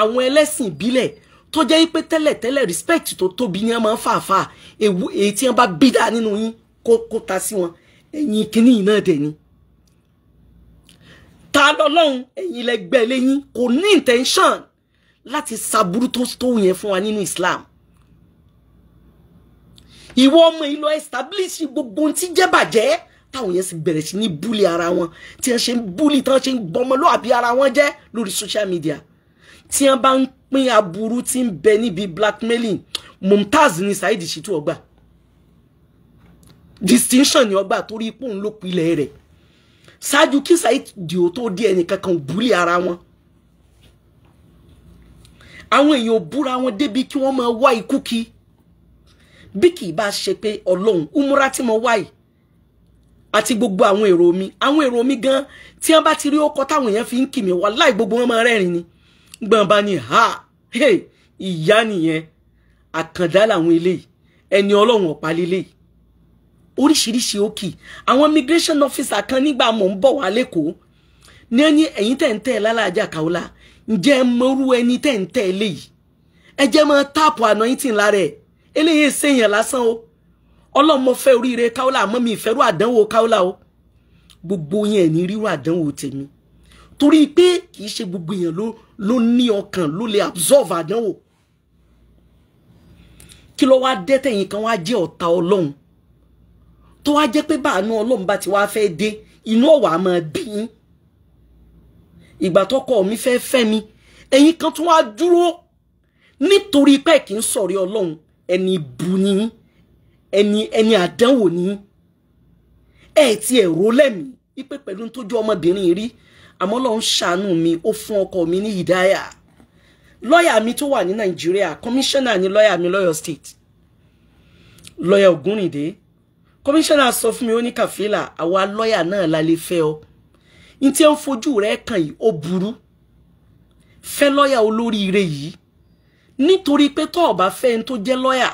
[SPEAKER 1] àwọn ẹlẹ́sìn ìbílẹ̀ tó jẹ́ pé tẹ́lẹ̀ tẹ́lẹ̀ respect tó tóbi ni wọ́n máa ń fà fà ewu èyí tí wọ́n bá bí dáa nínú yín kó ta sí wọn ẹ̀yin kínní náà dẹ̀ ni. ta lọ́lọ́run ẹ̀yin lẹ́gbẹ́ lẹ́yìn kò ní intention láti ṣàbúrú tó tó yẹn fún wa nínú Islam. ìwọ ọmọ ìlọ establish gbogbo ohun tí jẹ́ bàjẹ́ táwọn yẹn sì bẹ̀rẹ̀ sí ní búlì ara wọn tí wọ́n ṣe ń búlì tí wọ́n ṣe ń gbọmọlúwàbí ara wọn jẹ́ lórí social media tí wọ́n bá ń pín aburú tí ń bẹ níbi blackmailing Mumtaz ni Saheed Shittu ọgbà distinction ni ọgbà torí ipò ń ló pilẹ̀ rẹ̀ ṣáájú kí Saheed Ìdìó tó di ẹnìkankan búlì ara wọn àwọn èèyàn búra wọn débi kí wọ́n máa wá ikú kí bí kì í bá ṣe pé ọlọ́run umura tí mo wá yìí àti gbogbo àwọn èrò mi àwọn èrò mi gan tí wọ́n bá ti rí ọkọ táwọn èèyàn fi ń kì mí wá láì gbogbo wọn máa rẹ́rìn ni gbọ́n bá ní ha ìyá nìyẹn àkàndá làwọn eléyìí ẹni ọlọ́run ọ̀pá lélẹ́yìí oríṣiríṣi òkì àwọn immigration officer kan nígbà mò ń bọ̀ wá lẹ́kọ̀ọ́ ní ẹni ẹ̀yìn tẹ̀ ń tẹ̀ lálàájá kàólà ǹjẹ́ ẹ mọrú ẹni tẹ̀ ń tẹ̀ eléyìí ẹ jẹ́ mọ táàpù anointing lára ẹ̀ eléyìí ṣèyàn lásán o ọlọ́mọ fẹ́ oríire kàólà àmọ́ mi ìfẹ́rù àdánwò kàólà o gbogbo yẹn ní rírú àdánwò tèmi torí pé kì í ṣe gbogbo yẹn ló ló ní ọkàn ló lè absorb àdánwò kí ló wá dé tẹ̀yìn kan wá jẹ́ ọ̀tá ọlọ́run tó wá jẹ́ pé báàánú ọlọ́run bá ti wá fẹ́ dé inú ọ̀wà á máa bí yín ìgbà tọkọ mi fẹ́ fẹ́ mi ẹ̀yin kan tún wá dúró nítorí pé kì í sọ̀rí ọlọ́run ẹni bu ni yín ẹni ẹni àdánwò ni yín ẹ̀ ti ẹ̀ ró lẹ́mìí wípé pẹ̀lú tójú ọmọbìnrin rí àmọ́ Ọlọ́run ṣàánú mi ó fún ọkọ mi ní ìdáyà lọ́ọ̀yà mi tó wà ní nàìjíríà kọmíṣánná ni lọ́ọ̀yà mi lọ́yọ̀ state lọ́ọ̀yà ògúnrìndé kọmíṣánná sọ fún mi ó ní kàfílà àwa lọ́ọ̀yà náà la lè fẹ́ ọ ní tí ń fojú rẹ kàn yìí ó burú fẹ́ lọ́ọ̀yà olóríire yìí nítorí pé tó o bá fẹ́ ẹni tó jẹ́ lọ́ọ̀yà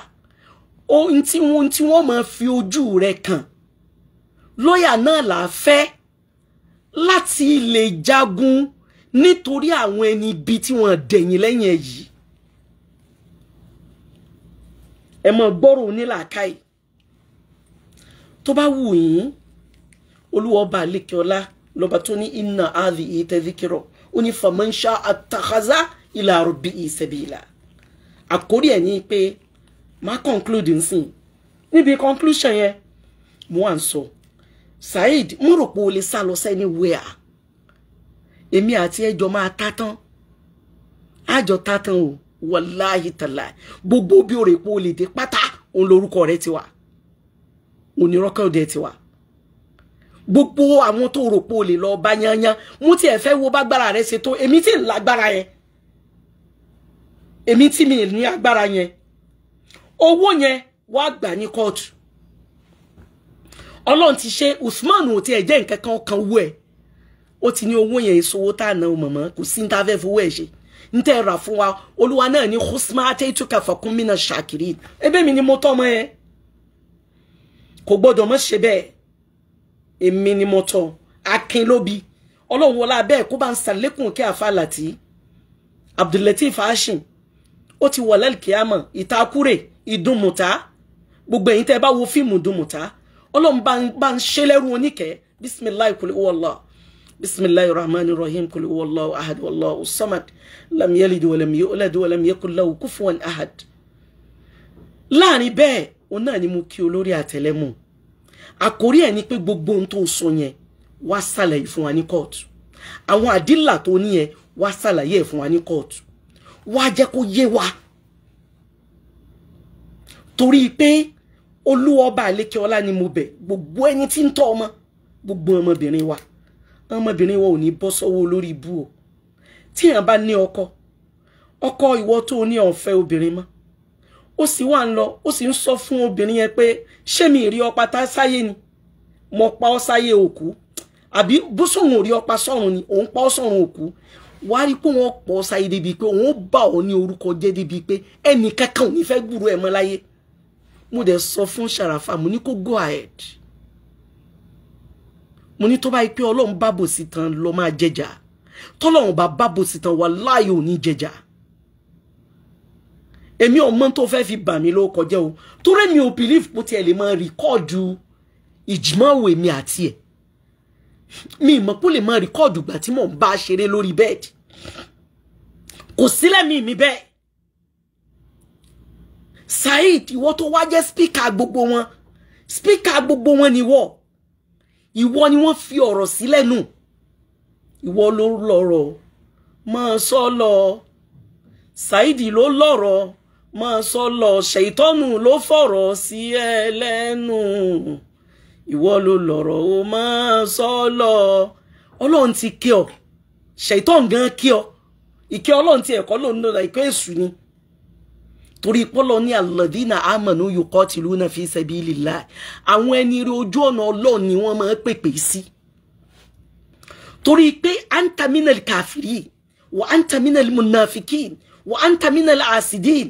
[SPEAKER 1] ohun tí wọ́n máa fi ojú rẹ kàn lọ́ọ̀yà náà là á fẹ́ láti lè jagun nítorí àwọn ẹni ibi tí wọ́n dẹ̀yìn lẹ́yìn ẹ yìí ẹ mọ gbọ́rọ̀ onílàákàyè tó bá wù yín olúwa ọba àlekèọlá lọba tó ní iná àdì ìtẹ̀díkìrọ̀ ó ní fàmọ́ńṣá àtàkàzá ìlà àròbí ìṣẹ̀bìlà àkórí ẹ̀ ní pé má conclude nsìn níbi conclusion yẹn mo wà ń sọ. So Saheed mo rò pé o lè sá lọ sẹ́ni wíà èmi àti ẹjọ́ máa ta tán àjọ ta tán o wàláhì tàlà gbogbo bí o rè pé o lè dé pátá òun lorúkọ rẹ ti wà onírọ́kẹ́ òde ti wà gbogbo àwọn tó rò pé o lè lọ bá yányán mo tiẹ̀ fẹ́ wo bágbára rẹ ṣe tó èmi tí ń lágbára yẹn èmi tí mi ní agbára yẹn owó yẹn wàá gbà ní kóòtù ọlọ́run ti ṣe usman ò tiẹ̀ jẹ́ nǹkan kan kan wú ẹ̀ ó ti ní owó yẹn ìṣòwò tá à ná mọ̀mọ́ kò sí ní tá fowó ẹ̀ ṣe ń tẹ́ ra fún wa olúwa náà ní husma atẹ́tùkà fọkúnmínà ṣàkìrì ẹbí mi ni mo tọ́ ọmọ yẹn kò gbọ́dọ̀ mọ́ ṣe bẹ́ẹ̀ èmi ni mo tọ́ akin ló bi ọlọ́run wọlé abẹ́ kó bá ń sàlékùn kí àfa làtí abdulateef ashin ó ti wọ̀lẹ́lì kíámọ̀ ìtakúrè ìdùnmùtá gbogbo ẹ̀yin tẹ́ bá wo fíìmù ìdùnmùtá ọlọ́run bá ń ṣe lẹ́rù oníkẹ́ bisimilayi kò lè wọ́ ọlọ́ bisimilayi rahman rahim kò lè wọ́ ọlọ́ ahad ọlọ́ usamad lamiyali diwalami ọlẹ́di wàlami yẹkùnláwù kúfùwọ̀n ahad. láàrin bẹ́ẹ̀ òun náà ni mo kí olórí àtẹlẹ́mù àkórí ẹ̀ ni pé gbogbo ohun tó sọ yẹn wá ṣàlàyé fún wa ní kóòtù àwọn àdìlà tó ní yẹn wá ṣàlàyé ẹ̀ fún wa ní kóòtù wá jẹ́ kó yé wa torí pé olúwa ọba àlékè ọlá ni mo bẹ̀ gbogbo ẹni tí ń tọ́ ọmọ gbogbo ọmọbìnrin wa ọmọbìnrin wa ò ní bọ́ sọ́wọ́ olórí ibú o tí èèyàn bá ní ọkọ ọkọ ìwọ tó o ní ọ̀fẹ́ obìnrin mọ́ ó sì wà ń lọ ó sì ń sọ fún obìnrin yẹn pé ṣé mi rí ọpa tá sáyé ni mo pa ọ́ sáyé òkú àbí bó sóhun ò rí ọpa sọ́run ni òun pa ọ́ sọ́run òkú wàá rí pé wọ́n pọ̀ sáyé débi pé òun bà ọ́ ní orúkọ jẹ́ débi pé ẹnì kankan ò ní fẹ́ gbúrò ẹ̀ mọ́ láyé mo dẹ̀ sọ fún Sharafa mo ní kó go ahead mo ní tó bá yí pé ọlọ́run bá bòsí tán lọ máa jẹjà tọ́lọ́run bá bá bòsí tán wà láàyè ò jẹjà èmi ò tó fẹ́ fi bà mí lóko jẹ́ o torí mi ò believe pé tiẹ̀ lè máa rìkọ́ọ̀dù ìjìmọ̀wò èmi àti ẹ̀ mi ìmọ̀ pé lè máa rìkọ́ọ̀dù ìgbà tí mò ń bá a ṣeré lórí bẹ́ẹ̀dì kò sílẹ̀ mi mi bẹ́ẹ̀ Saheed ìwọ tó wá jẹ́ spíkà gbogbo wọn spíkà gbogbo wọn níwọ ìwọ ni wọ́n fi ọ̀rọ̀ sí lẹ́nu ìwọ ló lọ́rọ̀ máa sọ lọ Saheed ló lọ́rọ̀ máa sọ lọ ṣèitọ́nù ló fọ̀rọ̀ sí ẹ lẹ́nu ìwọ ló lọ́rọ̀ o máa sọ lọ ọlọ́run ti kí ọ ṣèitọ́n gan kí ọ ìkẹ́ ọlọ́run ti ẹ̀kọ́ lòun lọ́la ìkẹ́ èṣù ni torí pọ́lọ́ ní alladhina amanu yuqatiluna fi sabilillah àwọn ẹni rí ojú ọ̀nà ọlọ́ọ̀ ni wọ́n máa pèpè sí torí pé anta minal kafirin wa anta minal munafikin wa anta minal asidin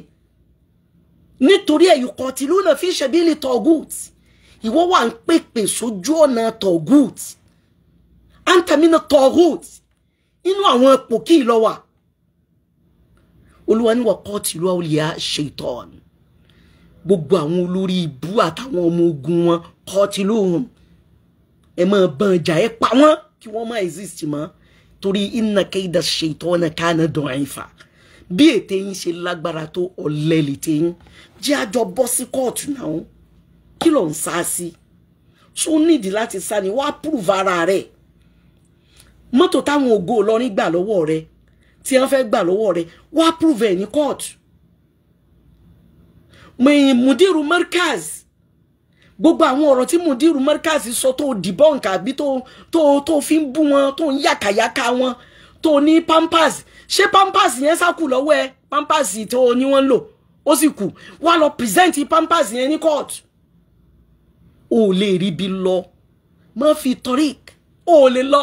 [SPEAKER 1] nítorí ẹ̀ yuqatiluna fi sabili tọ́gùt ìwọ́ wà ń pèpè sójú ọ̀nà tọ́gùt anta tọ́gùt inú àwọn pòkì lọ́wọ́ olúwa ní wọ́kọ́ tìlú àwòlíyà ṣètọ́n gbogbo àwọn olórí ibú àtàwọn ọmọ ogun wọn kọ́ tìlú òun ẹ máa ban ìjà ẹ pa wọ́n kí wọ́n má exist mọ́ torí iná kéda ṣètọ́n kánà dùn àìfà bí ète yín ṣe lágbára tó ọ̀lẹ́ lè te yín jẹ́ àjọ bọ́ sí kóòtù náà kí ló ń sá sí tún nídìí láti sá ni wàá púrùfù ara rẹ̀ mọ́tò táwọn ògo Ìlọrin gbà lọ́wọ́ rẹ̀ tí wọ́n fẹ́ gbà lọ́wọ́ rẹ̀ wá prove ẹ̀ ní court mẹ̀yìn mudiru merkaz gbogbo àwọn ọ̀rọ̀ tí mudiru merkaz sọ tó debunk àbí tó tó tó fi ń bú wọn tó ń yàkàyàkà wọn tó ní pampers ṣé pampers yẹn sákù lọ́wọ́ ẹ pampers tó ní wọ́n lò ó sì kù wá lọ present pampers yẹn ní court ò lè rí bí lọ mọ́ fi torik ò lè lọ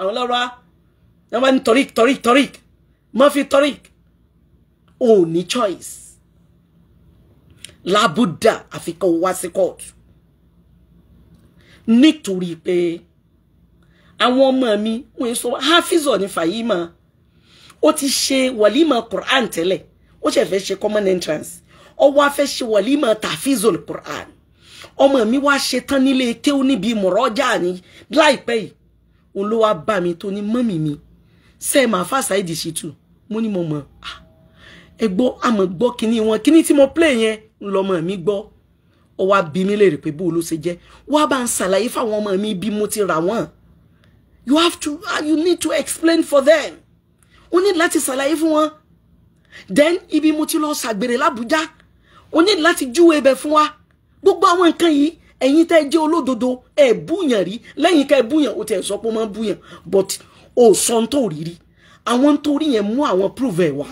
[SPEAKER 1] àwọn lọ́rọ̀ á wọ́n bá ní torik torik torik Ma fi torí ò ní choice lábúdà àfikàn wá sí court nítorí pé àwọn ọmọ mi wọn sọ hafizọ ní fàyímà ó ti ṣe wàlímà quran tele, ó ṣe fẹ́ ṣe common entrance ó wá fẹ́ ṣe wàlímà tafizol quran ọmọ mi wá ṣe tán nílé kéwú níbi mọ̀rọ́jà ni láìpẹ́ yìí òun ló wá mi tó ní mọ́mì mi sẹ́ẹ̀ máa fà Saheed Shittu mo ní mo mọ̀ ah, ẹ gbọ́ àmọ̀ gbọ́ kíní wọn kíní tí mo play yẹn lọ́mọ mi gbọ́ ó wá bí mi léèrè pé bóò ló ṣe jẹ́ wá bá ń ṣàlàyé fáwọn ọmọ mi bí mo ti rà wọ́n you have to ah, you need to explain for them o ní láti ṣàlàyé fún wọn then ibi mo ti lọ ṣàgbèrè l'Àbújá o ní láti júwe ibẹ̀ fún wa gbogbo àwọn nǹkan yìí ẹ̀yin tẹ́ jẹ́ olódodo ẹ̀ búyàn rí lẹ́yìn ká ẹ búyàn o tẹ̀ sọ pé ó máa ń búyàn but ò sọ ohun tó rí rí àwọn nítorí yẹn mú àwọn prove ẹ̀ wá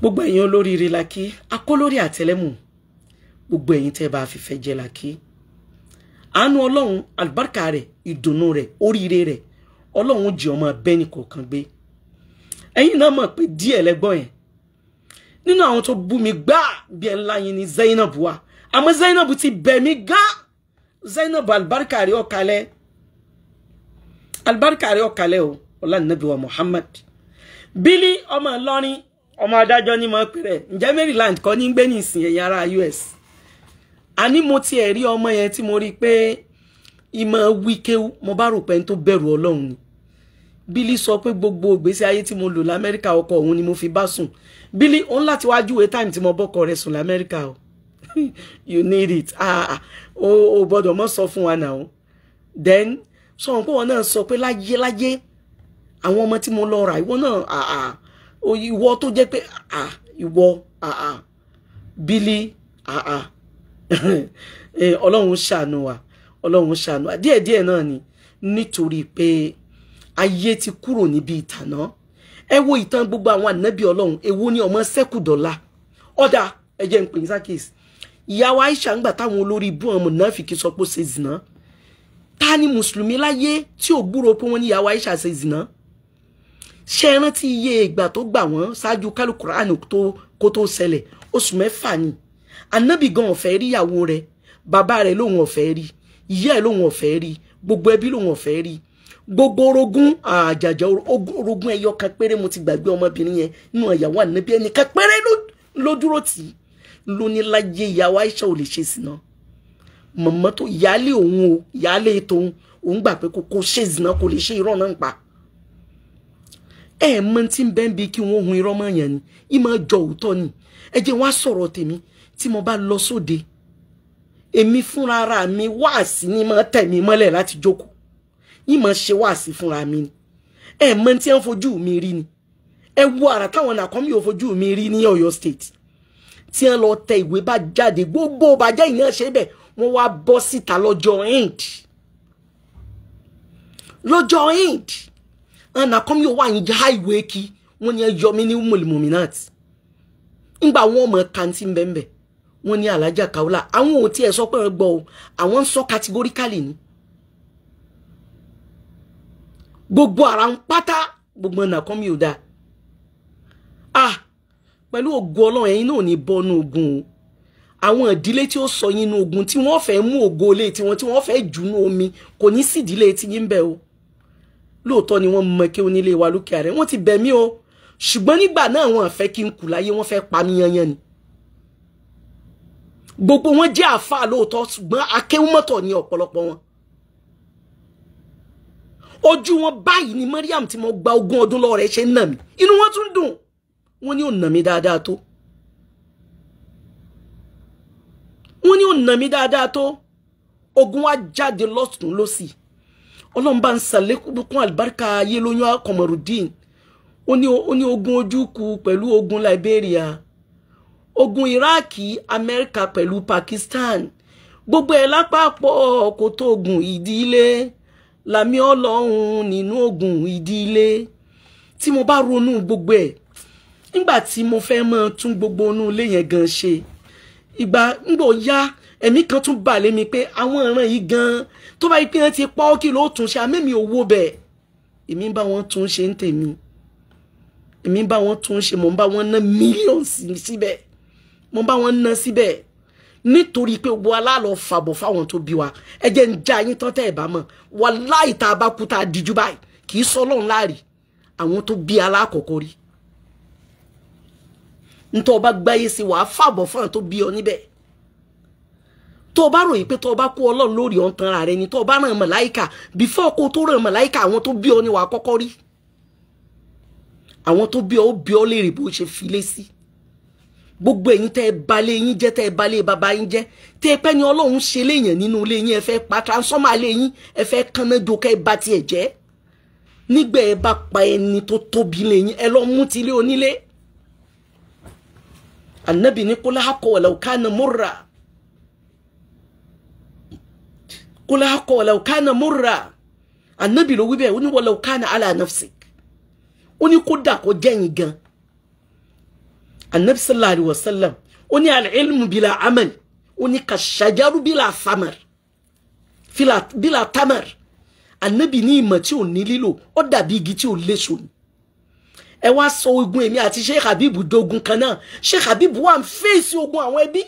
[SPEAKER 1] gbogbo ẹ̀yin olóríire la kí akólórí àtẹlẹ́mù gbogbo ẹ̀yin tẹ́ bá a fìfẹ́ jẹ́ la kí àánú ọlọ́run àlùbáríkà rẹ̀ ìdùnnú rẹ̀ oríire rẹ̀ ọlọ́run jì ọmọ abẹ́ni kọ̀ọ̀kan gbé ẹ̀yin náà mọ̀ pé díẹ̀ lẹ́gbọ́n yẹn nínú àwọn tó bú mi gbá bí ẹ yín ni Zainab wa àmọ́ Zainab ti bẹ̀ mí gá Zainab àlùbáríkà rẹ̀ ọ̀kalẹ̀ àlùbáríkà rẹ̀ ọ̀kalẹ̀ o ọlànàbí wa Muhammad bílí ọmọ Ìlọrin ọmọ adájọ́ ní mọ pé rẹ ǹjẹ́ Maryland kọ́ ní gbé nìsín ẹ̀yìn ará US àní mo tiẹ̀ rí ọmọ yẹn tí mo rí i pé ìmọ̀ wíkéwú mo bá rò pé n tó bẹ̀rù Ọlọ́run ni bílí sọ pé gbogbo ìgbésí ayé tí mo lò lamẹ́ríkà ọkọ òun ni mo fi bá sùn bílí òun láti wá júwe táìmù tí mo bọ́kọ rẹ̀ sùn lamẹ́ríkà o you need it ah, ah o gbọ́dọ̀ mọ̀ sọ fún wa náà then sọ̀rọ̀ pé wọn náà sọ pé láyé láyé àwọn ọmọ tí mo lọ rà ìwọ náà àà ìwọ tó jẹ́ pé àà ìwọ àà bílí àà ọlọ́run ṣàánú wa ọlọ́run ṣàánú wa díẹ̀díẹ̀ náà ni nítorí pé ayé ti kúrò níbi ìtànà ẹ wo ìtàn gbogbo àwọn ànábì ọlọ́run èwo ni ọmọ sẹ́kùdọ̀la ọ̀dà ẹ̀jẹ̀ ń pè ní sákìsì ìyàwó Aisha ń gbà táwọn olórí ibú ọmọ náà fi kí sọ pé ó ṣe zìnà ta ni mùsùlùmí láyé tí ò gbúrò pé wọ́n ní ìyàwó Aisha ṣe zìnà ṣé ẹ rántí iye ìgbà tó gbà wọ́n ṣáájú kálukùránì kó tó ṣẹlẹ̀ oṣù mẹ́fà ni ànábì gan ọ̀fẹ́ rí ìyàwó rẹ̀ bàbá rẹ̀ lòun ọ̀fẹ́ rí ìyá ẹ̀ lòun ọ̀fẹ́ rí gbogbo ẹbí lòun ọ̀fẹ́ rí gbogbo orogún àjàjà orogún ẹyọ kan péré mo ti gbàgbé ọmọbìnrin yẹn nínú ìyàwó ànábì ẹnìkan péré ló dúró tì í lóníláyé ìyàwó Aisha ò lè ṣe sí náà mọ̀mọ́ ìyáálé òun o ìyáálé tòun òun gbà pé kò ṣe ìsìná kò lè ṣe irọ́ náà pa ẹ mọ tí ń bẹ́ẹ̀ bí kí wọ́n hun irọ́ mọ́ yẹn ni í máa jọ òótọ́ ni ẹ jẹ́ wá sọ̀rọ̀ tèmi tí mo bá lọ sóde èmi fúnra ara mi wáàsí ni máa tẹ̀ mí mọ́lẹ̀ láti jókòó í máa ṣe wáàsí fúnra mi ni ẹ mọ tí ń fojú mi rí ni ẹ wo àrà táwọn nàkọ́mí ò fojú mi rí ní Ọ̀yọ́ state tí ń lọ tẹ ìwé bá jáde gbogbo bàjẹ́ ìyẹn ṣe bẹ́ẹ̀ wọ́n wá bọ́ síta lọ́jọ́ end lọ́jọ́ end na kọ́mi wà wa já ìwé kí wọ́n ní ẹjọ́ mi ní mọ̀lìmọ̀mìnàt ńgbà wọn mọ̀ kàǹtì bẹ́ẹ̀ wọ́n ní alájà o àwọn e ń categorically ni gbogbo ara ń gbogbo ọ̀nà kọ́mi ò dáa ah pẹ̀lú o sọ yín ogun tí wọ́n fẹ́ mú e, tiwọn tí wọ́n fẹ́ jù omi o lóòótọ́ ni wọ́n mọ kí onílé wa lókè ààrẹ wọ́n ti bẹ̀ mí o ṣùgbọ́n nígbà náà wọ́n fẹ́ kí n kù láyé wọ́n fẹ́ pa mí yanyan ni gbogbo wọn jẹ́ àáfàá lóòótọ́ ṣùgbọ́n akéwúmọ́tọ̀ ni ọ̀pọ̀lọpọ̀ wọn ojú wọn báyìí ni Mariam tí mo gba ogún ọdún lọ́wọ́ rẹ̀ ṣe ń nà mí inú wọn tún dùn wọ́n ní ò nà mí dáadáa tó wọ́n ní ò nà mí dáadáa tó ogun wa jáde lọ́tún lọ́sì. Si ọlọ́run bá ń sàlékún àlùbáríkà ayé lóyún akọmọrùdín ó ní ogun ojúkù pẹ̀lú ogun Liberia ogun Iraki Amẹ́ríkà pẹ̀lú Pakistan gbogbo ẹ̀ lápapọ̀ kò tó ogun ìdílé làmì ọlọ́run nínú ogun ìdílé tí mo bá ronú gbogbo ẹ̀ nígbà tí mo fẹ́ mọ tún gbogbo inú ilé yẹn gan ṣe ìgbà ńgbò yá ẹ̀mí kan tún bà lé mi pé àwọn ìran yìí gan tó bá yí pé wọ́n ti pa ọ́ kí ló tún ṣe àmẹ́mi ò wo bẹ̀ èmi ń bá wọn tún ṣe ń tèmi èmi ń bá wọn tún ṣe mò ń bá wọn ná mílíọ̀nù síbẹ̀ mo bá wọn ná síbẹ̀ nítorí pé gbogbo aláàlọ́ fàbọ̀ fáwọn tó bí wa ẹ jẹ́ ń já yín tán tẹ́ ẹ̀ bá mọ̀ wà láì tá a bá kú tá a díjú báyìí kì í sọ ọlọ́run láàrí àwọn tó bí aláàkọ́kọ́ rí ntọ́ ọba gbáyé sí wàá fàbọ̀ fáwọn tó bí ọ níbẹ̀ tó o bá ròyìn pé tó o bá kó ọlọ́run lórí ọ̀n tanra rẹ ni tó o bá ràn màláìkà bífọ́ kó o tó ràn màláìkà àwọn tó bí ọ ni wà á kọ́kọ́ rí àwọn tó bí ọ ó bí ọ léèrè bó ṣe filé sí gbogbo ẹ̀yin tẹ́ ẹ balẹ̀ yín jẹ́ tẹ́ ẹ balẹ̀ bàbá yín jẹ́ tẹ́ ẹ pẹ́ ni ọlọ́run ṣe léèyàn nínú ilé yín ẹ fẹ́ pa transformer alẹ́ yín ẹ fẹ́ kanna jo kẹ́ ẹ bá tiẹ̀ jẹ́ nígbà ẹ bá pa ẹni tó tóbi lé yín ẹ lọ mú tilé onílé anabi ní kó láhàkọ wàlẹ̀ òkà ni kólá akọ wàlẹ̀ òkánà múra ànábì ló wí bẹ́ẹ̀ ó ní wàlẹ̀ òkánà alànàfsik ó ní kódà kó jẹ́yìn gan ànábì sallallahu alayhi wa sallam ó ní alilmu bila amal ó ní kàṣàjárú bila samar bila tamar ànábì ní ìmọ̀ tí ò ní lílò ó dàbí igi tí ò léṣo ni ẹ wá sọ ogun èmi àti sheikh habib dogun kan náà sheikh habib wà ń fèsì ogun àwọn ẹbí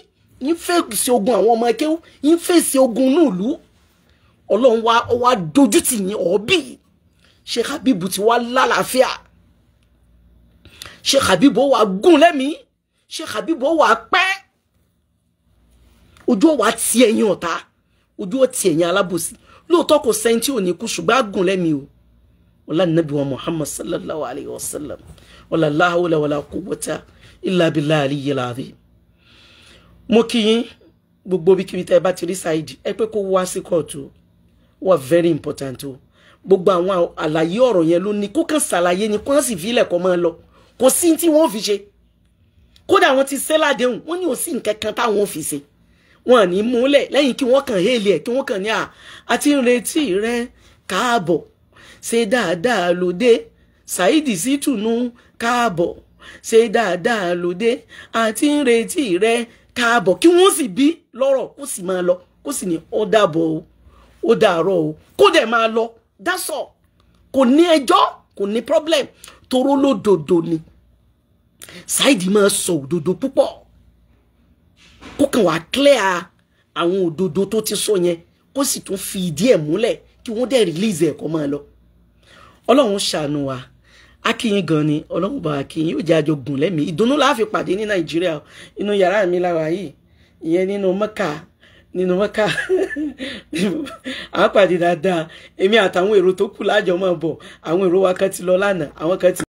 [SPEAKER 1] yín fèsì ogun àwọn ọmọ ẹkẹ́wò yín fèsì ogun inú ọlọ́run wá ọ wá dojú tì yín ọ̀ọ́bì Sheikh Habib ti wá lálàáfíà Sheikh Habib ó wà gùn lẹ́mìí Sheikh Habib ó pẹ́ ojú ó ti ẹ̀yìn ọ̀tá ojú ti ẹ̀yìn alábòsí lóòótọ́ kò sẹ́yìn tí ò ní kú ṣùgbọ́n àgùn lẹ́mìí o ọlá nàbí wa Muhammad sallallahu alayhi wa sallam ọlá wala wàlá quwwata illa billahi aliyyil azim mo kí yín gbogbo bí kiri ẹ bá ti rí ṣáìdì ẹ pé kó wá sí kóòtù o wà very important o gbogbo àwọn àlàyé ọ̀rọ̀ yẹn ló ní kó kàn ṣàlàyé ni kó hàn sì fílẹ̀ kó máa lọ kò sí tí wọ́n fi ṣe kódà wọ́n ti sẹ́ládéhùn wọ́n ní ò sí nǹkan kan táwọn fi ṣe wọn ní múlẹ̀ lẹ́yìn kí wọ́n kàn héèlì ẹ̀ kí wọ́n kàn ní à àti retí rẹ káàbọ̀ ṣe dáadáa lóde Saheed Shittu káàbọ̀ ṣe dáadáa lóde àti retí rẹ káàbọ̀ kí wọ́n sì bí lọ́rọ̀ kó sì máa lọ kó sì ní ó o ó dàárọ̀ o kó dẹ̀ máa lọ that's all kò ní ẹjọ́ kò ní problem toró lódodo ni Saidi máa sọ òdodo púpọ̀ kó kàn wá clear àwọn òdodo tó ti sọ yẹn kó sì tún fi ìdí ẹ̀ múlẹ̀ kí wọ́n dẹ̀ release ẹ̀ kó máa lọ ọlọ́run ṣàánú wa akíyín gan ni ọlọ́run bá akíyín yóò jẹ́ àjọ gùn lẹ́mìí ìdùnnú la fi pàdé ní nàìjíríà inú yàrá mi lára yìí ìyẹn nínú mẹ́ka nínú mọ́ká à ń pàdé dáadáa èmi àtàwọn èrò tó kù lájọ máa bọ̀ àwọn èrò wa kan ti lọ lánàá àwọn kan ti.